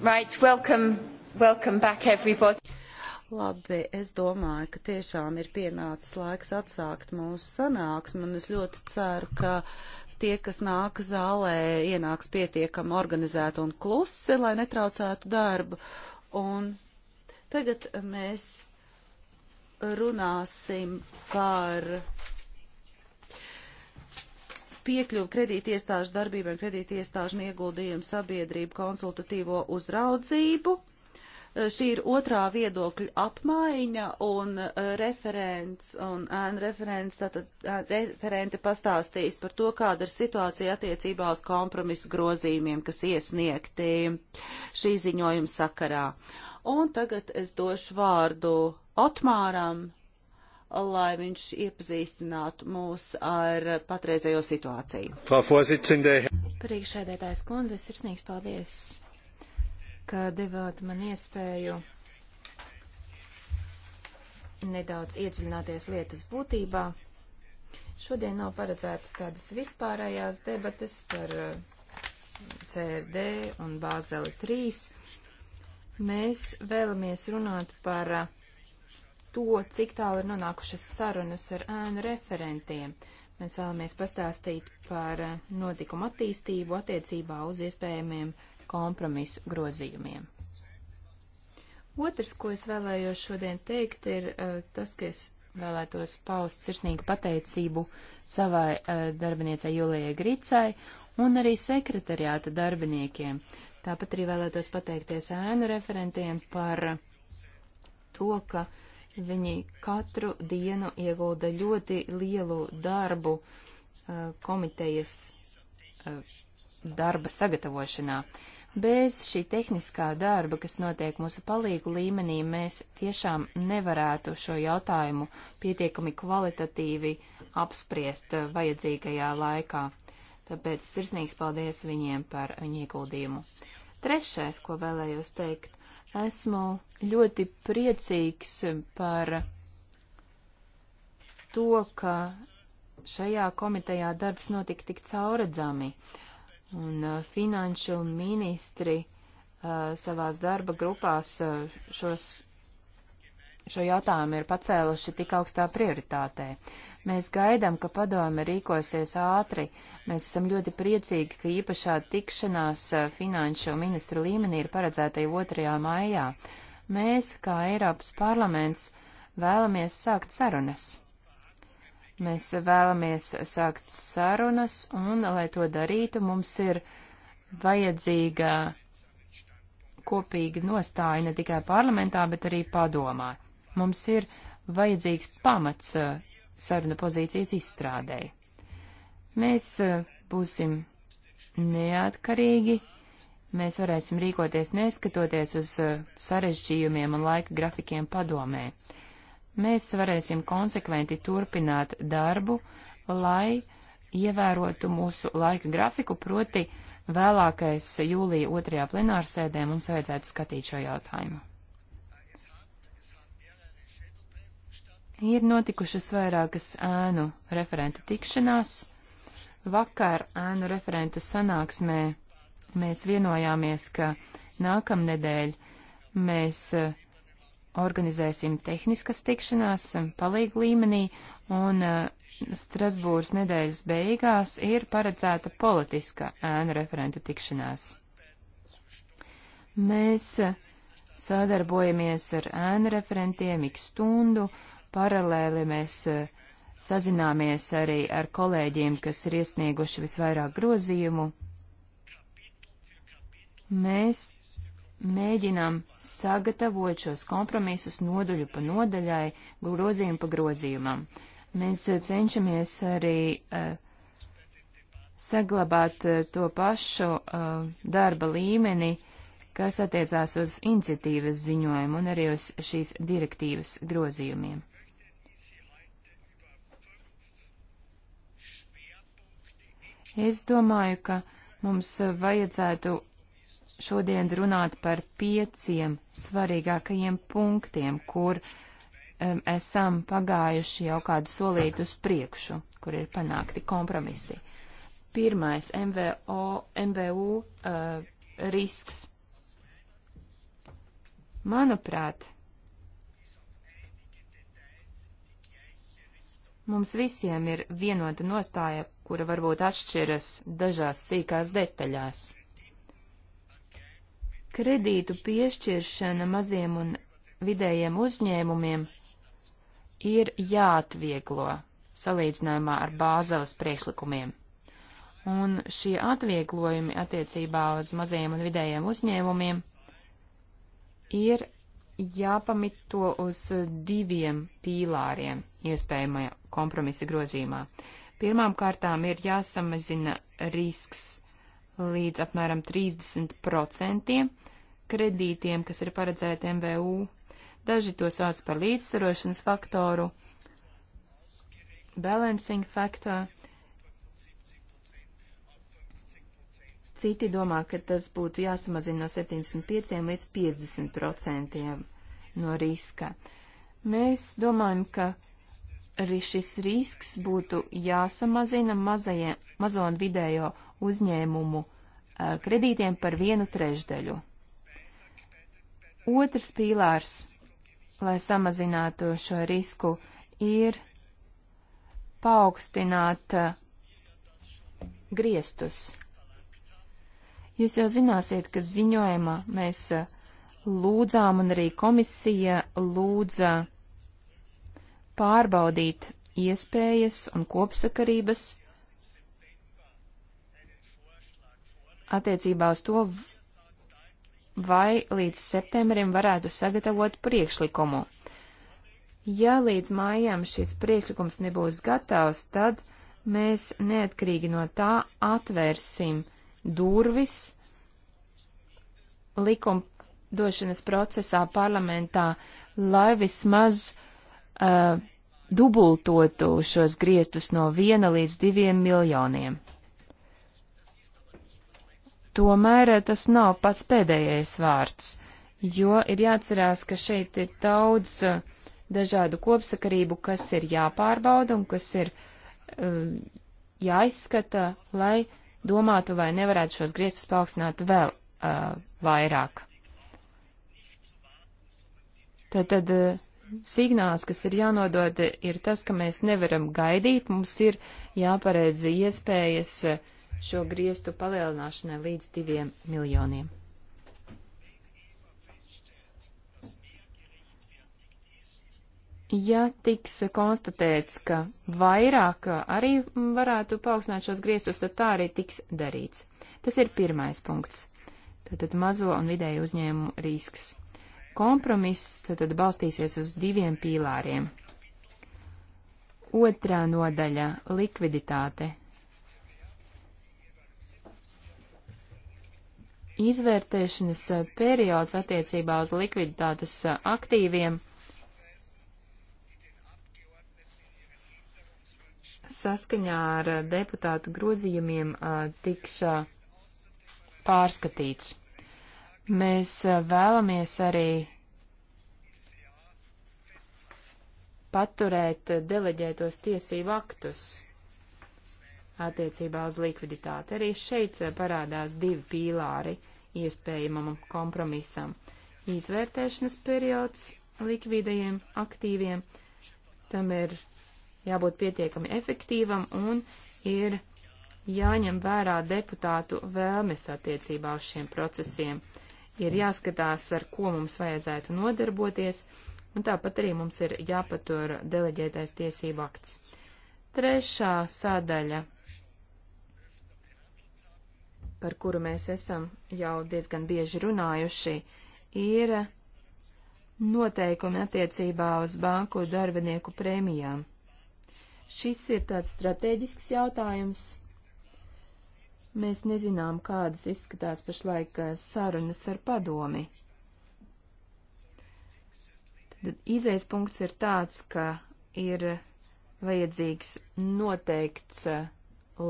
Right, welcome, welcome back everybody. Labi, es domāju, ka tiešām ir pienācis laiks atsākt mūsu sanāksmi, un es ļoti ceru, ka tie, kas nāk zālē, ienāks pietiekami organizēti un klusi, lai netraucētu darbu. Un tagad mēs runāsim par piekļuvu kredītiestāžu darbībai, kredītiestāžu ieguldījumu sabiedrību konsultatīvo uzraudzību. E, šī ir otrā viedokļa apmaiņa un e, referents un ēnu referents, tātad e, referenti pastāstīs par to, kāda ir situācija attiecībā uz kompromisu grozījumiem, kas iesniegti šī ziņojuma sakarā. Un tagad es došu vārdu Otmāram, lai viņš iepazīstinātu mūs ar patreizējo situāciju. Priekšēdētājs kundze, sirsnīgs paldies, ka devāt man iespēju nedaudz iedziļināties lietas būtībā. Šodien nav paredzētas tādas vispārējās debates par uh, CRD un Bāzeli 3. Mēs vēlamies runāt par uh, to, cik tālu ir nonākušas sarunas ar ēnu referentiem. Mēs vēlamies pastāstīt par notikumu attīstību attiecībā uz iespējamiem kompromisu grozījumiem. Otrs, ko es vēlējos šodien teikt, ir eh, tas, ka es vēlētos paust sirsnīgu pateicību savai eh, darbiniecei Julijai Gricai un arī sekretariāta darbiniekiem. Tāpat arī vēlētos pateikties ēnu referentiem par to, ka uh, Viņi katru dienu iegulda ļoti lielu darbu uh, komitejas uh, darba sagatavošanā. Bez šī tehniskā darba, kas notiek mūsu palīgu līmenī, mēs tiešām nevarētu šo jautājumu pietiekami kvalitatīvi apspriest uh, vajadzīgajā laikā. Tāpēc sirsnīgs paldies viņiem par viņu ieguldījumu. Trešais, ko vēlējos teikt, Esmu ļoti priecīgs par to, ka šajā komitejā darbs notika tik cauredzami, un uh, finanšu ministri uh, savās darba grupās uh, šos šo jautājumu ir pacēluši tik augstā prioritātē. Mēs gaidām, ka padome rīkosies ātri. Mēs esam ļoti priecīgi, ka īpašā tikšanās eh, finanšu ministru līmenī ir paredzēta jau 2. maijā. Mēs, kā Eiropas parlaments, vēlamies sākt sarunas. Mēs vēlamies sākt sarunas, un, lai to darītu, mums ir vajadzīga kopīga nostāja ne tikai parlamentā, bet arī padomā. Mums ir vajadzīgs pamats uh, sarunu pozīcijas izstrādēji. Mēs uh, būsim neatkarīgi, mēs varēsim rīkoties neskatoties uz uh, sarežģījumiem un laika grafikiem padomē. Mēs varēsim konsekventi turpināt darbu, lai ievērotu mūsu laika grafiku, proti vēlākais jūlija otrajā plenārsēdē mums vajadzētu skatīt šo jautājumu. Ir notikušas vairākas ēnu referentu tikšanās. Vakar ēnu referentu sanāksmē mēs vienojāmies, ka nākamnedēļ mēs eh, organizēsim tehniskas tikšanās eh, palīgu līmenī, un eh, Strasbūras nedēļas beigās ir paredzēta politiska ēnu referentu tikšanās. Mēs sadarbojamies ar ēnu referentiem ik stundu, Paralēli mēs eh, sazināmies arī ar kolēģiem, kas ir iesnieguši visvairāk grozījumu. Mēs mēģinām sagatavot šos kompromisus nodaļu pa nodaļai, grozījumu pa grozījumam. Mēs eh, cenšamies arī uh, saglabāt uh, to pašu uh, darba līmeni, kas attiecās uz iniciatīvas ziņojumu un arī uz šīs direktīvas grozījumiem. Es domāju, ka mums vajadzētu šodien runāt par pieciem svarīgākajiem punktiem, kur um, esam pagājuši jau kādu solītu uz priekšu, kur ir panākti kompromisi. Pirmais - MVO, MVU uh, eh, risks. Manuprāt, mums visiem ir vienota nostāja kura varbūt atšķiras dažās sīkās detaļās. Kredītu piešķiršana maziem un vidējiem uzņēmumiem ir jāatvieglo salīdzinājumā ar bāzeles priekšlikumiem. Un šie atvieglojumi attiecībā uz mazajiem un vidējiem uzņēmumiem ir jāpamito uz diviem pīlāriem iespējamajā kompromisa grozījumā. Pirmām kārtām ir jāsamazina risks līdz apmēram 30% kredītiem, kas ir paredzēti MVU. Daži to sauc par līdzsvarošanas faktoru, balancing faktoru. Citi domā, ka tas būtu jāsamazina no 75 līdz 50 procentiem no riska. Mēs domājam, ka arī šis risks būtu jāsamazina mazajiem, mazo un vidējo uzņēmumu kredītiem par vienu trešdaļu. Otrs pīlārs, lai samazinātu šo risku, ir paaugstināt griestus. Jūs jau zināsiet, ka ziņojumā mēs lūdzām un arī komisija lūdza uh, pārbaudīt iespējas un kopsakarības attiecībā uz to, vai līdz septembrim varētu sagatavot priekšlikumu. Ja līdz mājām šis priekšlikums nebūs gatavs, tad mēs neatkarīgi no tā atvērsim durvis likumdošanas procesā parlamentā, lai vismaz uh, uh, dubultotu šos griestus no viena līdz diviem miljoniem. Tomēr uh, tas nav pats pēdējais vārds, jo ir jāatcerās, ka šeit ir daudz uh, dažādu kopsakarību, kas ir jāpārbauda un kas ir um, jāizskata, lai domātu, vai nevarētu šos griestus paaugstināt vēl uh, vairāk. Tad, tad signāls, kas ir jānodod, ir tas, ka mēs nevaram gaidīt, mums ir jāparedz iespējas šo griestu palielināšanai līdz diviem miljoniem. Ja tiks konstatēts, ka vairāk arī varētu paaugstināt šos griestus, tad tā arī tiks darīts. Tas ir pirmais punkts. Tātad mazo un vidēju uzņēmumu risks kompromiss tad balstīsies uz diviem pīlāriem. Otrā nodaļa - likviditāte. Izvērtēšanas eh, periods attiecībā uz likviditātes eh, aktīviem saskaņā ar eh, deputātu grozījumiem tikšā pārskatīts. Mēs eh, vēlamies arī paturēt eh, deleģētos tiesību aktus attiecībā uz likviditāti. Arī šeit eh, parādās divi pīlāri iespējamam kompromisam - izvērtēšanas periods likvidajiem aktīviem, tam ir jābūt pietiekami efektīvam un ir jāņem vērā deputātu vēlmes attiecībā uz šiem procesiem ir jāskatās, ar ko mums vajadzētu nodarboties, un tāpat arī mums ir jāpatur deleģētais tiesību akts. Trešā sadaļa, par kuru mēs esam jau diezgan bieži runājuši, ir noteikumi attiecībā uz banku darbinieku prēmijām. Šis ir tāds strateģisks jautājums Mēs nezinām, kādas izskatās pašlaik eh, sarunas ar padomi. Tad izējas punkts ir tāds, ka ir vajadzīgs noteikts eh,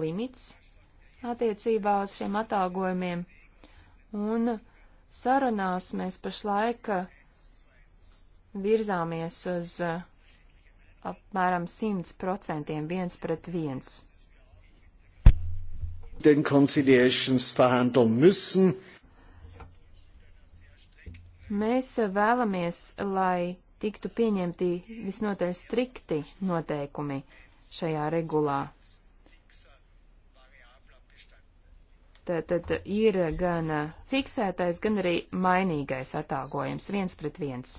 limits attiecībā uz šiem atalgojumiem, un sarunās mēs pašlaik eh, virzāmies uz apmēram 100% viens pret viens den Conciliations verhandeln müssen. Mēs vēlamies, lai tiktu pieņemti visnotaļ strikti noteikumi šajā regulā. Tātad ir gan fiksētais, gan arī mainīgais atalgojums viens pret viens.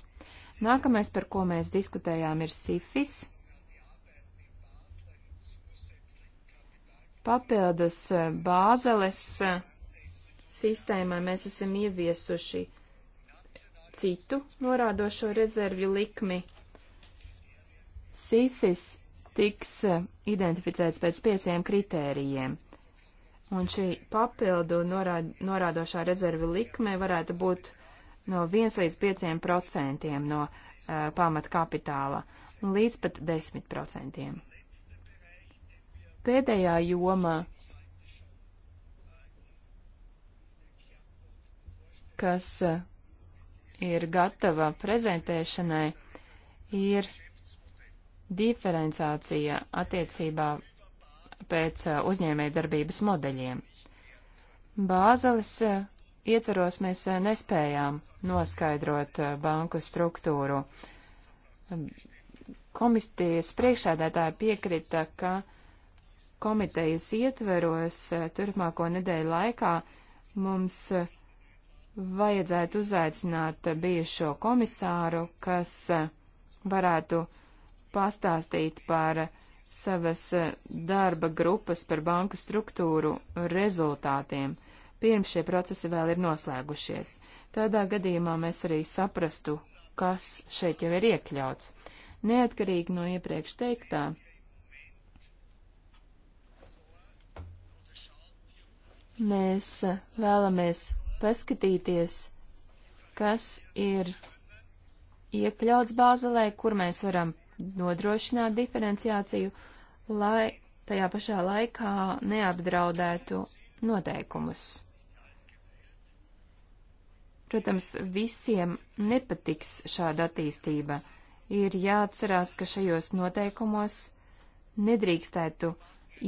Nākamais, par ko mēs diskutējām, ir sifis. Papildus eh, bāzeles eh, sistēmā mēs esam ieviesuši citu norādošo rezervju likmi. Sifis tiks eh, identificēts pēc pieciem kritērijiem. Un šī papildu norād, norādošā rezervi likme varētu būt no 1 līdz 5 procentiem no uh, pamatkapitāla un līdz pat 10 procentiem pēdējā jomā, kas eh, ir gatava prezentēšanai, ir diferenciācija attiecībā pēc eh, uzņēmēja darbības modeļiem. Bāzeles eh, ietveros mēs nespējām noskaidrot banku struktūru. Komisijas priekšsēdētāja piekrita, ka komitejas ietveros eh, turpmāko nedēļu laikā mums eh, vajadzētu uzaicināt eh, bijušo komisāru, kas varētu pastāstīt par savas darba grupas par banku struktūru rezultātiem, pirms šie procesi vēl ir noslēgušies. Tādā gadījumā mēs arī saprastu, kas šeit jau ir iekļauts. Neatkarīgi no iepriekš teiktā, Mēs eh, vēlamies paskatīties, kas ir iekļauts bāzelē, kur mēs varam nodrošināt diferenciāciju, lai tajā pašā laikā neapdraudētu noteikumus. Protams, visiem nepatiks šāda attīstība. Ir jāatcerās, ka šajos noteikumos nedrīkstētu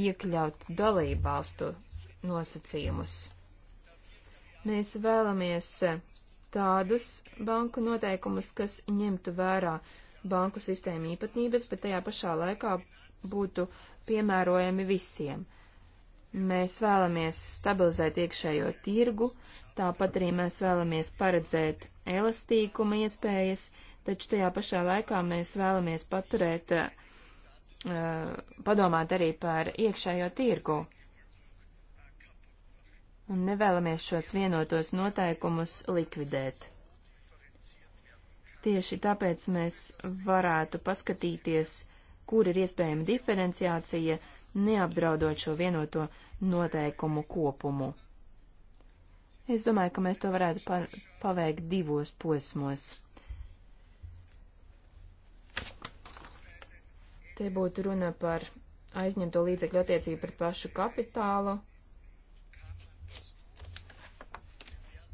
iekļaut dalībvalstu nosacījumus. Mēs vēlamies tādus banku noteikumus, kas ņemtu vērā banku sistēmu īpatnības, bet tajā pašā laikā būtu piemērojami visiem. Mēs vēlamies stabilizēt iekšējo tirgu, tāpat arī mēs vēlamies paredzēt elastīguma iespējas, taču tajā pašā laikā mēs vēlamies paturēt, uh, padomāt arī par iekšējo tirgu un nevēlamies šos vienotos noteikumus likvidēt. Tieši tāpēc mēs varētu paskatīties, kur ir iespējama diferenciācija, neapdraudot šo vienoto noteikumu kopumu. Es domāju, ka mēs to varētu pa paveikt divos posmos. Te būtu runa par aizņemto līdzekļu attiecību pret pašu kapitālu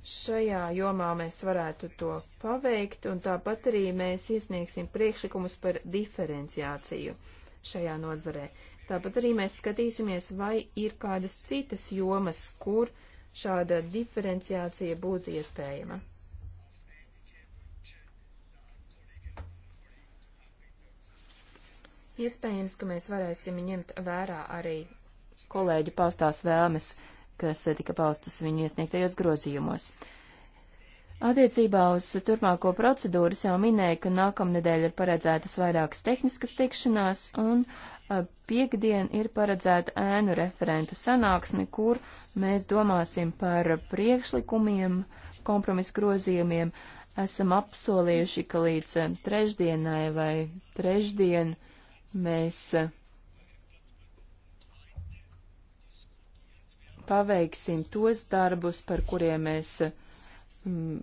Šajā jomā mēs varētu to paveikt, un tāpat arī mēs iesniegsim priekšlikumus par diferenciāciju šajā nozarē. Tāpat arī mēs skatīsimies, vai ir kādas citas jomas, kur šāda diferenciācija būtu iespējama. Iespējams, ka mēs varēsim ņemt vērā arī kolēģu paustās vēlmes kas eh, tika paustas viņu iesniegtajos grozījumos. Attiecībā uz turpmāko procedūru jau minēja, ka nākamnedēļ ir paredzētas vairākas tehniskas tikšanās, un eh, piekdien ir paredzēta ēnu referentu sanāksme, kur mēs domāsim par priekšlikumiem, kompromisu grozījumiem. Esam apsolījuši, ka līdz eh, trešdienai vai trešdien mēs paveiksim tos darbus, par kuriem mēs mm,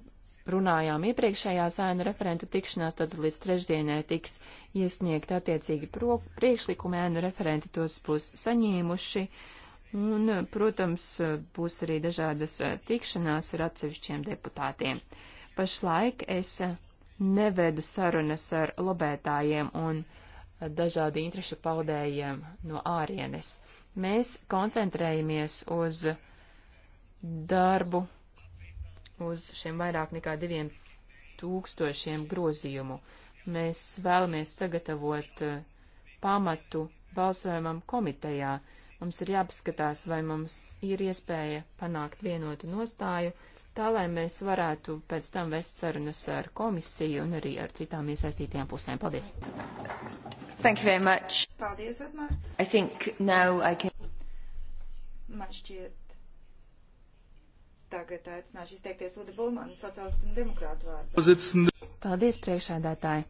runājām iepriekšējā sēna referentu tikšanās, tad līdz trešdienai tiks iesniegt attiecīgi priekšlikumi, ēnu referenti tos būs saņēmuši. Un, protams, būs arī dažādas eh, tikšanās ar atsevišķiem deputātiem. Pašlaik es eh, nevedu sarunas ar lobētājiem un eh, dažādu interešu paudējiem no ārienes. Mēs koncentrējamies uz darbu, uz šiem vairāk nekā diviem tūkstošiem grozījumu. Mēs vēlamies sagatavot eh, pamatu balsojumam komitejā. Mums ir jāpaskatās, vai mums ir iespēja panākt vienotu nostāju, tā lai mēs varētu pēc tam vest sarunas ar komisiju un arī ar citām iesaistītajām pusēm. Paldies! Thank you very much. Paldies, Otmār. I think now I can... Man šķiet, tagad aicināšu izteikties Uda Bulmanu, sociālistu un demokrātu vārdu. Paldies, priekšādātāji.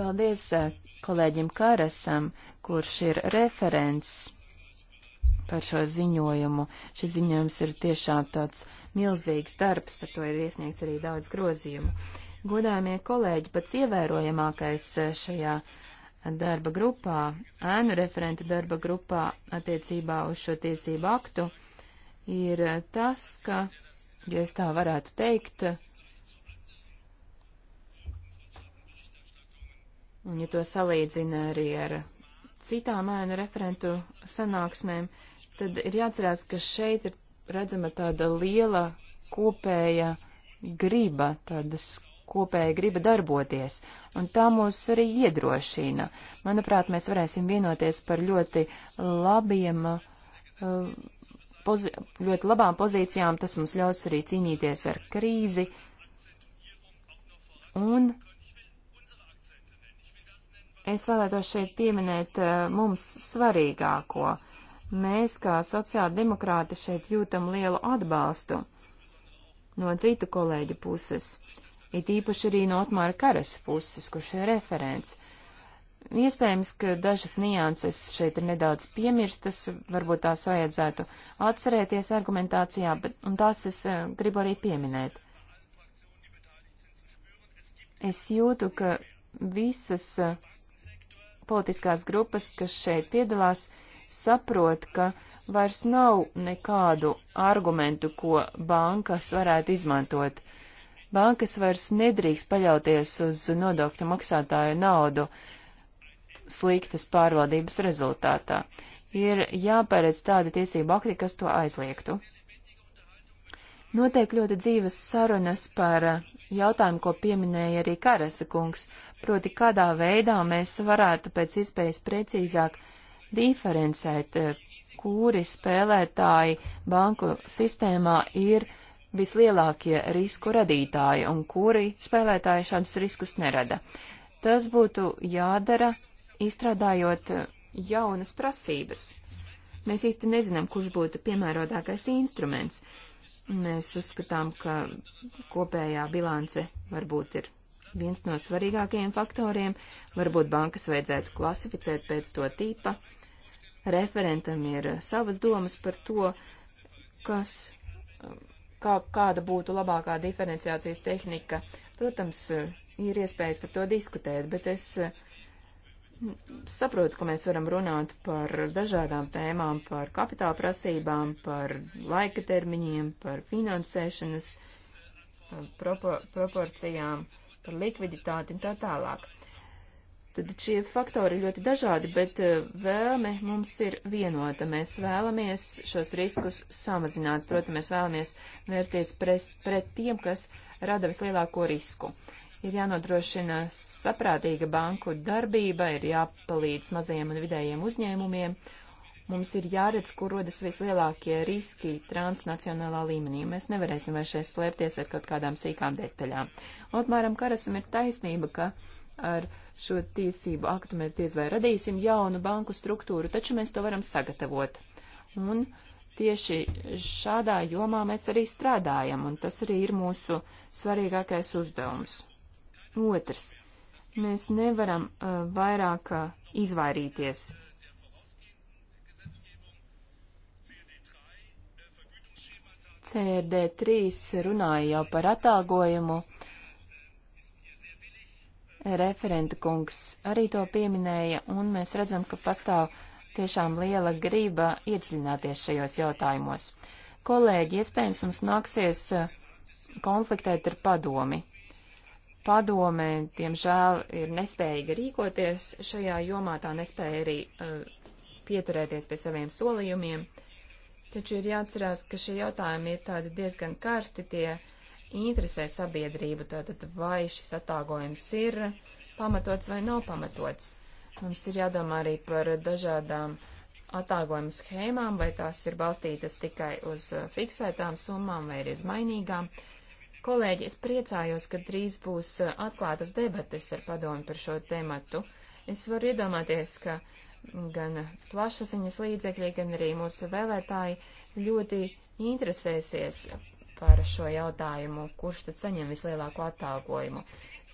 Paldies eh, kolēģim Karasam, kurš ir referents par šo ziņojumu. Šis ziņojums ir tiešām tāds milzīgs darbs, par to ir iesniegts arī daudz grozījumu. Godājumie kolēģi, pats ievērojamākais eh, šajā darba grupā, ēnu referentu darba grupā attiecībā uz šo tiesību aktu, ir tas, ka, ja es tā varētu teikt, un ja to salīdzina arī ar citām ēnu referentu sanāksmēm, tad ir jāatcerās, ka šeit ir redzama tāda liela kopēja griba, tādas kopēja griba darboties, un tā mūs arī iedrošina. Manuprāt, mēs varēsim vienoties par ļoti labiem, uh, pozi, ļoti labām pozīcijām, tas mums ļaus arī cīnīties ar krīzi. Un es vēlētos šeit pieminēt uh, mums svarīgāko. Mēs, kā sociāldemokrāti, šeit jūtam lielu atbalstu no citu kolēģu puses it īpaši arī no Otmāra Karas puses, kurš ir referents. Iespējams, ka dažas nianses šeit ir nedaudz piemirstas, varbūt tās vajadzētu atcerēties argumentācijā, bet, un tās es uh, gribu arī pieminēt. Es jūtu, ka visas uh, politiskās grupas, kas šeit piedalās, saprot, ka vairs nav nekādu argumentu, ko bankas varētu izmantot Bankas vairs nedrīkst paļauties uz nodokļu maksātāju naudu sliktas pārvaldības rezultātā. Ir jāpēredz tādi tiesību akti, kas to aizliegtu. Notiek ļoti dzīves sarunas par jautājumu, ko pieminēja arī Karasa kungs, proti kādā veidā mēs varētu pēc iespējas precīzāk diferencēt, kuri spēlētāji banku sistēmā ir uh, vislielākie risku radītāji un kuri spēlētāji šādus riskus nerada. Tas būtu jādara, izstrādājot jaunas prasības. Mēs īsti nezinām, kurš būtu piemērotākais instruments. Mēs uzskatām, ka kopējā bilance varbūt ir viens no svarīgākajiem faktoriem. Varbūt bankas vajadzētu klasificēt pēc to tipa. Referentam ir savas domas par to, kas kā, kāda būtu labākā diferenciācijas tehnika. Protams, ir iespējas par to diskutēt, bet es saprotu, ka mēs varam runāt par dažādām tēmām, par kapitāla prasībām, par laika termiņiem, par finansēšanas eh, propo, proporcijām, par likviditāti un tā tālāk. Tad šie faktori ir ļoti dažādi, bet eh, vēlme mums ir vienota. Mēs vēlamies šos riskus samazināt. Protams, mēs vēlamies vērties pres, pret tiem, kas rada vislielāko risku. Ir jānodrošina saprātīga banku darbība, ir jāpalīdz mazajiem un vidējiem uzņēmumiem. Mums ir jāredz, kur rodas vislielākie riski transnacionālā līmenī. Mēs nevarēsim vairs šeit slēpties ar kaut kādām sīkām detaļām. Otmāram Karasam ir taisnība, ka ar šo tiesību aktu mēs diez vai radīsim jaunu banku struktūru, taču mēs to varam sagatavot. Un tieši šādā jomā mēs arī strādājam, un tas arī ir mūsu svarīgākais uzdevums. Otrs. Mēs nevaram uh, vairāk uh, izvairīties. CRD3 runāja jau par atāgojumu Referenta kungs arī to pieminēja, un mēs redzam, ka pastāv tiešām liela grība iedziļināties šajos jautājumos. Kolēģi, iespējams, mums nāksies eh, konfliktēt ar padomi. Padome, diemžēl, ir nespējīga rīkoties šajā jomā, tā nespēja arī uh, pieturēties pie saviem solījumiem. Taču ir jāatcerās, ka šie jautājumi ir tādi diezgan karsti, tie uh, interesē sabiedrību, tātad vai šis atāgojums ir pamatots vai nav pamatots. Mums ir jādomā arī par dažādām atāgojuma schēmām, vai tās ir balstītas tikai uz uh, fiksētām summām vai arī uz mainīgām. Kolēģi, es priecājos, ka drīz būs uh, atklātas debates ar padomu par šo tematu. Es varu iedomāties, ka gan plašsaziņas līdzekļi, gan arī mūsu vēlētāji ļoti interesēsies par šo jautājumu, kurš tad saņem vislielāko atalgojumu.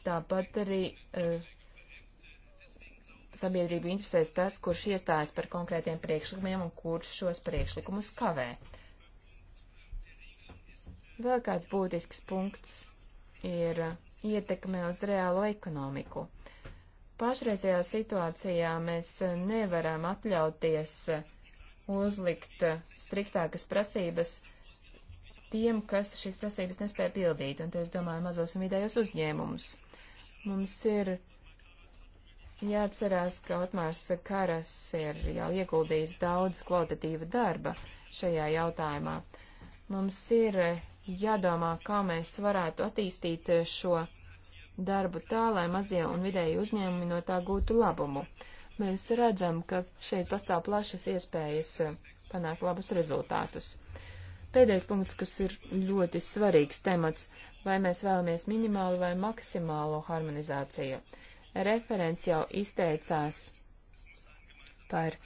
Tāpat arī uh, eh, sabiedrību interesēs tas, kurš iestājas par konkrētiem priekšlikumiem un kurš šos priekšlikumus kavē. Vēl kāds būtisks punkts ir ietekme uz reālo ekonomiku. Pašreizajā situācijā mēs eh, nevaram atļauties eh, uzlikt striktākas prasības tiem, kas šīs prasības nespēja pildīt, un te es domāju mazos un vidējos uzņēmumus. Mums ir jāatcerās, ka Otmārs Karas ir jau ieguldījis daudz kvalitatīva darba šajā jautājumā. Mums ir jādomā, kā mēs varētu attīstīt šo darbu tā, lai mazie un vidēji uzņēmumi no tā gūtu labumu. Mēs redzam, ka šeit pastāv plašas iespējas panākt labus rezultātus. Pēdējais punkts, kas ir ļoti svarīgs temats, vai mēs vēlamies minimālu vai maksimālo harmonizāciju. Referents jau izteicās par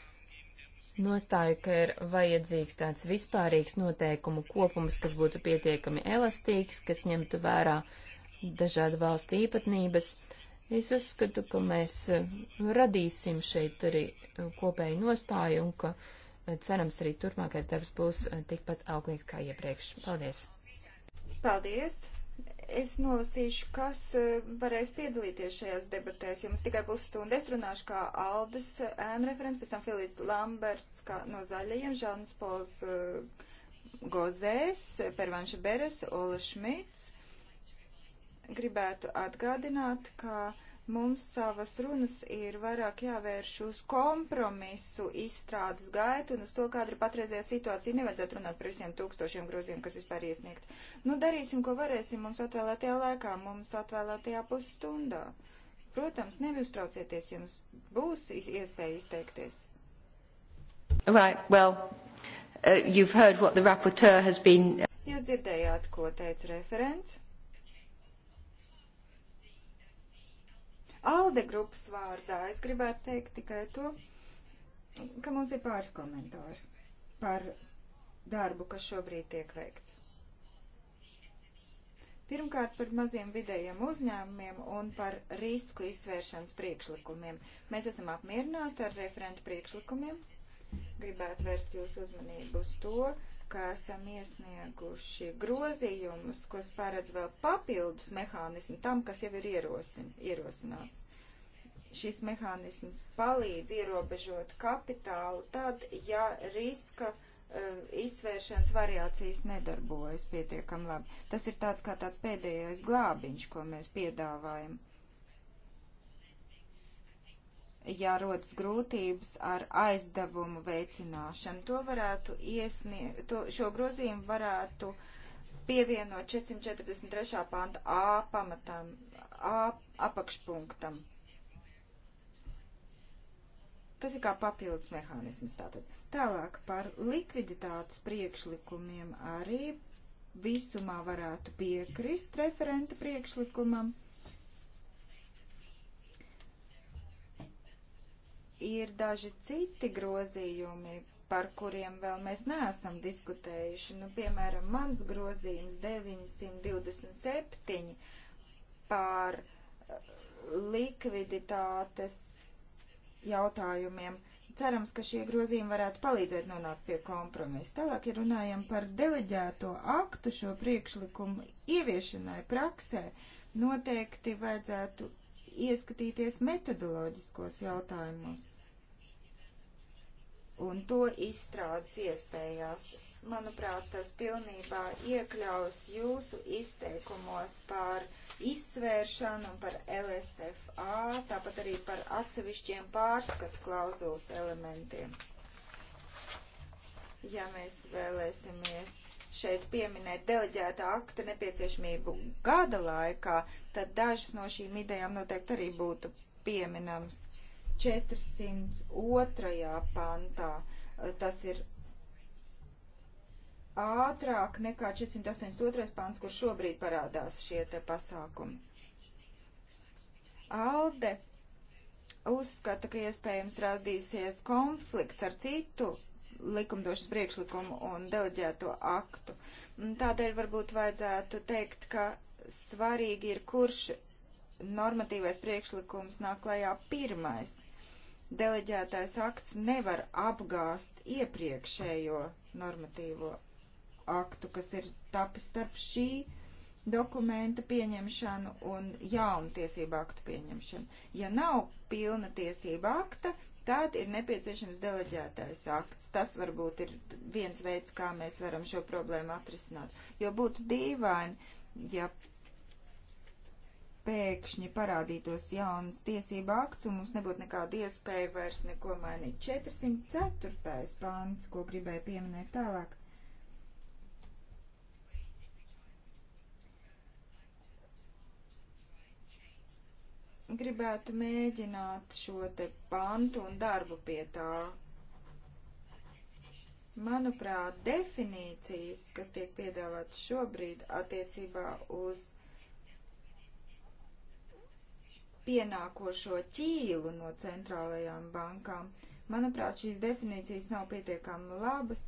nostāju, ka ir vajadzīgs tāds vispārīgs noteikumu kopums, kas būtu pietiekami elastīgs, kas ņemtu vērā dažādu valstu īpatnības. Es uzskatu, ka mēs radīsim šeit arī kopēju nostāju un ka uh, Cerams, arī turpmākais darbs būs eh, tikpat auglīgs kā iepriekš. Paldies! Paldies! Es nolasīšu, kas eh, varēs piedalīties šajās debatēs, jo mums tikai pusstunda. Es runāšu kā Aldas eh, ēnu referents, pēc tam Filips Lamberts kā no zaļajiem, Žānis Pols Gozēs, Pervanša Beres, Ola Šmits. Gribētu atgādināt, ka. Kā Mums savas runas ir vairāk jāvērš uz kompromisu izstrādes gaitu un uz to, kāda ir patreizējā situācija. Nevajadzētu runāt par visiem tūkstošiem groziem, kas vispār iesniegt. Nu, darīsim, ko varēsim mums atvēlētajā laikā, mums atvēlētajā pusstundā. Protams, neuztraucieties, jums būs iespēja izteikties. Right, well, uh, you've heard what the rapporteur has been. Uh, Jūs dzirdējāt, ko teica referents. Alde grupas vārdā es gribētu teikt tikai to, ka mums ir pāris komentāri par darbu, kas šobrīd tiek veikts. Pirmkārt, par maziem vidējiem uzņēmumiem un par risku izsvēršanas priekšlikumiem. Mēs esam apmierināti ar referentu priekšlikumiem. Gribētu vērst jūsu uzmanību uz to, ka esam iesnieguši grozījumus, kas paredz vēl papildus mehānismu tam, kas jau ir ierosin, ierosināts. Šis mehānisms palīdz ierobežot kapitālu tad, ja riska uh, eh, izsvēršanas variācijas nedarbojas pietiekam labi. Tas ir tāds kā tāds pēdējais glābiņš, ko mēs piedāvājam. Uh, ja rodas grūtības ar aizdevumu veicināšanu. To varētu iesniegt, to, šo grozījumu varētu pievienot 443. panta A pamatam, A apakšpunktam. Tas ir kā papildus mehānisms tātad. Tālāk par likviditātes priekšlikumiem arī visumā varētu piekrist referenta priekšlikumam. ir daži citi grozījumi, par kuriem vēl mēs neesam diskutējuši. Nu, piemēram, mans grozījums 927 par eh, likviditātes jautājumiem. Cerams, ka šie grozījumi varētu palīdzēt nonākt pie kompromisa. Tālāk, ja runājam par deleģēto aktu šo priekšlikumu ieviešanai praksē, noteikti vajadzētu ieskatīties metodoloģiskos jautājumos un to izstrādes iespējās. Manuprāt, tas pilnībā iekļaus jūsu izteikumos par izsvēršanu un par LSFA, tāpat arī par atsevišķiem pārskatu klauzulas elementiem. Ja mēs vēlēsimies šeit pieminēt deleģēta akta nepieciešamību gada laikā, tad dažas no šīm idejām noteikti arī būtu pieminams. 402. pantā eh, tas ir ātrāk nekā 482. pants, kur šobrīd parādās šie te pasākumi. Alde uzskata, ka iespējams radīsies konflikts ar citu likumdošanas priekšlikumu un deleģēto aktu. Tādēļ varbūt vajadzētu teikt, ka svarīgi ir, kurš normatīvais priekšlikums nāk klajā pirmais. Deleģētais akts nevar apgāst iepriekšējo normatīvo aktu, kas ir tapis starp šī dokumenta pieņemšanu un jaunu tiesību aktu pieņemšanu. Ja nav pilna tiesība akta, Tad ir nepieciešams deleģētais akts. Tas varbūt ir viens veids, kā mēs varam šo problēmu atrisināt. Jo būtu dīvaini, ja pēkšņi parādītos jauns tiesība akts un mums nebūtu nekāda iespēja vairs neko mainīt. 404. pāns, ko gribēju pieminēt tālāk. gribētu mēģināt šo te pantu un darbu pie tā. Manuprāt, definīcijas, kas tiek piedāvātas šobrīd attiecībā uz pienākošo ķīlu no centrālajām bankām, manuprāt, šīs definīcijas nav pietiekami labas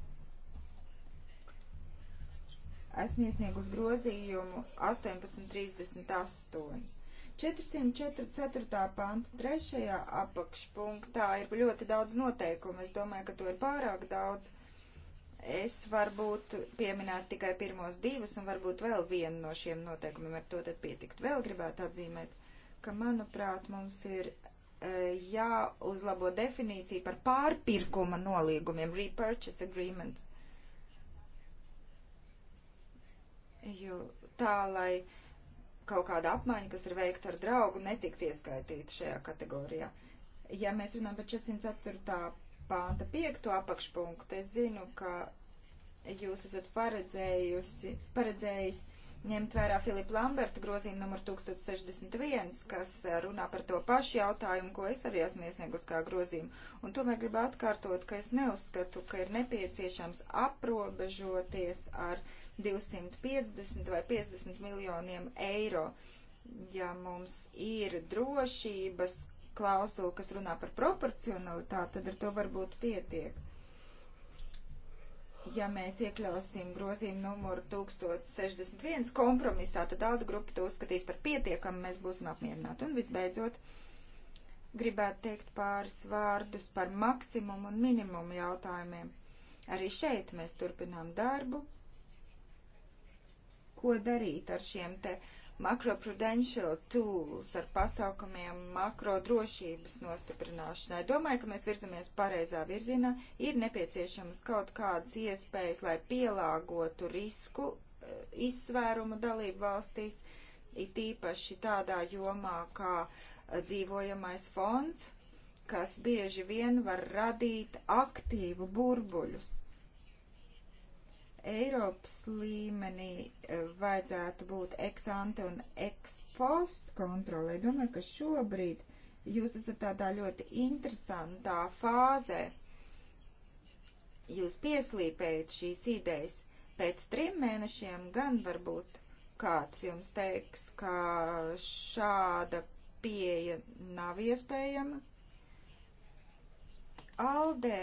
esmu iesniegus grozījumu 1838. 404. panta trešajā apakšpunktā ir ļoti daudz noteikumu. Es domāju, ka to ir pārāk daudz. Es varbūt pieminētu tikai pirmos divus un varbūt vēl vienu no šiem noteikumiem ar to tad pietikt. Vēl gribētu atzīmēt, ka manuprāt mums ir e, jāuzlabo definīcija par pārpirkuma nolīgumiem, repurchase agreements. Jo tā, lai kaut kāda apmaiņa, kas ir veikta ar draugu, netikt ieskaitīta šajā kategorijā. Ja mēs runājam par 404. pānta 5. apakšpunktu, es zinu, ka jūs esat paredzējusi, paredzējis ņemt vērā Filipa Lamberta grozījumu numur 1061, kas eh, runā par to pašu jautājumu, ko es arī esmu iesniegus kā grozījumu. Un tomēr gribu atkārtot, ka es neuzskatu, ka ir nepieciešams aprobežoties ar 250 vai 50 miljoniem eiro, ja mums ir drošības klausula, kas runā par proporcionalitāti, tad ar to varbūt pietiek ja mēs iekļausim grozījumu numuru 1061 kompromisā, tad Alda grupa to uzskatīs par pietiekamu, mēs būsim apmierināti. Un visbeidzot, gribētu teikt pāris vārdus par maksimumu un minimumu jautājumiem. Arī šeit mēs turpinām darbu, ko darīt ar šiem te uh, makroprudencial tools ar pasaukumiem makrodrošības nostiprināšanai. Domāju, ka mēs virzamies pareizā virzienā. Ir nepieciešams kaut kādas iespējas, lai pielāgotu risku eh, izsvērumu dalību valstīs, it īpaši tādā jomā kā eh, dzīvojamais fonds, kas bieži vien var radīt aktīvu burbuļus Eiropas līmenī eh, vajadzētu būt eksante un ekspost kontrolē. Domāju, ka šobrīd jūs esat tādā ļoti interesantā fāzē. Jūs pieslīpējat šīs idejas. Pēc trim mēnešiem gan varbūt kāds jums teiks, ka šāda pieeja nav iespējama. Aldē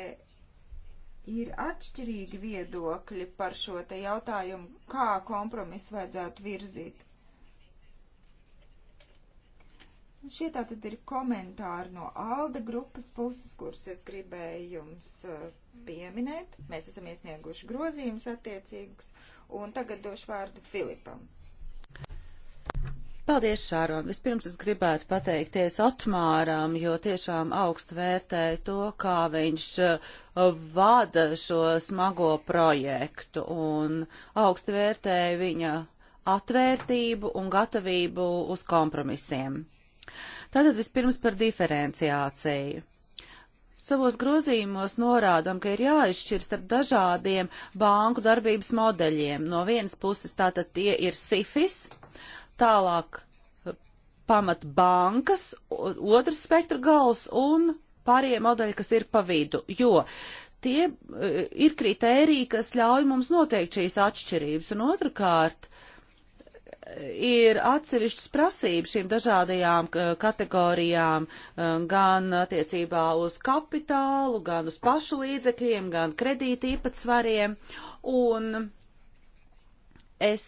ir atšķirīgi viedokļi par šo te jautājumu, kā kompromisu vajadzētu virzīt. Šie tā tad ir komentāri no Alda grupas puses, kurus es gribēju jums eh, pieminēt. Mēs esam iesnieguši grozījumus attiecīgus, un tagad došu vārdu Filipam. Paldies, Šāron! Vispirms es gribētu pateikties Otmāram, jo tiešām augstu vērtēju to, kā viņš uh, vada šo smago projektu un augstu vērtēju viņa atvērtību un gatavību uz kompromisiem. Tātad vispirms par diferenciāciju. Savos grozījumos norādām, ka ir jāizšķir starp dažādiem banku darbības modeļiem. No vienas puses tātad tie ir SIFIS, tālāk eh, pamat bankas, otrs spektra gals un pārējie modeļi, kas ir pa vidu, jo tie eh, ir kritēriji, kas ļauj mums noteikt šīs atšķirības. Un otrkārt, eh, ir atsevišķas prasības šīm dažādajām kategorijām, gan attiecībā uz kapitālu, gan uz pašu līdzekļiem, gan kredīti īpatsvariem. Un es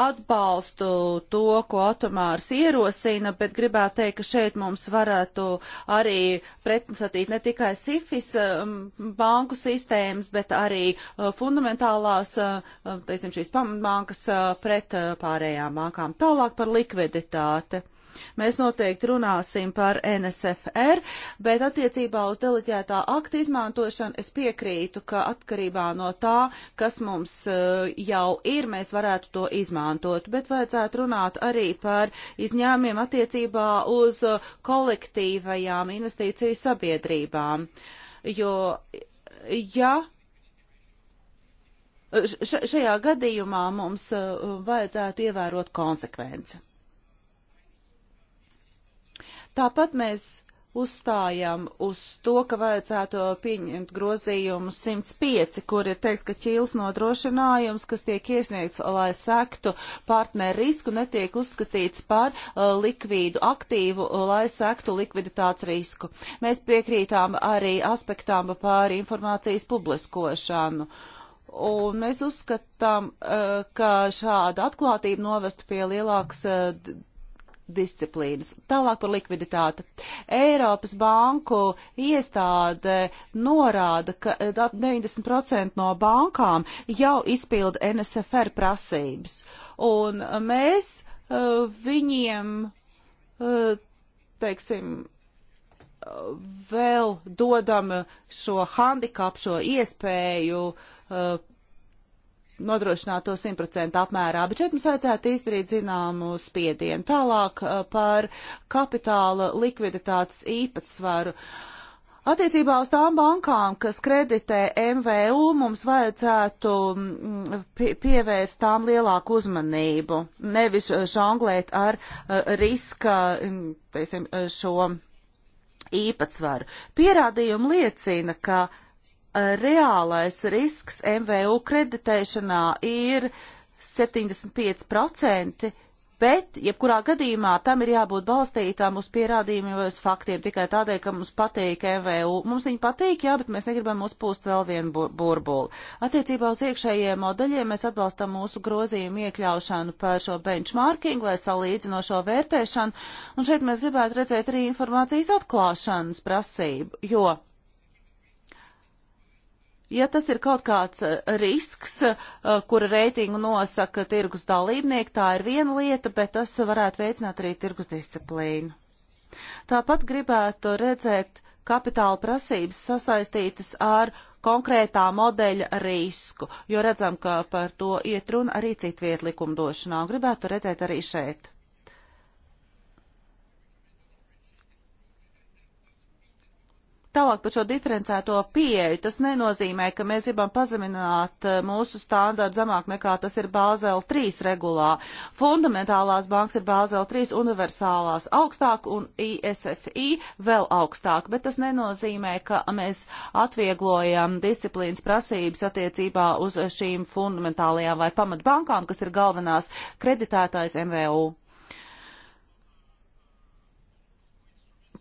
atbalstu to, ko atomārs ierosina, bet gribētu teikt, ka šeit mums varētu arī pretstatīt ne tikai SIFIS um, banku sistēmas, bet arī uh, fundamentālās, uh, teiksim, šīs pamatbankas uh, pret pārējām bankām. Tālāk par likviditāti. Mēs noteikti runāsim par NSFR, bet attiecībā uz deleģētā akta izmantošanu es piekrītu, ka atkarībā no tā, kas mums eh, jau ir, mēs varētu to izmantot. Bet vajadzētu runāt arī par izņēmumiem attiecībā uz eh, kolektīvajām investīciju sabiedrībām. Jo, ja šajā gadījumā mums eh, vajadzētu ievērot konsekvenci. Tāpat mēs uzstājam uz to, ka vajadzētu pieņemt grozījumu 105, kur ir teiks, ka ķīls nodrošinājums, kas tiek iesniegts, lai sektu partneru risku, netiek uzskatīts par uh, likvīdu aktīvu, lai sektu likviditātes risku. Mēs piekrītām arī aspektām par informācijas publiskošanu. Un mēs uzskatām, uh, ka šāda atklātība novestu pie lielākas uh, disciplīnas. Tālāk par likviditāti. Eiropas banku iestāde norāda, ka 90% eh, no bankām jau izpilda NSFR prasības. Un eh, mēs uh, viņiem, uh, teiksim, uh, vēl dodam šo handikapu, šo iespēju uh, nodrošināt to 100% apmērā, bet šeit mums vajadzētu izdarīt zināmu spiedienu. Tālāk uh, par kapitāla likviditātes īpatsvaru. Attiecībā uz tām bankām, kas kreditē MVU, mums vajadzētu mm, pievērst tām lielāku uzmanību, nevis uh, žonglēt ar uh, riska, mm, teiksim, šo īpatsvaru. Pierādījumi liecina, ka reālais risks MVU kreditēšanā ir 75%, bet jebkurā gadījumā tam ir jābūt balstītām uz pierādījumiem vai uz faktiem tikai tādēļ, ka mums patīk MVU. Mums viņi patīk, jā, bet mēs negribam uzpūst vēl vienu bur burbuli. Attiecībā uz iekšējiem modeļiem mēs atbalstam mūsu grozījumu iekļaušanu par šo benchmarking vai salīdzinošo vērtēšanu, un šeit mēs gribētu redzēt arī informācijas atklāšanas prasību, jo ja tas ir kaut kāds eh, risks, eh, kura reitingu nosaka tirgus dalībnieki, tā ir viena lieta, bet tas varētu veicināt arī tirgus disciplīnu. Tāpat gribētu redzēt kapitāla prasības sasaistītas ar konkrētā modeļa risku, jo redzam, ka par to iet runa arī citviet likumdošanā, un gribētu redzēt arī šeit. Tālāk par šo diferencēto pieeju, tas nenozīmē, ka mēs gribam pazemināt eh, mūsu standārtu zemāk nekā tas ir Bāzela 3 regulā. Fundamentālās bankas ir Bāzela 3, universālās augstāk un ISFI vēl augstāk, bet tas nenozīmē, ka mēs atvieglojam disciplīnas prasības attiecībā uz šīm fundamentālajām vai pamatbankām, kas ir galvenās kreditētājs MVU.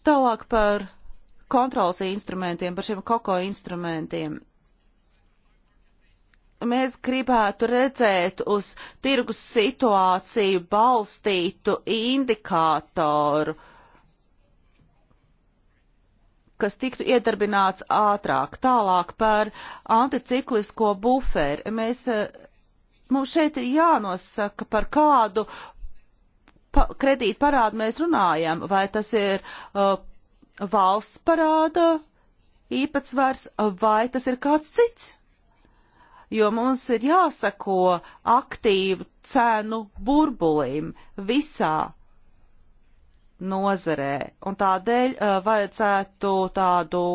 Tālāk par kontrolas instrumentiem, par šiem koko instrumentiem. Mēs gribētu redzēt uz tirgus situāciju balstītu indikātoru, kas tiktu iedarbināts ātrāk, tālāk par anticiklisko buferi. Mēs, eh, mums šeit ir jānosaka, par kādu pa, kredītu parādu mēs runājam, vai tas ir uh, valsts parāda īpatsvars vai tas ir kāds cits. Jo mums ir jāsako aktīvu cenu burbulim visā nozarē, un tādēļ uh, vajadzētu tādu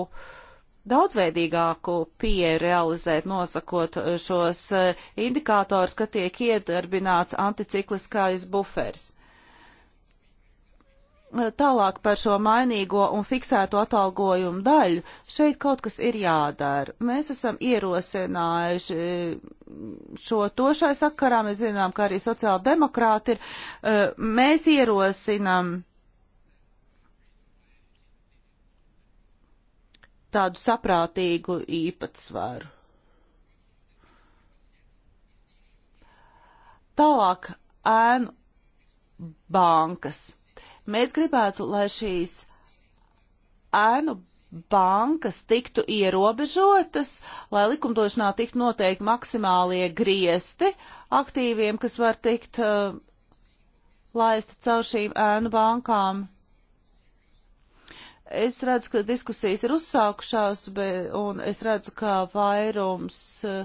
daudzveidīgāku pieeju realizēt, nosakot eh, šos eh, indikātors, ka tiek iedarbināts anticikliskais bufers. Tālāk par šo mainīgo un fiksēto atalgojumu daļu šeit kaut kas ir jādara. Mēs esam ierosinājuši eh, šo to šai sakarā, mēs zinām, ka arī sociāla demokrāti ir. Eh, mēs ierosinam tādu saprātīgu īpatsvaru. Tālāk ēnu bankas Mēs gribētu, lai šīs ēnu bankas tiktu ierobežotas, lai likumdošanā tiktu noteikti maksimālie griesti aktīviem, kas var tikt uh, laisti caur šīm ēnu bankām. Es redzu, ka diskusijas ir uzsākušās, bet, un es redzu, ka vairums uh,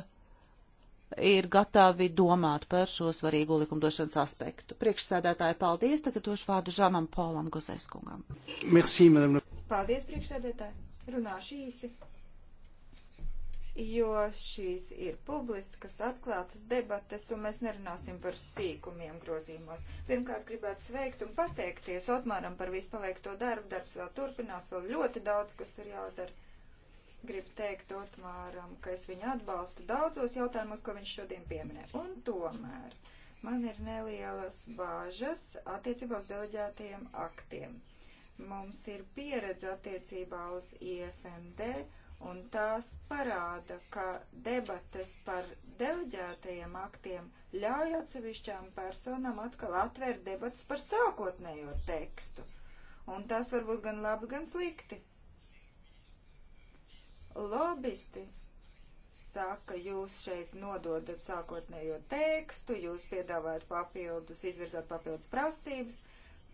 ir gatavi domāt par šo svarīgo likumdošanas aspektu. Priekšsēdētāji, paldies. Tagad došu vārdu Žanam Polam Gozaiskungam. Merci, madame. Paldies, priekšsēdētāji. Runāšu īsi. Jo šīs ir publiskas, atklātas debates, un mēs nerunāsim par sīkumiem grozījumos. Pirmkārt, gribētu sveikt un pateikties Otmāram par vispaveikto darbu. Darbs vēl turpinās, vēl ļoti daudz, kas ir jādara Gribu teikt Otmāram, ka es viņu atbalstu daudzos jautājumos, ko viņš šodien pieminē. Un tomēr man ir nelielas bāžas attiecībā uz deleģētajiem aktiem. Mums ir pieredze attiecībā uz IFMD, un tās parāda, ka debates par deleģētajiem aktiem ļauj atsevišķām personām atkal atvērt debatas par sākotnējo tekstu. Un tas var būt gan labi, gan slikti. Lobisti saka, jūs šeit nododat sākotnējo tekstu, jūs piedāvājat papildus, izvirzāt papildus prasības.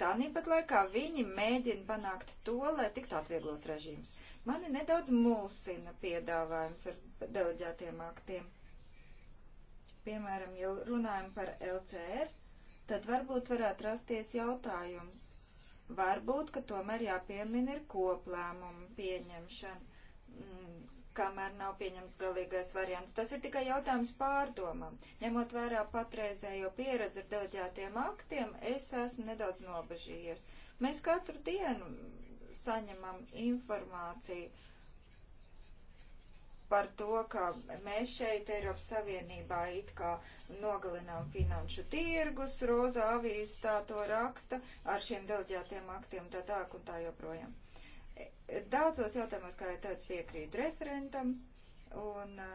Tāpat laikā viņi mēģina panākt to, lai tiktu atvieglots režīms. Mani nedaudz mulsina piedāvājums ar deleģētiem aktiem. Piemēram, ja runājam par LCR, tad varbūt varētu rasties jautājums. Varbūt, ka tomēr jāpiemina ir koplēmumu pieņemšana mm, kamēr nav pieņemts galīgais variants. Tas ir tikai jautājums pārdomam. Ņemot vērā patreizējo pieredzi ar deleģētiem aktiem, es esmu nedaudz nobežījies. Mēs katru dienu saņemam informāciju par to, ka mēs šeit Eiropas Savienībā it kā nogalinām finanšu tirgus, Roza avīze tā to raksta ar šiem deleģētiem aktiem tā tālāk un tā joprojām. Daudzos jautājumos, kā jau teicu, piekrīt referentam un eh,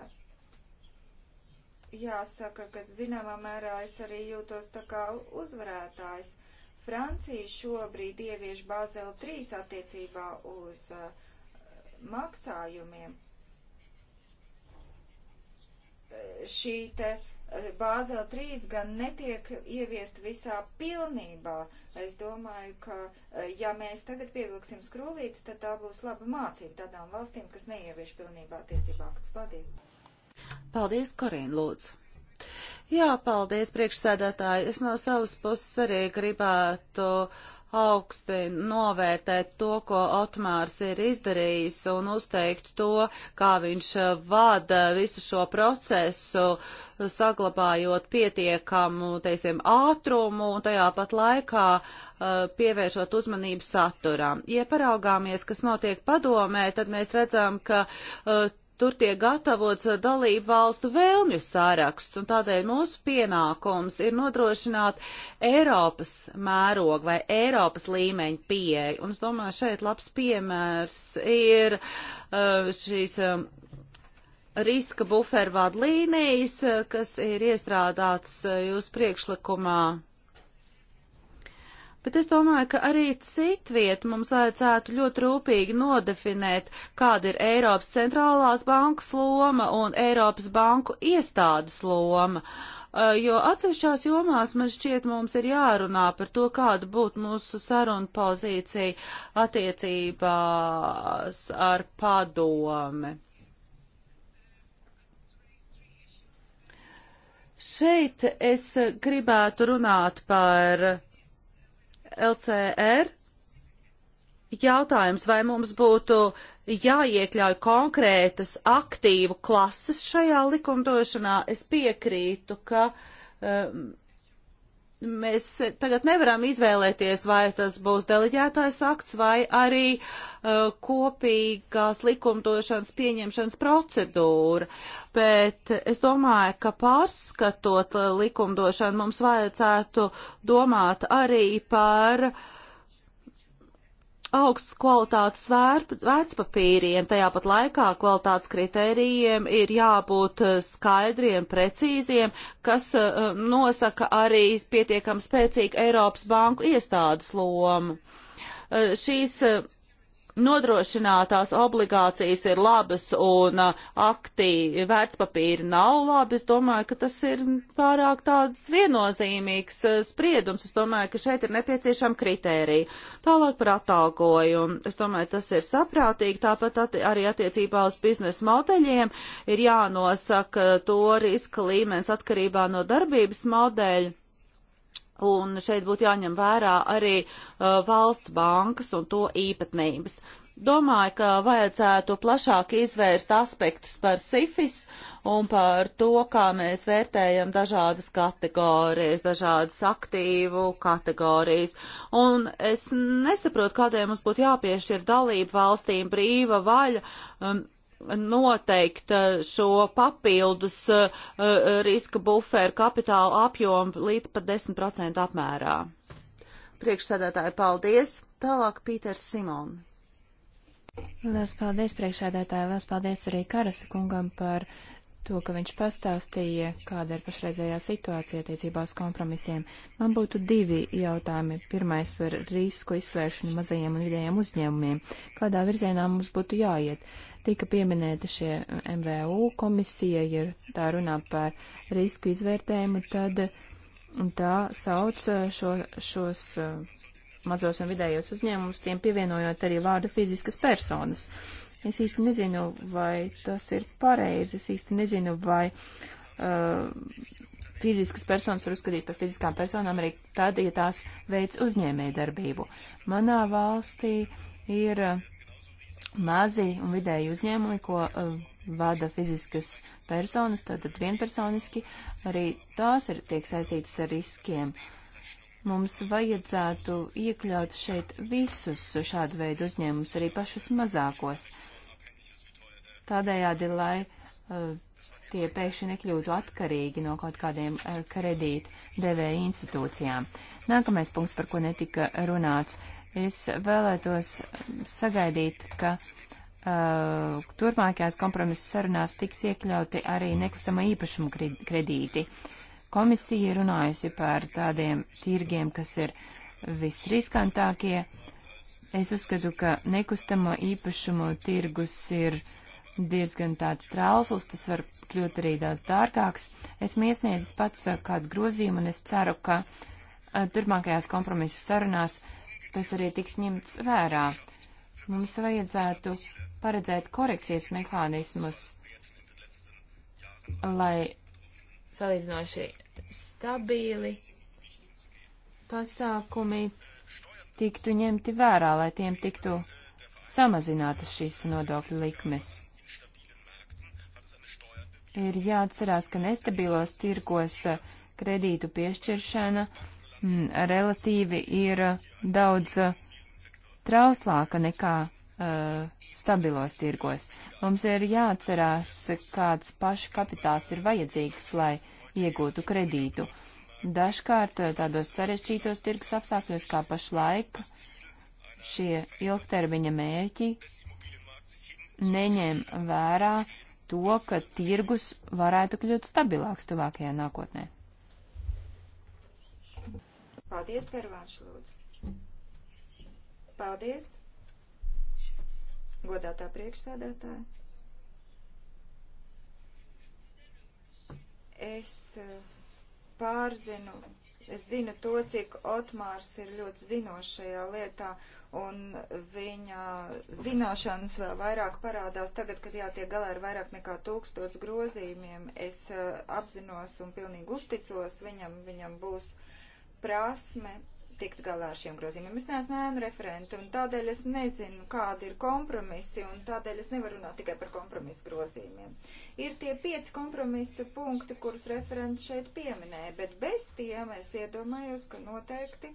jāsaka, ka zināmā mērā es arī jūtos tā kā uzvarētājs. Francija šobrīd ievieš Bāzeli 3 attiecībā uz uh, maksājumiem. Eh, šī te uh, Eh, Bāzela 3 gan netiek ieviest visā pilnībā. Es domāju, ka eh, ja mēs tagad pievilksim skrūvītes, tad tā būs laba mācība tādām valstīm, kas neievieš pilnībā tiesību aktus. Paldies! Paldies, Korīna Lūdzu! Jā, paldies, priekšsēdētāji. Es no savas puses arī gribētu uh, augsti novērtēt to, ko Otmārs ir izdarījis un uzteikt to, kā viņš vada visu šo procesu, saglabājot pietiekamu, teiksim, ātrumu un tajā pat laikā uh, pievēršot uzmanību saturam. Ja paraugāmies, kas notiek padomē, tad mēs redzam, ka uh, tur tiek gatavots eh, dalību valstu vēlmju saraksts, un tādēļ mūsu pienākums ir nodrošināt Eiropas mērogu vai Eiropas līmeņu pieeju. Un es domāju, šeit labs piemērs ir eh, šīs eh, riska buferu vadlīnijas, kas ir iestrādāts jūsu priekšlikumā. Bet es domāju, ka arī citviet mums vajadzētu ļoti rūpīgi nodefinēt, kāda ir Eiropas centrālās bankas loma un Eiropas banku iestādes loma. Uh, jo atsevišķās jomās man šķiet mums ir jārunā par to, kāda būtu mūsu saruna pozīcija attiecībās ar padomi. Šeit es gribētu runāt par LCR jautājums, vai mums būtu jāiekļauj konkrētas aktīvu klases šajā likumdošanā. Es piekrītu, ka um, mēs tagad nevaram izvēlēties, vai tas būs deleģētais akts vai arī uh, kopīgās likumdošanas pieņemšanas procedūra. Bet es domāju, ka pārskatot uh, likumdošanu mums vajadzētu domāt arī par uh, augsts kvalitātes vērtspapīriem, tajā pat laikā kvalitātes kritērijiem ir jābūt eh, skaidriem, precīziem, kas uh, nosaka arī pietiekam spēcīgu Eiropas banku iestādes lomu. Uh, šīs uh, nodrošinātās obligācijas ir labas un aktīvi vērtspapīri nav labi, es domāju, ka tas ir pārāk tāds viennozīmīgs spriedums. Es domāju, ka šeit ir nepieciešama kritērija. Tālāk par atalgojumu. Es domāju, tas ir saprātīgi. Tāpat at arī attiecībā uz biznesa modeļiem ir jānosaka to riska līmenis atkarībā no darbības modeļa. Un šeit būtu jāņem vērā arī uh, valsts bankas un to īpatnības. Domāju, ka vajadzētu plašāk izvērst aspektus par sifis un par to, kā mēs vērtējam dažādas kategorijas, dažādas aktīvu kategorijas. Un es nesaprotu, kādēļ mums būtu jāpiešķir dalību valstīm brīva vaļa. Um, noteikt eh, šo papildus eh, eh, riska buferu kapitāla apjomu līdz pat 10% apmērā. Priekšsēdētāji, paldies! Tālāk Pīters Simons. Lielas paldies priekšēdētāji, lielas paldies arī Karasa kungam par to, ka viņš pastāstīja, kāda ir pašreizējā situācija attiecībā uz kompromisiem. Man būtu divi jautājumi. Pirmais par risku izsvēršanu mazajiem un vidējiem uzņēmumiem. Kādā virzienā mums būtu jāiet? Tika pieminēti šie eh, MVU komisija, ja tā runā par risku izvērtējumu, tad tā sauc eh, šo, šos eh, mazos un vidējos uzņēmumus, tiem pievienojot arī vārdu fiziskas personas. Es īsti nezinu, vai tas ir pareizi, es īsti nezinu, vai uh, fiziskas personas var uzskatīt par fiziskām personām arī tad, ja tās veids uzņēmējdarbību. Manā valstī ir mazi un vidēji uzņēmumi, ko uh, vada fiziskas personas, tātad vienpersoniski, arī tās ir, tiek saistītas ar riskiem. Mums vajadzētu iekļaut šeit visus šādu veidu uzņēmumus, arī pašus mazākos. Tādējādi, lai uh, tie pēkšņi nekļūtu atkarīgi no kaut kādiem uh, eh, kredīt devēja institūcijām. Nākamais punkts, par ko netika runāts. Uh, Es vēlētos sagaidīt, ka uh, turpmākajās kompromisu sarunās tiks iekļauti arī nekustamo īpašumu kredīti. Komisija runājusi par tādiem tirgiem, kas ir visriskantākie. Es uzskatu, ka nekustamo īpašumu tirgus ir diezgan tāds trausls, tas var kļūt arī daudz dārgāks. Esmu iesniedzis pats uh, kādu grozījumu un es ceru, ka uh, turpmākajās kompromisu sarunās uh, tas arī tiks ņemts vērā. Mums vajadzētu paredzēt korekcijas mehānismus, lai salīdzinoši stabili pasākumi tiktu ņemti vērā, lai tiem tiktu samazinātas šīs nodokļu likmes. Ir jāatcerās, ka nestabilos tirgos kredītu piešķiršana uh, Mm, relatīvi ir uh, daudz uh, trauslāka nekā uh, stabilos tirgos. Mums ir jāatcerās, kāds pašu kapitāls ir vajadzīgs, lai iegūtu kredītu. Dažkārt tādos sarežģītos tirgus apstākļos kā pašlaik šie ilgtermiņa mērķi neņem vērā to, ka tirgus varētu kļūt stabilāks tuvākajā nākotnē. Paldies, Pervānš, lūdzu. Paldies, godātā priekšsādātāja. Es eh, pārzinu, es zinu to, cik Otmārs ir ļoti zinošs šajā lietā, un viņa zināšanas vēl vairāk parādās tagad, kad jātiek galā ar vairāk nekā tūkstots grozījumiem. Es eh, apzinos un pilnīgi uzticos viņam, viņam būs uh, prasme tikt galā ar šiem grozījumiem. Es neesmu ēnu referenti, un tādēļ es nezinu, kādi ir kompromisi, un tādēļ es nevaru runāt tikai par kompromisu grozījumiem. Ir tie pieci kompromisa punkti, kurus referents šeit pieminēja, bet bez tiem es iedomājos, ka noteikti,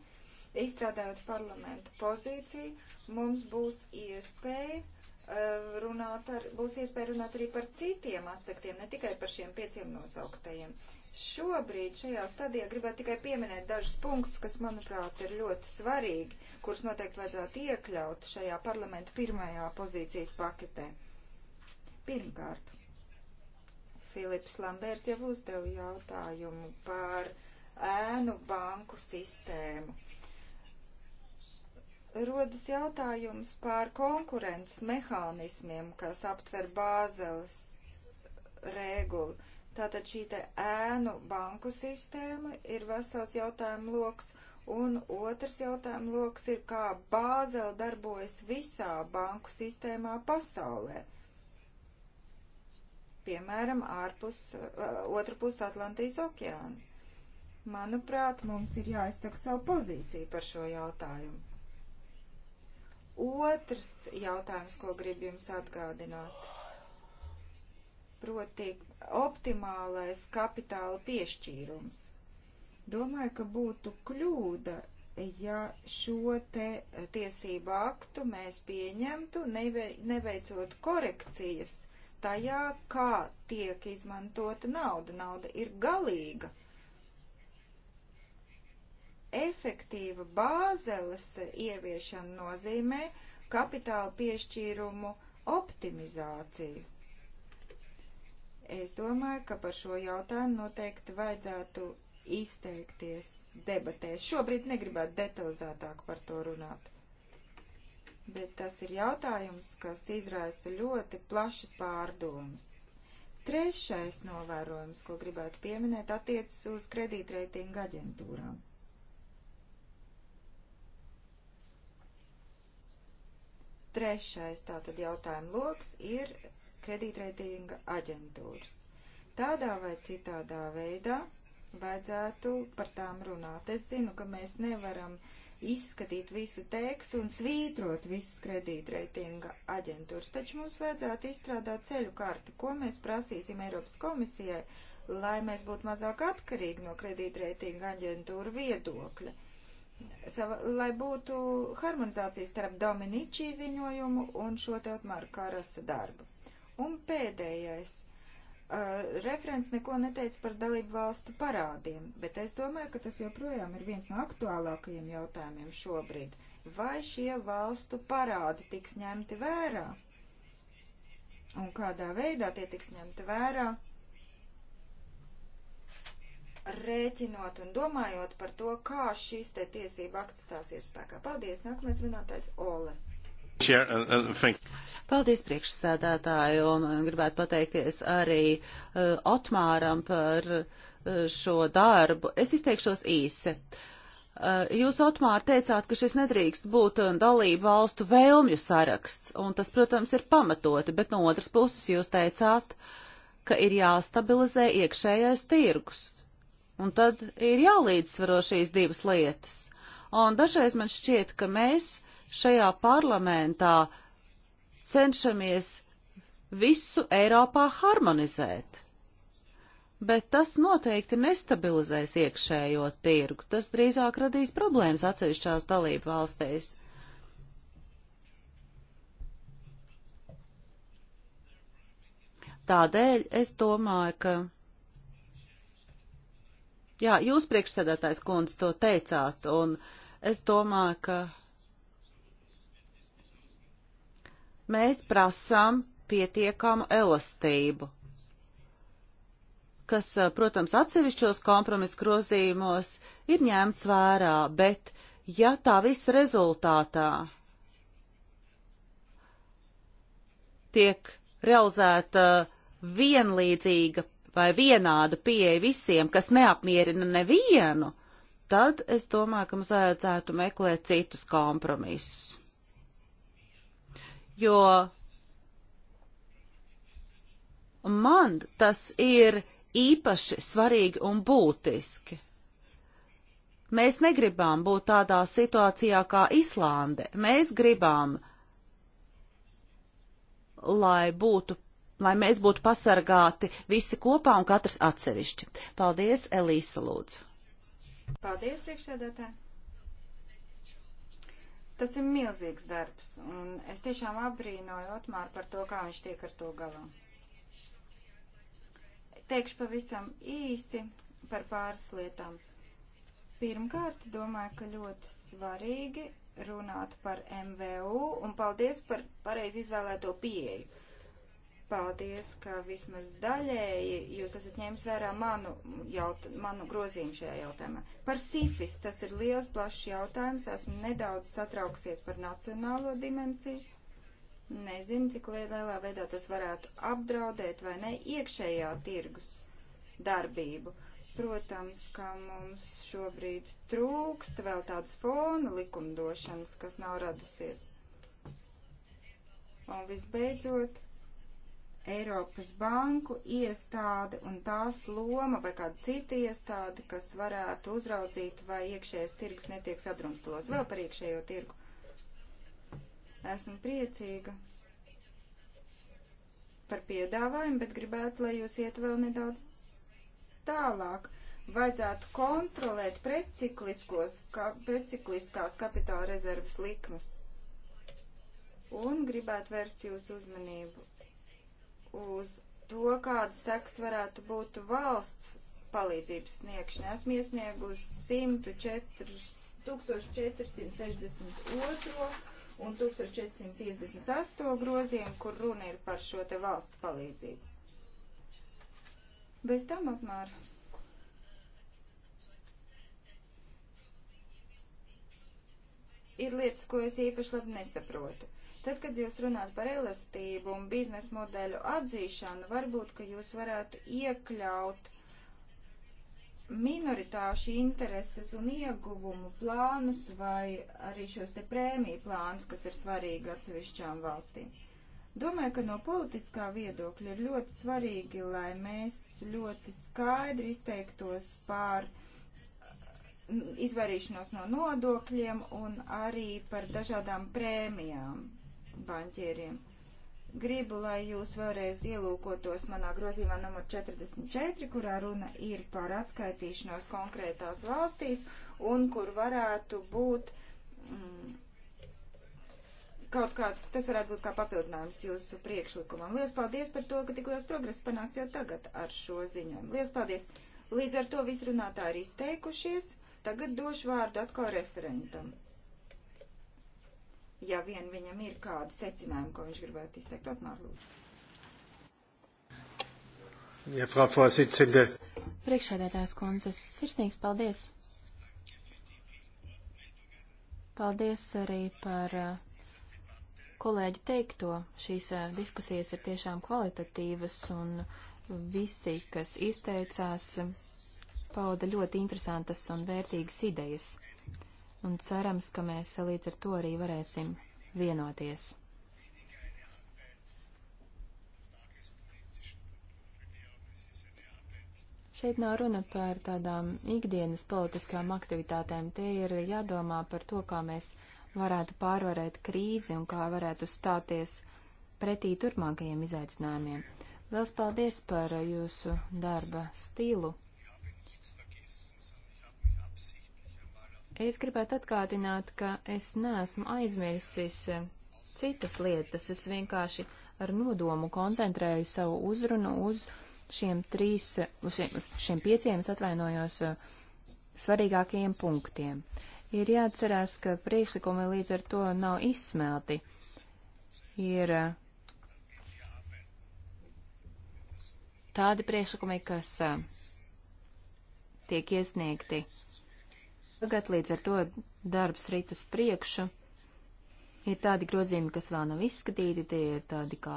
izstrādājot parlamentu pozīciju, mums būs iespēja eh, runāt ar, būs iespēja runāt arī par citiem aspektiem, ne tikai par šiem pieciem nosauktajiem. Šobrīd šajā stadijā gribētu tikai pieminēt dažus punktus, kas, manuprāt, ir ļoti svarīgi, kurus noteikti vajadzētu iekļaut šajā parlamenta pirmajā pozīcijas paketē. Pirmkārt, Filips Lambērs jau uzdeva jautājumu par ēnu banku sistēmu rodas jautājums par konkurences mehānismiem, kas aptver bāzeles regulu. Tātad šī te ēnu banku sistēma ir vesels jautājumu loks, un otrs jautājumu loks ir, kā Bāzela darbojas visā banku sistēmā pasaulē piemēram, ārpus, eh, otru pusi Atlantijas okeāna. Manuprāt, mums ir jāizsaka savu pozīciju par šo jautājumu. Otrs jautājums, ko gribu jums atgādināt proti optimālais kapitāla piešķīrums. Domāju, ka būtu kļūda, ja šo te tiesību aktu mēs pieņemtu, neveicot korekcijas tajā, kā tiek izmantota nauda. Nauda ir galīga. Efektīva bāzeles ieviešana nozīmē kapitāla piešķīrumu optimizāciju Es domāju, ka par šo jautājumu noteikti vajadzētu izteikties debatēs. Šobrīd negribētu detalizētāk par to runāt. Bet tas ir jautājums, kas izraisa ļoti plašas pārdomas. Trešais novērojums, ko gribētu pieminēt, attiecas uz kredītreitinga aģentūrām. Trešais tātad jautājuma loks ir kredītreitinga aģentūras. Tādā vai citādā veidā vajadzētu par tām runāt. Es zinu, ka mēs nevaram izskatīt visu tekstu un svītrot visas kredītreitinga aģentūras, taču mums vajadzētu izstrādāt ceļu karti, ko mēs prasīsim Eiropas komisijai, lai mēs būtu mazāk atkarīgi no kredītreitinga aģentūra viedokļa sava, lai būtu harmonizācija starp Dominičī ziņojumu un šo Teotmāra Karasa darbu. Un pēdējais. Uh, referents neko neteica par dalību valstu parādiem, bet es domāju, ka tas joprojām ir viens no aktuālākajiem jautājumiem šobrīd. Vai šie valstu parādi tiks ņemti vērā? Un kādā veidā tie tiks ņemti vērā? Rēķinot un domājot par to, kā šīs te tiesība akts stāsies spēkā. Paldies! Nākamais runātājs Ole. Uh, uh, Paldies priekšsēdētāju un gribētu pateikties arī uh, Otmāram par uh, šo darbu. Es izteikšos īsi. Uh, jūs, Otmār, teicāt, ka šis nedrīkst būt uh, dalību valstu vēlmju saraksts, un tas, protams, ir pamatoti, bet no otras puses jūs teicāt, ka ir jāstabilizē iekšējais tirgus, un tad ir jālīdzsvaro šīs divas lietas. Un dažreiz man šķiet, ka mēs šajā parlamentā cenšamies visu Eiropā harmonizēt. Bet tas noteikti nestabilizēs iekšējo tirgu, tas drīzāk radīs problēmas atsevišķās dalību valstīs. Tādēļ es domāju, ka. Jā, jūs priekšsēdētājs kundze to teicāt, un es domāju, ka Mēs prasām pietiekamu elastību, kas, protams, atsevišķos kompromisu grozījumos ir ņemts vērā, bet ja tā visa rezultātā tiek realizēta vienlīdzīga vai vienāda pieeja visiem, kas neapmierina nevienu, tad es domāju, ka mums vajadzētu meklēt citus kompromisus jo man tas ir īpaši svarīgi un būtiski. Mēs negribam būt tādā situācijā kā Islande. Mēs gribam, lai, būtu, lai mēs būtu pasargāti visi kopā un katrs atsevišķi. Paldies, Elīsa Lūdzu. Paldies, priekšsēdētāji. Tas ir milzīgs darbs, un es tiešām apbrīnoju Otmāru par to, kā viņš tiek ar to galā. Teikšu pavisam īsi par pāris lietām. Pirmkārt, domāju, ka ļoti svarīgi runāt par MVU, un paldies par pareizi izvēlēto pieeju. Paldies, ka vismaz daļēji jūs esat ņēmis vērā manu, jaut, manu grozījumu šajā jautājumā. Par sifis tas ir liels, plašs jautājums. Esmu nedaudz satrauksies par nacionālo dimensiju. Nezinu, cik lielā veidā tas varētu apdraudēt vai ne iekšējā tirgus darbību. Protams, ka mums šobrīd trūkst vēl tādas fona likumdošanas, kas nav radusies. Un visbeidzot Eiropas banku iestāde un tās loma vai kāda cita iestāde, kas varētu uzraudzīt, vai iekšējais tirgus netiek sadrumstalots. Vēl par iekšējo tirgu. Esmu priecīga par piedāvājumu, bet gribētu, lai jūs iet vēl nedaudz tālāk. Vajadzētu kontrolēt precikliskos, ka, precikliskās kapitāla rezervas likmes. Un gribētu vērst jūsu uzmanību uz to, kādas seks varētu būt valsts palīdzības sniegšanai. Esmu iesniegusi 104, 1462 un 1458 grozījumu, kur runa ir par šo te valsts palīdzību. Bez tam apmēr. Ir lietas, ko es īpaši labi nesaprotu. Tad, kad jūs runājat par elastību un biznesa modeļu atzīšanu, varbūt, ka jūs varētu iekļaut minoritāšu intereses un ieguvumu plānus vai arī šos te prēmiju plānus, kas ir svarīgi atsevišķām valstīm. Domāju, ka no politiskā viedokļa ir ļoti svarīgi, lai mēs ļoti skaidri izteiktos pār izvairīšanos no nodokļiem un arī par dažādām prēmijām baņķieriem. Gribu, lai jūs vēlreiz ielūkotos manā grozījumā numur 44, kurā runa ir par atskaitīšanos konkrētās valstīs un kur varētu būt mm, kaut kāds, tas varētu būt kā papildinājums jūsu priekšlikumam. Lielas paldies par to, ka tik liels progress panāks jau tagad ar šo ziņojumu. Lielas paldies! Līdz ar to visrunātāji ir izteikušies. Tagad došu vārdu atkal referentam ja vien viņam ir kādi secinājumi, ko viņš gribētu izteikt. Otmār, lūdzu. Ja, Frau Vorsitzende. Priekšādētājs konzes, sirsnīgs paldies. Paldies arī par uh, kolēģi teikto. Šīs uh, diskusijas ir tiešām kvalitatīvas un visi, kas izteicās, pauda ļoti interesantas un vērtīgas idejas un cerams, ka mēs līdz ar to arī varēsim vienoties. Šeit nav runa par tādām ikdienas politiskām aktivitātēm. Te ir jādomā par to, kā mēs varētu pārvarēt krīzi un kā varētu stāties pretī turpmākajiem izaicinājumiem. Liels paldies par jūsu darba stilu. Es gribētu atgādināt, ka es neesmu aizmirsis eh, citas lietas. Es vienkārši ar nodomu koncentrēju savu uzrunu uz šiem trīs, uz šiem, uz šiem pieciem, es atvainojos, eh, svarīgākajiem punktiem. Ir jāatcerās, ka priekšlikumi līdz ar to nav izsmelti. Ir eh, tādi priekšlikumi, kas tiek iesniegti Tagad līdz ar to darbs rīt uz priekšu. Ir tādi grozījumi, kas vēl nav izskatīti, tie ir tādi kā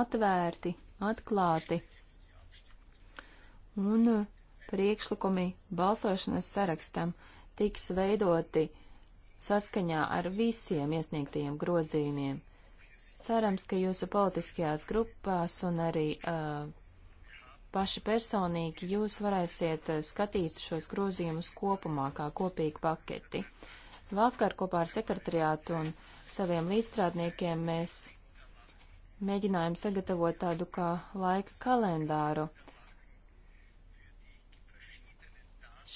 atvērti, atklāti. Un uh, priekšlikumi balsošanas sarakstam tiks veidoti saskaņā ar visiem iesniegtajiem grozījumiem. Cerams, ka jūsu politiskajās grupās un arī uh, paši personīgi jūs varēsiet eh, skatīt šos grozījumus kopumā kā kopīgu paketi. Vakar kopā ar sekretariātu un saviem līdzstrādniekiem mēs mēģinājām sagatavot tādu kā laika kalendāru.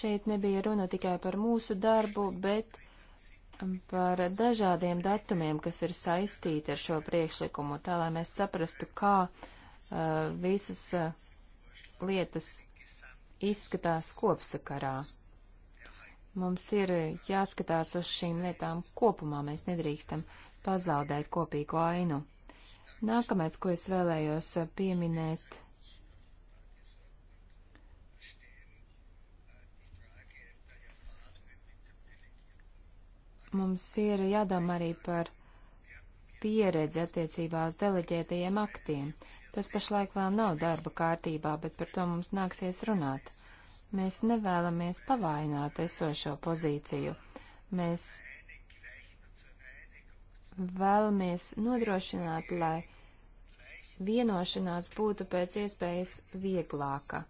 Šeit nebija runa tikai par mūsu darbu, bet par dažādiem datumiem, kas ir saistīti ar šo priekšlikumu, tā lai mēs saprastu, kā uh, visas uh, lietas izskatās kopsakarā. Mums ir jāskatās uz šīm lietām kopumā, mēs nedrīkstam pazaudēt kopīgo ainu. Nākamais, ko es vēlējos pieminēt, mums ir jādomā arī par pieredze attiecībā uz deleģētajiem aktiem. Tas pašlaik vēl nav darba kārtībā, bet par to mums nāksies runāt. Mēs nevēlamies pavainot esošo pozīciju. Mēs vēlamies nodrošināt, lai vienošanās būtu pēc iespējas vieglāka.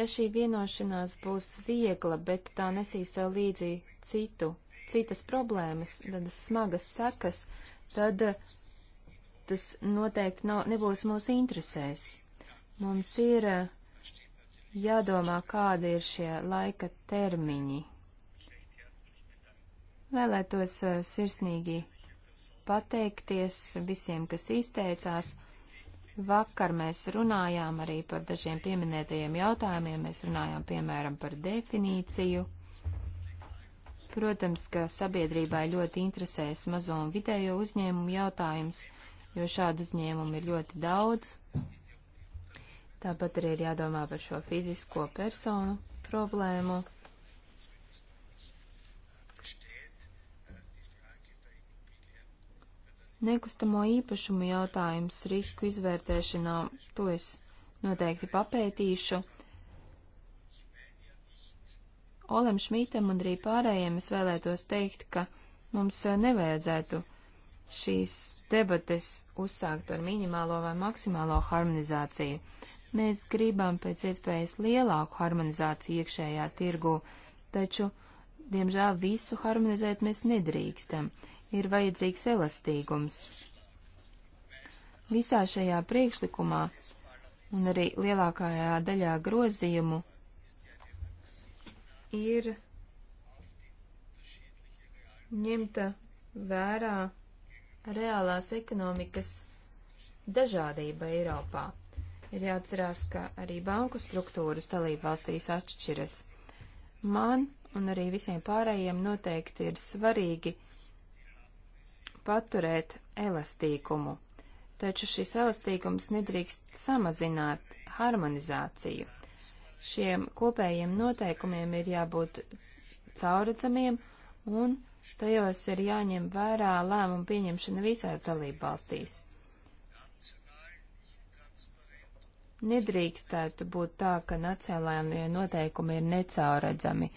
Ja šī vienošanās būs viegla, bet tā nesīs sev līdzi citu citas problēmas, tādas smagas sekas, tad eh, tas noteikti nav, nebūs mūsu interesēs. Mums ir eh, jādomā, kādi ir šie laika termiņi. Vēlētos eh, sirsnīgi pateikties visiem, kas izteicās. Vakar mēs runājām arī par dažiem pieminētajiem jautājumiem. Mēs runājām, piemēram, par definīciju. Protams, ka sabiedrībai ļoti interesēs mazo un vidējo uzņēmumu jautājums, jo šādu uzņēmumu ir ļoti daudz. Tāpat arī ir jādomā par šo fizisko personu problēmu. Nekustamo īpašumu jautājums risku izvērtēšanā to es noteikti papētīšu. Olem Šmītam un arī pārējiem es vēlētos teikt, ka mums nevajadzētu šīs debates uzsākt par minimālo vai maksimālo harmonizāciju. Mēs gribam pēc iespējas lielāku harmonizāciju iekšējā tirgu, taču, diemžēl, visu harmonizēt mēs nedrīkstam. Ir vajadzīgs elastīgums. Visā šajā priekšlikumā un arī lielākajā daļā grozījumu ir ņemta vērā reālās ekonomikas dažādība Eiropā. Ir jāatcerās, ka arī banku struktūras dalībvalstīs atšķiras. Man un arī visiem pārējiem noteikti ir svarīgi paturēt elastīkumu, taču šis elastīkums nedrīkst samazināt harmonizāciju šiem kopējiem noteikumiem ir jābūt cauredzamiem un tajos ir jāņem vērā lēmumu pieņemšana visās dalību valstīs. Nedrīkstētu būt tā, ka nacionālajie noteikumi ir necauredzami.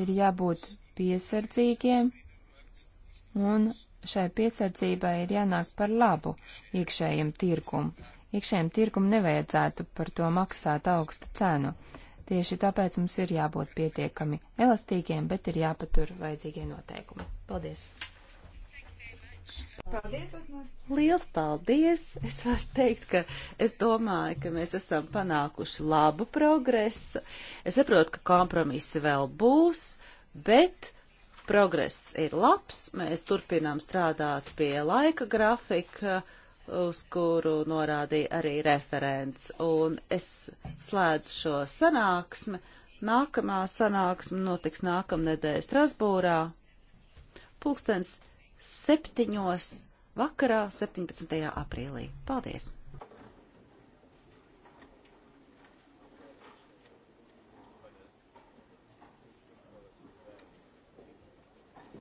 Ir jābūt piesardzīgiem un šai piesardzībai ir jānāk par labu iekšējiem tirkumu. Iekšējiem tirkumu nevajadzētu par to maksāt augstu cenu. Tieši tāpēc mums ir jābūt pietiekami elastīgiem, bet ir jāpatur vajadzīgie noteikumi. Paldies! Paldies, Otmar! Liels paldies! Es varu teikt, ka es domāju, ka mēs esam panākuši labu progresu. Es saprotu, ka kompromisi vēl būs, bet Progress ir labs, mēs turpinām strādāt pie laika grafika, uz kuru norādīja arī referents. Un es slēdzu šo sanāksmi. Nākamā sanāksme notiks nākamnedēļ Strasbūrā. Pulkstens septiņos vakarā 17. aprīlī. Paldies!